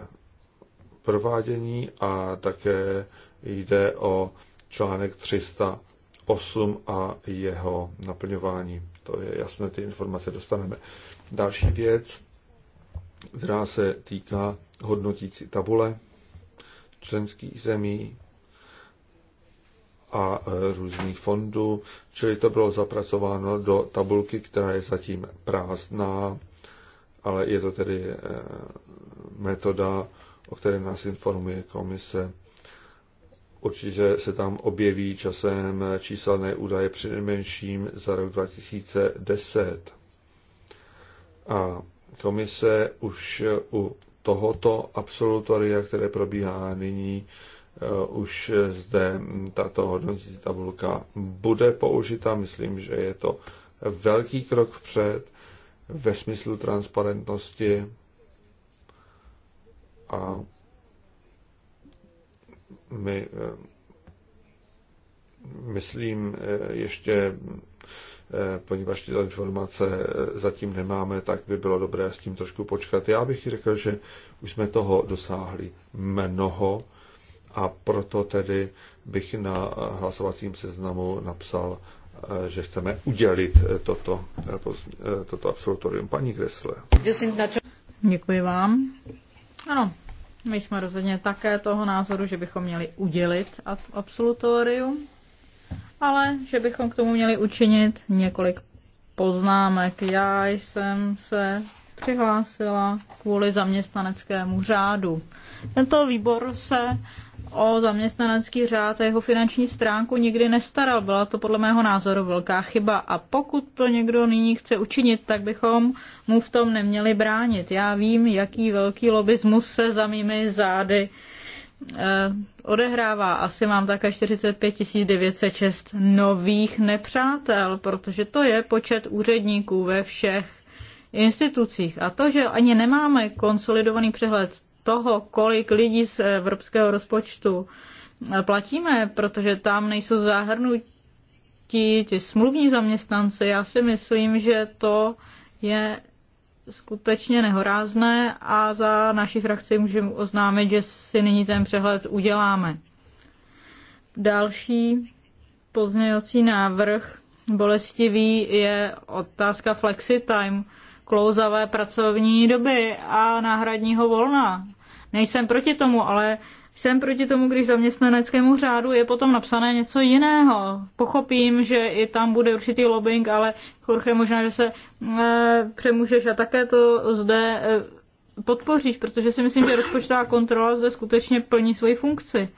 provádění a také jde o článek 308 a jeho naplňování. To je jasné, ty informace dostaneme. Další věc, která se týká hodnotící tabule členských zemí a eh, různých fondů, čili to bylo zapracováno do tabulky, která je zatím prázdná ale je to tedy eh, metoda, o které nás informuje komise. Určitě se tam objeví časem číselné údaje nejmenším za rok 2010. A komise už u tohoto absolutoria, které probíhá nyní, eh, už zde tato hodnotící tabulka bude použita. Myslím, že je to velký krok vpřed ve smyslu transparentnosti a my eh, myslím eh, ještě, eh, poněvadž tyto informace zatím nemáme, tak by bylo dobré s tím trošku počkat. Já bych řekl, že už jsme toho dosáhli mnoho a proto tedy bych na hlasovacím seznamu napsal Eh, že chceme udělit eh, toto, eh, toto absolutorium. Paní Kresle. Děkuji vám. Ano, my jsme rozhodně také toho názoru, že bychom měli udělit absolutorium, ale že bychom k tomu měli učinit několik poznámek. Já jsem se přihlásila kvůli zaměstnaneckému řádu. Tento výbor se o zaměstnanecký řád a jeho finanční stránku nikdy nestaral. Byla to podle mého názoru velká chyba a pokud to někdo nyní chce učinit, tak bychom mu v tom neměli bránit. Já vím, jaký velký lobismus se za mými zády eh, odehrává. Asi mám také 45 906 nových nepřátel, protože to je počet úředníků ve všech institucích. A to, že ani nemáme konsolidovaný přehled toho, kolik lidí z evropského rozpočtu platíme, protože tam nejsou zahrnutí ti smluvní zaměstnanci. Já si myslím, že to je skutečně nehorázné a za naši frakci můžeme oznámit, že si nyní ten přehled uděláme. Další pozměňovací návrh bolestivý je otázka flexitime, klouzavé pracovní doby a náhradního volna. Nejsem proti tomu, ale jsem proti tomu, když zaměstnaneckému řádu je potom napsané něco jiného. Pochopím, že i tam bude určitý lobbying, ale Jorge, možná, že se e, přemůžeš a také to zde e, podpoříš, protože si myslím, že rozpočtová kontrola zde skutečně plní svoji funkci. E,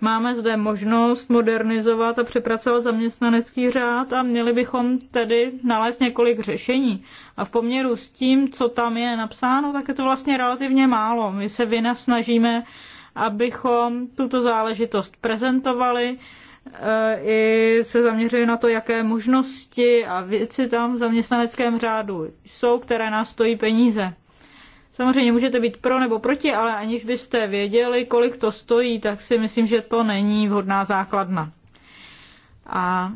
Máme zde možnost modernizovat a přepracovat zaměstnanecký řád a měli bychom tedy nalézt několik řešení. A v poměru s tím, co tam je napsáno, tak je to vlastně relativně málo. My se snažíme, abychom tuto záležitost prezentovali, e, i se zaměřuje na to, jaké možnosti a věci tam v zaměstnaneckém řádu jsou, které nás stojí peníze. Samozřejmě můžete být pro nebo proti, ale aniž byste věděli, kolik to stojí, tak si myslím, že to není vhodná základna. A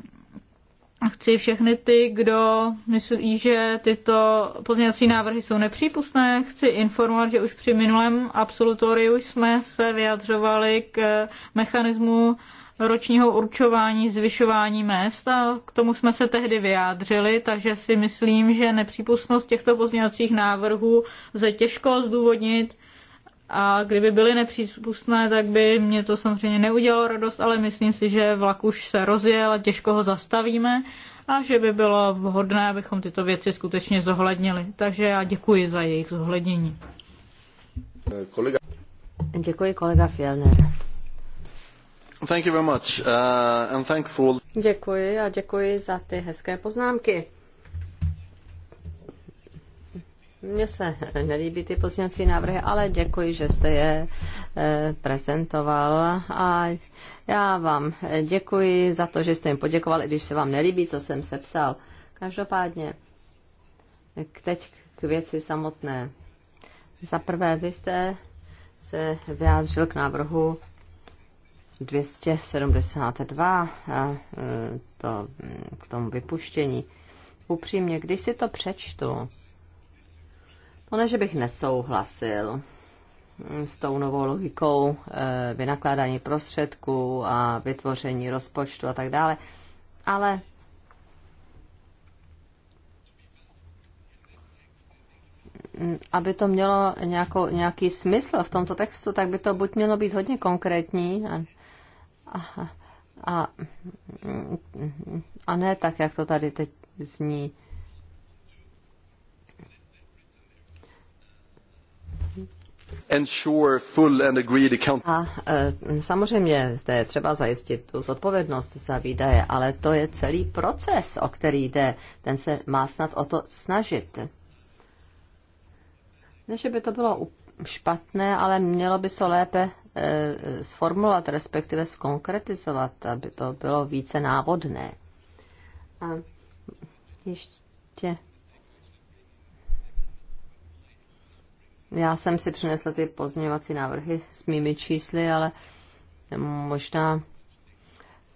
chci všechny ty, kdo myslí, že tyto pozměňovací návrhy jsou nepřípustné, chci informovat, že už při minulém absolutoriu jsme se vyjadřovali k mechanismu ročního určování zvyšování mest a k tomu jsme se tehdy vyjádřili, takže si myslím, že nepřípustnost těchto pozměňovacích návrhů se těžko zdůvodnit a kdyby byly nepřípustné, tak by mě to samozřejmě neudělalo radost, ale myslím si, že vlak už se rozjel a těžko ho zastavíme a že by bylo vhodné, abychom tyto věci skutečně zohlednili. Takže já děkuji za jejich zohlednění. Kolega... Děkuji kolega Fielner. Thank you very much, uh, and thanks for... Děkuji a děkuji za ty hezké poznámky. Mně se nelíbí ty pozměňovací návrhy, ale děkuji, že jste je eh, prezentoval a já vám děkuji za to, že jste jim poděkoval, i když se vám nelíbí, co jsem sepsal. Každopádně, teď k věci samotné. Za prvé, vy jste se vyjádřil k návrhu 272 e, to, mm, k tomu vypuštění. Upřímně, když si to přečtu, to ne, že bych nesouhlasil mm, s tou novou logikou e, vynakládání prostředků a vytvoření rozpočtu a tak dále, ale mm, aby to mělo nějakou, nějaký smysl v tomto textu, tak by to buď mělo být hodně konkrétní, Aha. A, a ne tak, jak to tady teď zní. Ensure full and agreed account. A e, samozřejmě zde je třeba zajistit tu zodpovědnost za výdaje, ale to je celý proces, o který jde. Ten se má snad o to snažit. Ne, že by to bylo špatné, ale mělo by se lépe eh, sformulovat, respektive skonkretizovat, aby to bylo více návodné. A ještě Já jsem si přinesla ty pozměňovací návrhy s mými čísly, ale možná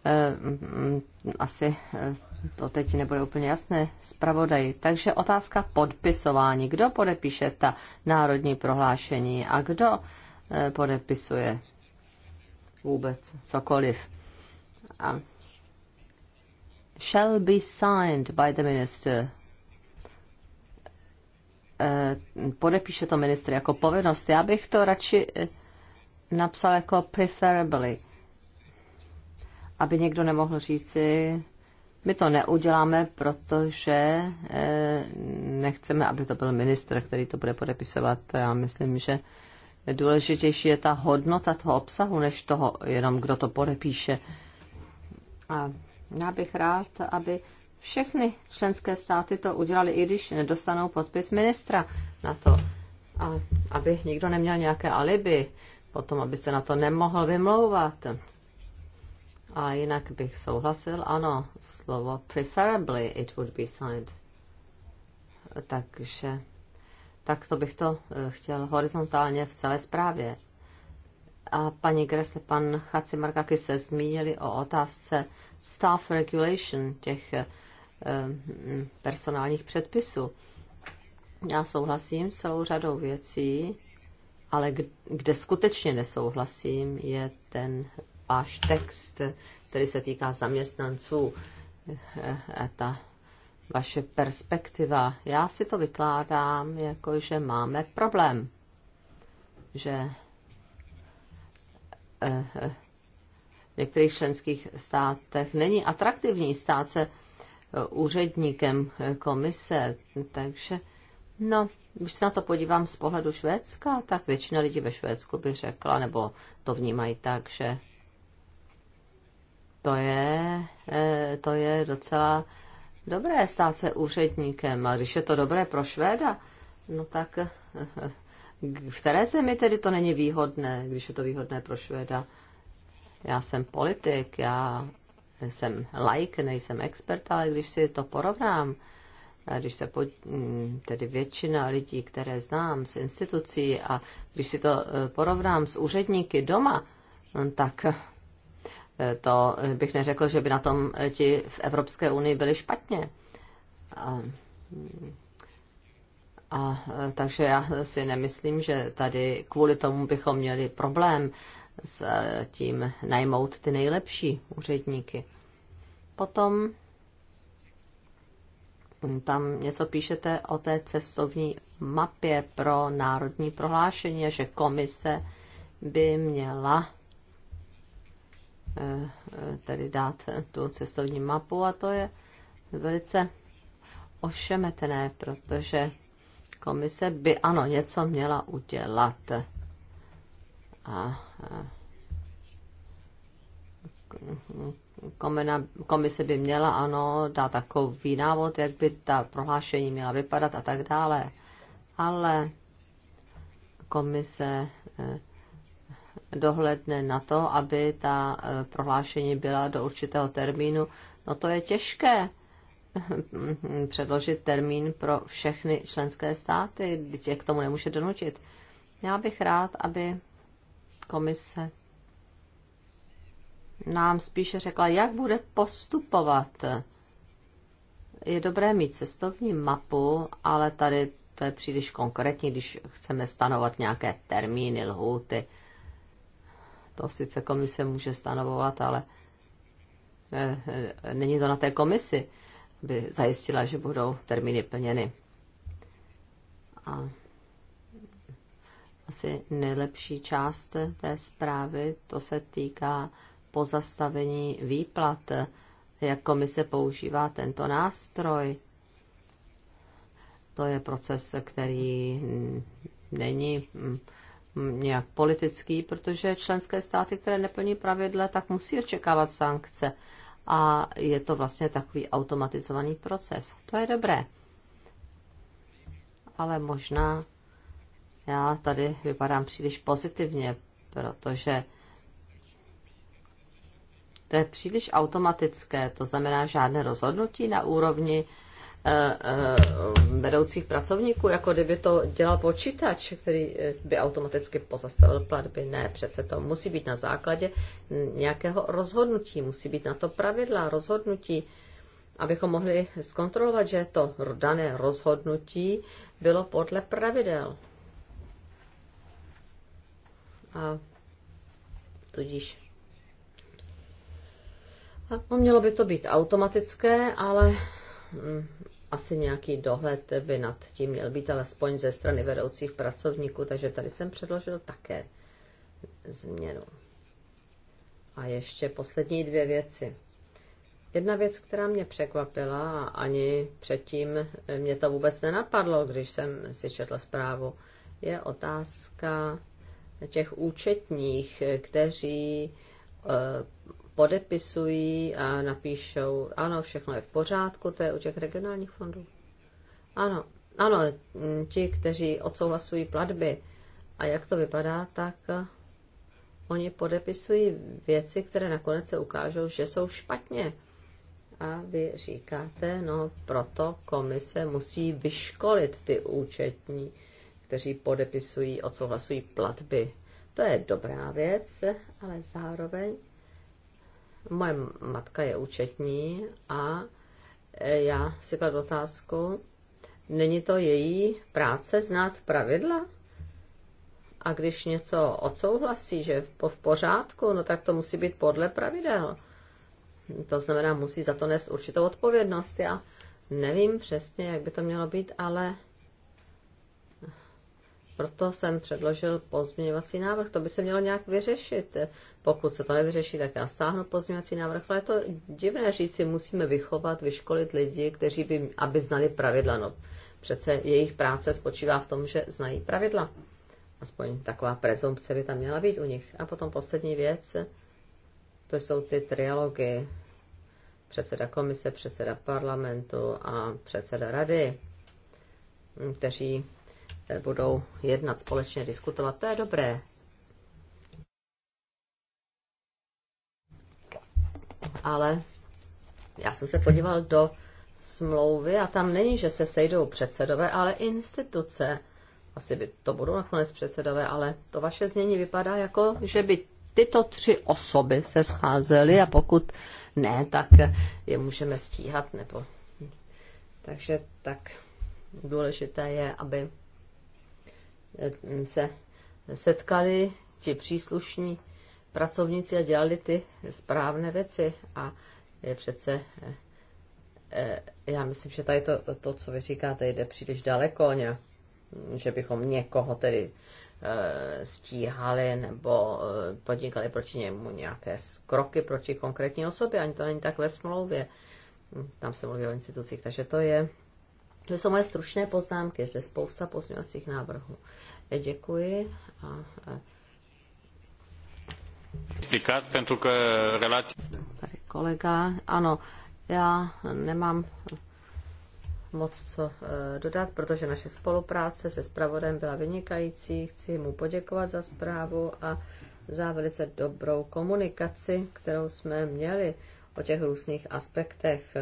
eh, m, asi eh, to teď nebude úplně jasné, zpravodaji. Takže otázka podpisování. Kdo podepíše ta národní prohlášení a kdo eh, podepisuje vůbec cokoliv? A shall be signed by the minister. Eh, podepíše to minister jako povinnost. Já bych to radši eh, napsal jako preferably, aby někdo nemohl říci, my to neuděláme, protože eh, nechceme, aby to byl ministr, který to bude podepisovat. Já myslím, že důležitější je ta hodnota toho obsahu, než toho jenom, kdo to podepíše. A já bych rád, aby všechny členské státy to udělali, i když nedostanou podpis ministra na to. A aby nikdo neměl nějaké alibi, potom aby se na to nemohl vymlouvat. A jinak bych souhlasil, ano, slovo preferably it would be signed. Takže tak to bych to eh, chtěl horizontálně v celé zprávě. A paní Gresle, pan Chaci Markaky se zmínili o otázce staff regulation, těch eh, mm, personálních předpisů. Já souhlasím s celou řadou věcí, ale kde skutečně nesouhlasím, je ten váš text, který se týká zaměstnanců, eh, ta vaše perspektiva. Já si to vykládám jako, že máme problém, že eh, v některých členských státech není atraktivní stát se eh, úředníkem komise, takže no, když se na to podívám z pohledu Švédska, tak většina lidí ve Švédsku by řekla, nebo to vnímají tak, že to je, eh, to je docela dobré stát se úředníkem. A když je to dobré pro Švéda, no tak eh, eh, v které zemi tedy to není výhodné, když je to výhodné pro Švéda? Já jsem politik, já jsem like, nejsem expert, ale když si to porovnám, a když se pod, mm, tedy většina lidí, které znám z institucí a když si to porovnám s úředníky doma, no tak Eh, to bych neřekl, že by na tom eh, ti v Evropské unii byli špatně. A, a eh, takže já si nemyslím, že tady kvůli tomu bychom měli problém s tím najmout ty nejlepší úředníky. Potom tam něco píšete o té cestovní mapě pro národní prohlášení, že komise by měla tedy dát tu cestovní mapu a to je velice ošemetné, protože komise by ano něco měla udělat. A eh, komise by měla ano dát takový návod, jak by ta prohlášení měla vypadat a tak dále. Ale komise eh, dohledne na to, aby ta e, prohlášení byla do určitého termínu. No to je těžké předložit termín pro všechny členské státy, je k tomu nemůže donutit. Já bych rád, aby komise nám spíše řekla, jak bude postupovat. Je dobré mít cestovní mapu, ale tady to je příliš konkrétní, když chceme stanovat nějaké termíny, lhůty. To sice komise může stanovovat, ale eh, eh, není to na té komisi, aby zajistila, že budou termíny plněny. A asi nejlepší část té zprávy, to se týká pozastavení výplat, jak komise používá tento nástroj. To je proces, který není mm, nějak politický, protože členské státy, které neplní pravidla, tak musí očekávat sankce. A je to vlastně takový automatizovaný proces. To je dobré. Ale možná já tady vypadám příliš pozitivně, protože to je příliš automatické, to znamená žádné rozhodnutí na úrovni Eh, eh, vedoucích pracovníků, jako kdyby to dělal počítač, který eh, by automaticky pozastavil platby. Ne, přece to musí být na základě nějakého rozhodnutí, musí být na to pravidla, rozhodnutí, abychom mohli zkontrolovat, že to dané rozhodnutí bylo podle pravidel. A tudíž No, mělo by to být automatické, ale mm, asi nějaký dohled by nad tím měl být, alespoň ze strany vedoucích pracovníků, takže tady jsem předložil také změnu. A ještě poslední dvě věci. Jedna věc, která mě překvapila, ani předtím mě to vůbec nenapadlo, když jsem si četla zprávu, je otázka těch účetních, kteří eh, podepisují a napíšou, ano, všechno je v pořádku, to je u těch regionálních fondů. Ano, ano, mm, ti, kteří odsouhlasují platby a jak to vypadá, tak eh, oni podepisují věci, které nakonec se ukážou, že jsou špatně. A vy říkáte, no proto komise musí vyškolit ty účetní, kteří podepisují, odsouhlasují platby. To je dobrá věc, ale zároveň Moje matka je účetní a e, já si kladu otázku, není to její práce znát pravidla? A když něco odsouhlasí, že v pořádku, no tak to musí být podle pravidel. To znamená, musí za to nést určitou odpovědnost. Já nevím přesně, jak by to mělo být, ale proto jsem předložil pozměňovací návrh. To by se mělo nějak vyřešit. Pokud se to nevyřeší, tak já stáhnu pozměňovací návrh. Ale je to divné říci, musíme vychovat, vyškolit lidi, kteří by, aby znali pravidla. No, přece jejich práce spočívá v tom, že znají pravidla. Aspoň taková prezumpce by tam měla být u nich. A potom poslední věc, to jsou ty trialogy. Předseda komise, předseda parlamentu a předseda rady, kteří budou jednat společně, diskutovat. To je dobré. Ale já jsem se podíval do smlouvy a tam není, že se sejdou předsedové, ale instituce. Asi by to budou nakonec předsedové, ale to vaše znění vypadá jako, že by tyto tři osoby se scházely a pokud ne, tak je můžeme stíhat nebo... Takže tak důležité je, aby Eh, se setkali ti příslušní pracovníci a dělali ty správné věci. A je přece, eh, eh, já myslím, že tady to, to co vy říkáte, jde příliš daleko, ne? že bychom někoho tedy stíhali nebo podnikali proti němu nějaké kroky proti konkrétní osobě. Ani to není tak ve smlouvě. Hm, tam se mluví o institucích, takže to je to jsou moje stručné poznámky, zde spousta pozměňovacích návrhů. Eh, děkuji. A, pentru că relații... Tady kolega, ano, já nemám moc co eh, dodat, protože naše spolupráce se zpravodem byla vynikající. Chci mu poděkovat za zprávu a za velice dobrou komunikaci, kterou jsme měli o těch různých aspektech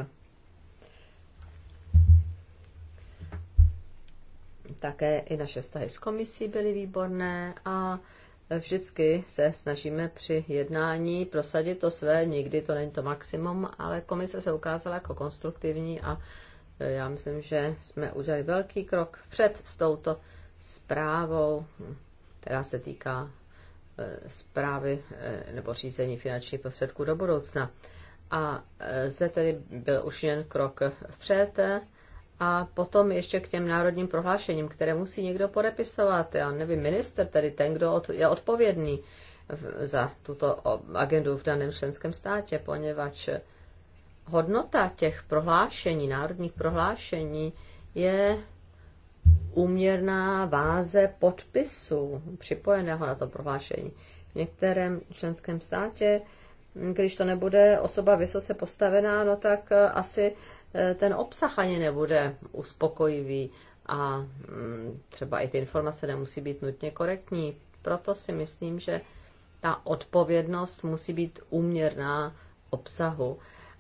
Také i naše vztahy s komisí byly výborné a vždycky se snažíme při jednání prosadit to své, nikdy to není to maximum, ale komise se ukázala jako konstruktivní a e, já myslím, že jsme udělali velký krok před s touto zprávou, která se týká e, zprávy e, nebo řízení finančních prostředků do budoucna. A zde tedy byl učiněn krok vpřed a potom ještě k těm národním prohlášením, které musí někdo podepisovat. Já nevím, minister, tedy ten, kdo je odpovědný za tuto agendu v daném členském státě, poněvadž hodnota těch prohlášení, národních prohlášení, je úměrná váze podpisu připojeného na to prohlášení. V některém členském státě, když to nebude osoba vysoce postavená, no tak eh, asi Eh, ten obsah ani nebude uspokojivý a mm, třeba i ty informace nemusí být nutně korektní. Proto si myslím, že ta odpovědnost musí být úměrná obsahu.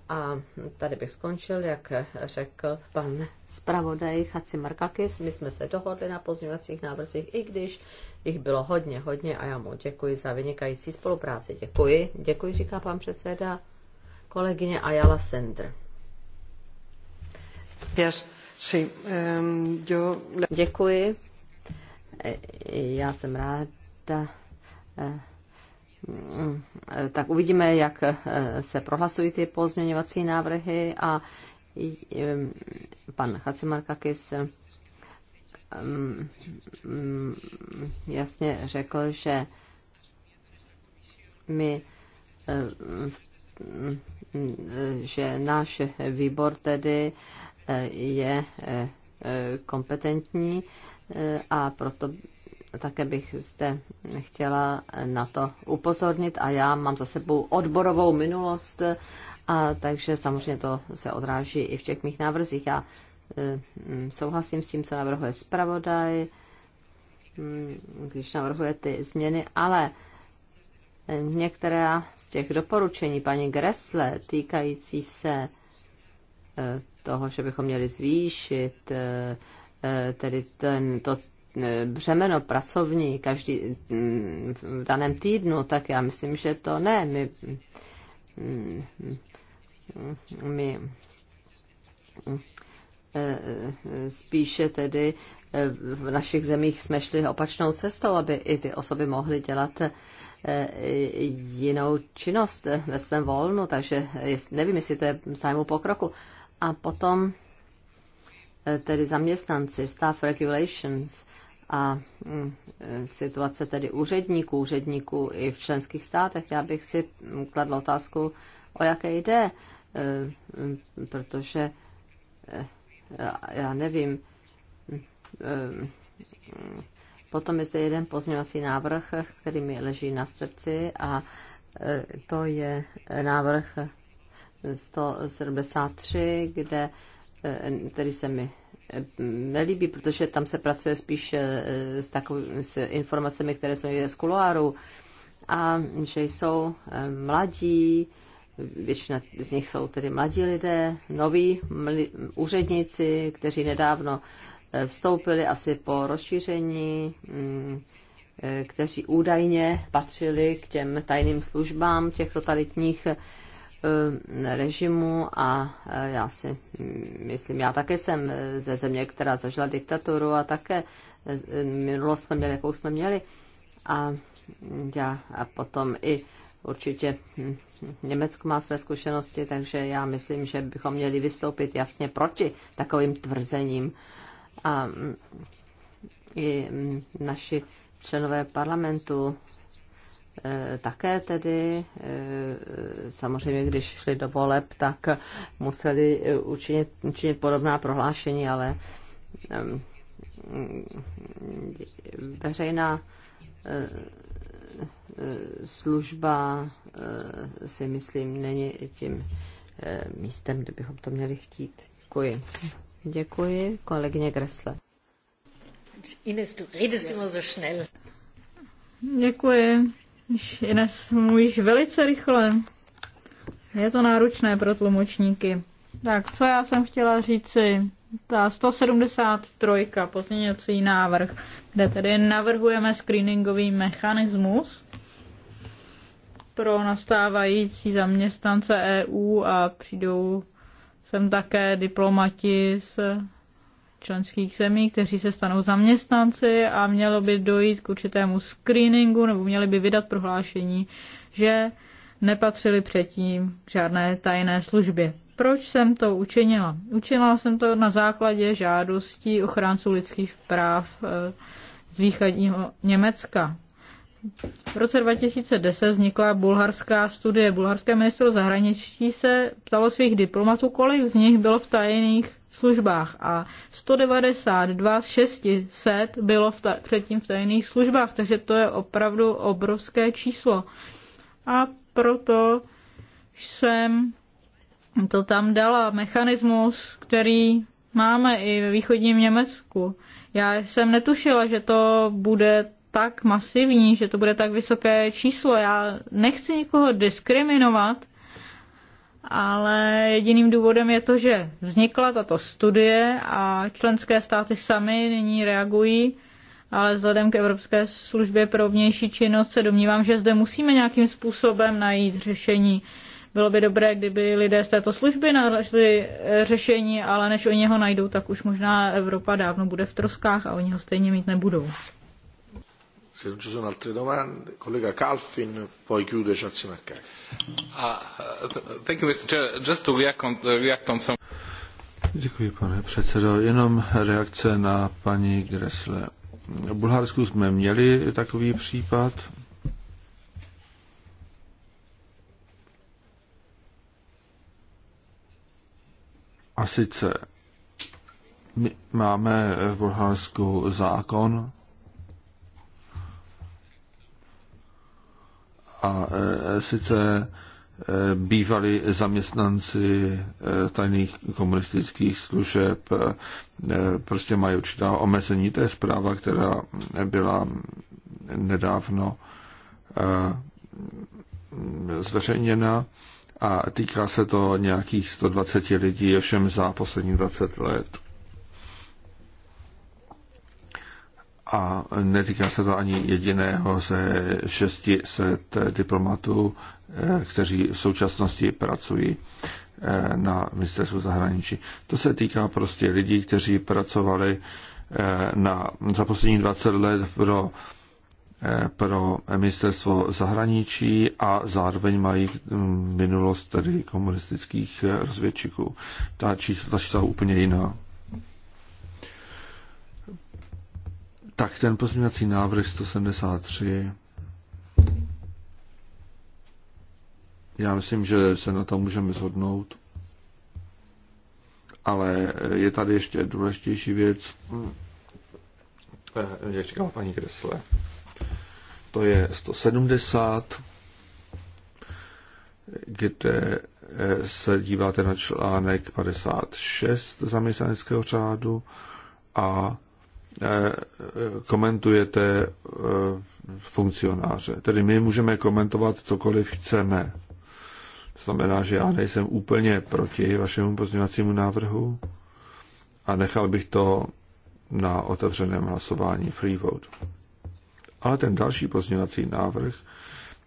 A tady bych skončil, jak řekl pan zpravodaj Chaci Markakis. My jsme se dohodli na pozměňovacích návrzích, i když jich bylo hodně, hodně a já mu děkuji za vynikající spolupráci. Děkuji, děkuji, říká pan předseda, kolegyně Ayala Sender. Děkuji. Já jsem ráda. Eh, mm, eh, tak uvidíme, jak eh, se prohlasují ty pozměňovací návrhy a pan Chacimarkakis mm, jasně řekl, že my mm, že náš výbor tedy je eh, eh, kompetentní eh, a proto také bych zde chtěla na to upozornit a já mám za sebou odborovou minulost a takže samozřejmě to se odráží i v těch mých návrzích. Já mm, souhlasím s tím, co navrhuje zpravodaj, mm, když navrhuje ty změny, ale některá z těch doporučení paní Gressle týkající se toho, že bychom měli zvýšit eh, eh, tedy ten, to eh, břemeno pracovní každý mm, v daném týdnu, tak já myslím, že to ne. My, mm, mm, my spíše tedy v našich zemích jsme šli opačnou cestou, aby i ty osoby mohly dělat jinou činnost ve svém volnu, takže nevím, jestli to je zájmu pokroku. A potom eh, tedy zaměstnanci, staff regulations a mm, eh, situace tedy úředníků, úředníků i v členských státech. Já bych si mm, kladla otázku, o jaké jde, eh, mm, protože já nevím, Potom je zde jeden pozměňovací návrh, který mi leží na srdci a to je návrh 173, kde který eh, se mi eh, nelíbí, protože tam se pracuje spíš eh, s, takovými, s informacemi, které jsou někde z kuloáru a že jsou mladí, většina z nich jsou tedy mladí lidé, noví mli, úředníci, kteří nedávno vstoupili asi po rozšíření, mm, kteří údajně patřili k těm tajným službám těch totalitních Eh, režimu a eh, já si myslím, já také jsem eh, ze země, která zažila diktaturu a také minulost jsme měli, jakou jsme měli. A, já, a potom i určitě hm, Německo má své zkušenosti, takže já myslím, že bychom měli vystoupit jasně proti takovým tvrzením. A hm, i hm, naši členové parlamentu Eh, také tedy, eh, samozřejmě když šli do voleb, tak museli eh, učinit, učinit podobná prohlášení, ale ehm, veřejná služba si myslím není tím místem, kde bychom to měli chtít. Děkuji. Děkuji, kolegyně Gressle. Ines, du redest immer so schnell. Děkuji. Ines, mluvíš velice rychle. Je to náročné pro tlumočníky. Tak, co já jsem chtěla říci? Ta 173. pozměňovací návrh, kde tedy navrhujeme screeningový mechanismus pro nastávající zaměstnance EU a přijdou sem také diplomati z členských zemí, kteří se stanou zaměstnanci a mělo by dojít k určitému screeningu nebo měli by vydat prohlášení, že nepatřili předtím k žádné tajné službě. Proč jsem to učinila? Učinila jsem to na základě žádostí ochránců lidských práv eh, z východního Německa. V roce 2010 vznikla bulharská studie. Bulharské ministro zahraničí se ptalo svých diplomatů, kolik z nich bylo v tajných službách a 192 z 600 bylo v ta- předtím v tajných službách, takže to je opravdu obrovské číslo. A proto jsem to tam dala, mechanismus, který máme i ve východním Německu. Já jsem netušila, že to bude tak masivní, že to bude tak vysoké číslo. Já nechci nikoho diskriminovat, ale jediným důvodem je to, že vznikla tato studie a členské státy sami nyní reagují, ale vzhledem k Evropské službě pro vnější činnost se domnívám, že zde musíme nějakým způsobem najít řešení. Bylo by dobré, kdyby lidé z této služby našli eh, řešení, ale než oni ho najdou, tak už možná Evropa dávno bude v troskách a oni ho stejně mít nebudou. Se non ci sono altre domande, collega Calfin, poi chiude ah, uh, thank you, Mr. Chair. Just to react on, uh, react on some... Děkuji, pane předsedo. Jenom reakce na paní Gresle. V Bulharsku jsme měli takový případ. A sice my máme v Bulharsku zákon, a e, sice e, bývali zaměstnanci e, tajných komunistických služeb prostě mají určitá omezení. To je zpráva, která byla nedávno zveřejněna a týká se to nějakých 120 lidí, ovšem za poslední 20 let. a netýká se to ani jediného ze 600 diplomatů, eh, kteří v současnosti pracují eh, na ministerstvu zahraničí. To se týká prostě lidí, kteří pracovali eh, na, za poslední 20 let pro, pro ministerstvo zahraničí a zároveň mají hm, minulost tedy komunistických rozvědčiků. Ta čísla, ta čísla úplně jiná. Tak ten pozměňovací návrh 173. Já myslím, že se na to můžeme zhodnout. Ale je tady ještě důležitější věc, eh, jak říkala paní Kresle. To je 170, kde eh, se díváte na článek 56 zaměstnaneckého řádu a Eh, komentujete eh, funkcionáře. Tedy my můžeme komentovat cokoliv chceme. To znamená, že já nejsem úplně proti vašemu pozměňovacímu návrhu a nechal bych to na otevřeném hlasování free vote. Ale ten další pozměňovací návrh,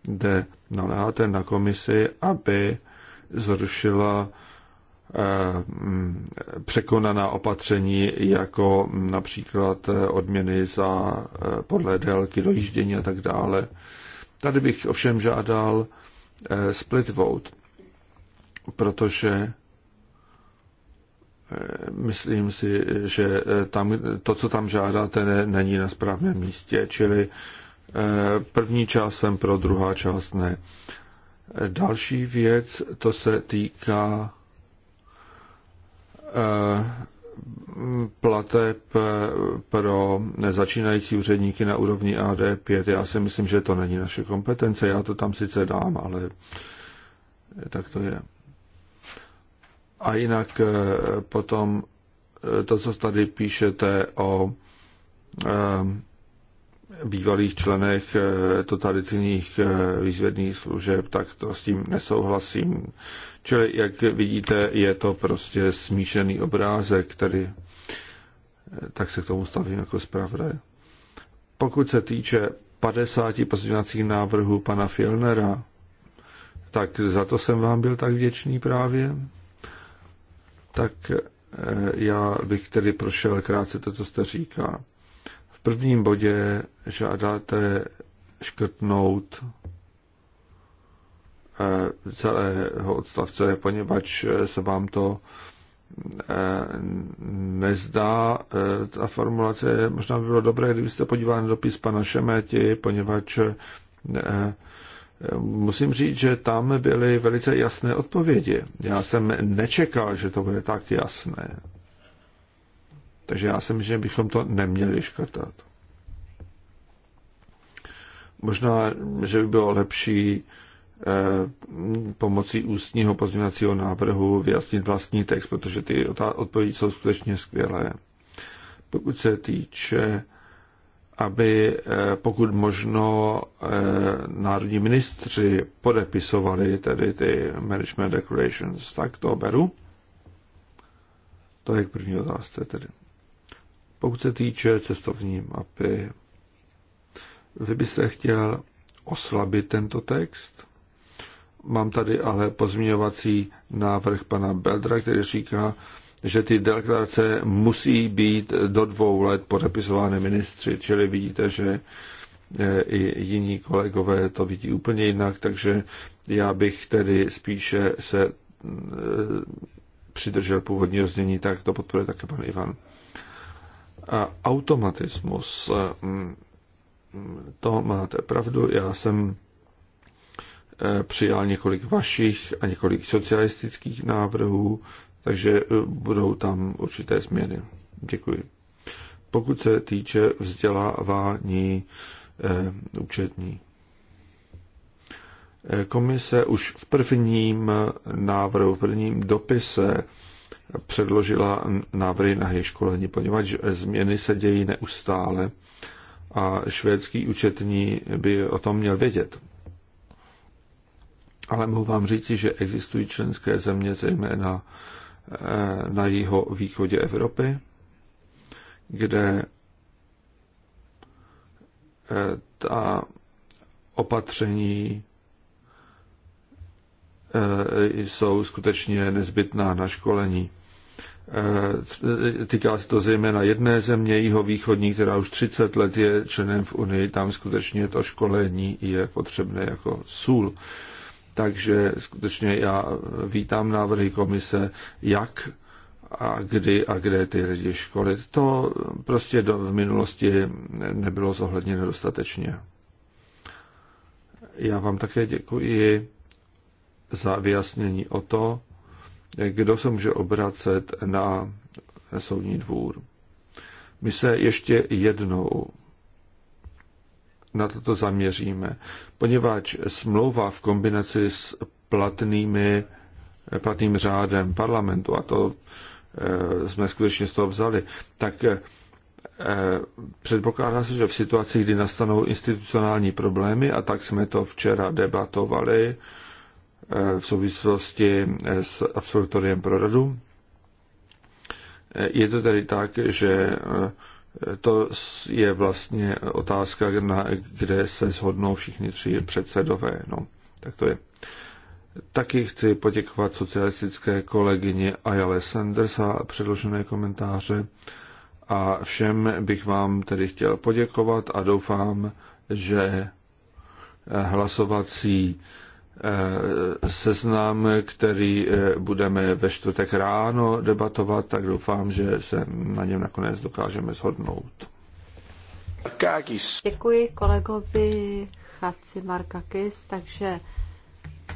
kde naléháte na komisi, aby zrušila Eh, překonaná opatření, jako například eh, odměny za eh, podle délky dojíždění a tak dále. Tady bych ovšem žádal split vote, protože myslím si, že tam, to, co tam žádáte, není na správném místě, čili první část jsem pro, druhá část ne. Další věc, to se týká Eh, plateb eh, pro začínající úředníky na úrovni AD5. Já si myslím, že to není naše kompetence. Já to tam sice dám, ale tak to je. A jinak eh, potom to, co tady píšete o bývalých členech eh, totalitních eh, výzvedných služeb, tak to s tím nesouhlasím. Čili, jak vidíte, je to prostě smíšený obrázek, který eh, tak se k tomu stavím jako zpravodaj. Pokud se týče 50 pozměňovacích návrhů pana Fielnera, tak za to jsem vám byl tak vděčný právě. Tak já bych tedy prošel krátce to, co jste říkal. V prvním bodě žádáte škrtnout eh, celého odstavce, poněvadž eh, se vám to eh, nezdá. Ta formulace možná by bylo dobré, kdybyste podívali na dopis pana Šeméti, poněvadž musím říct, že tam byly velice jasné odpovědi. Já jsem nečekal, že to bude tak jasné. Takže já si myslím, že bychom to neměli škrtat. Možná, že by bylo lepší eh, pomocí ústního pozměňovacího návrhu vyjasnit vlastní text, protože ty odpovědi jsou skutečně skvělé. Pokud se týče, aby eh, pokud možno eh, národní ministři podepisovali tedy ty management declarations, tak to beru. To je k první otázce tedy. Pokud se týče cestovní mapy, vy byste chtěl oslabit tento text? Mám tady ale pozměňovací návrh pana Beldra, který říká, že ty deklarace musí být do dvou let podepisovány ministři, čili vidíte, že e, i jiní kolegové to vidí úplně jinak, takže já bych tedy spíše se e, přidržel původního znění, tak to podporuje také pan Ivan. A automatismus, eh, mm, to máte pravdu, já jsem eh, přijal několik vašich a několik socialistických návrhů, takže eh, budou tam určité změny. Děkuji. Pokud se týče vzdělávání e, účetní. Komise už v prvním návrhu, v prvním dopise předložila návrhy na jejich školení, poněvadž změny se dějí neustále a švédský účetní by o tom měl vědět. Ale mohu vám říct, že existují členské země, zejména eh, na jeho východě Evropy, kde eh, ta opatření eh, jsou skutečně nezbytná na školení. Eh, týká se to zejména jedné země, jeho východní, která už 30 let je členem v Unii, tam skutečně to školení je potřebné jako sůl. Takže skutečně já vítám návrhy komise, jak a kdy a kde ty lidi školit. To prostě do, v minulosti nebylo zohledněno dostatečně. Já vám také děkuji za vyjasnění o to, kdo se může obracet na soudní dvůr. My se ještě jednou na toto zaměříme, poněvadž smlouva v kombinaci s platnými, platným řádem parlamentu, a to eh, jsme skutečně z toho vzali, tak eh, předpokládá se, že v situaci, kdy nastanou institucionální problémy, a tak jsme to včera debatovali, Eh, v souvislosti s absolutoriem pro radu. Eh, je to tedy tak, že eh, to je vlastně otázka, na, kde se shodnou všichni tři předsedové. No, tak to je. Taky chci poděkovat socialistické kolegyně Ayale Sanders za předložené komentáře a všem bych vám tedy chtěl poděkovat a doufám, že hlasovací Eh, seznam, který eh, budeme ve čtvrtek ráno debatovat, tak doufám, že se na něm nakonec dokážeme shodnout. Kakis. Děkuji kolegovi Chaci Markakis, takže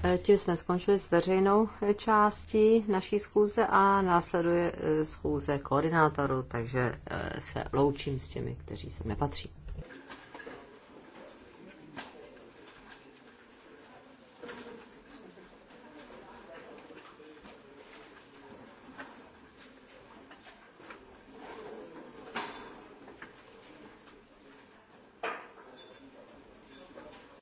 eh, tím jsme skončili s veřejnou částí naší schůze a následuje schůze koordinátorů, takže se loučím s těmi, kteří se nepatří.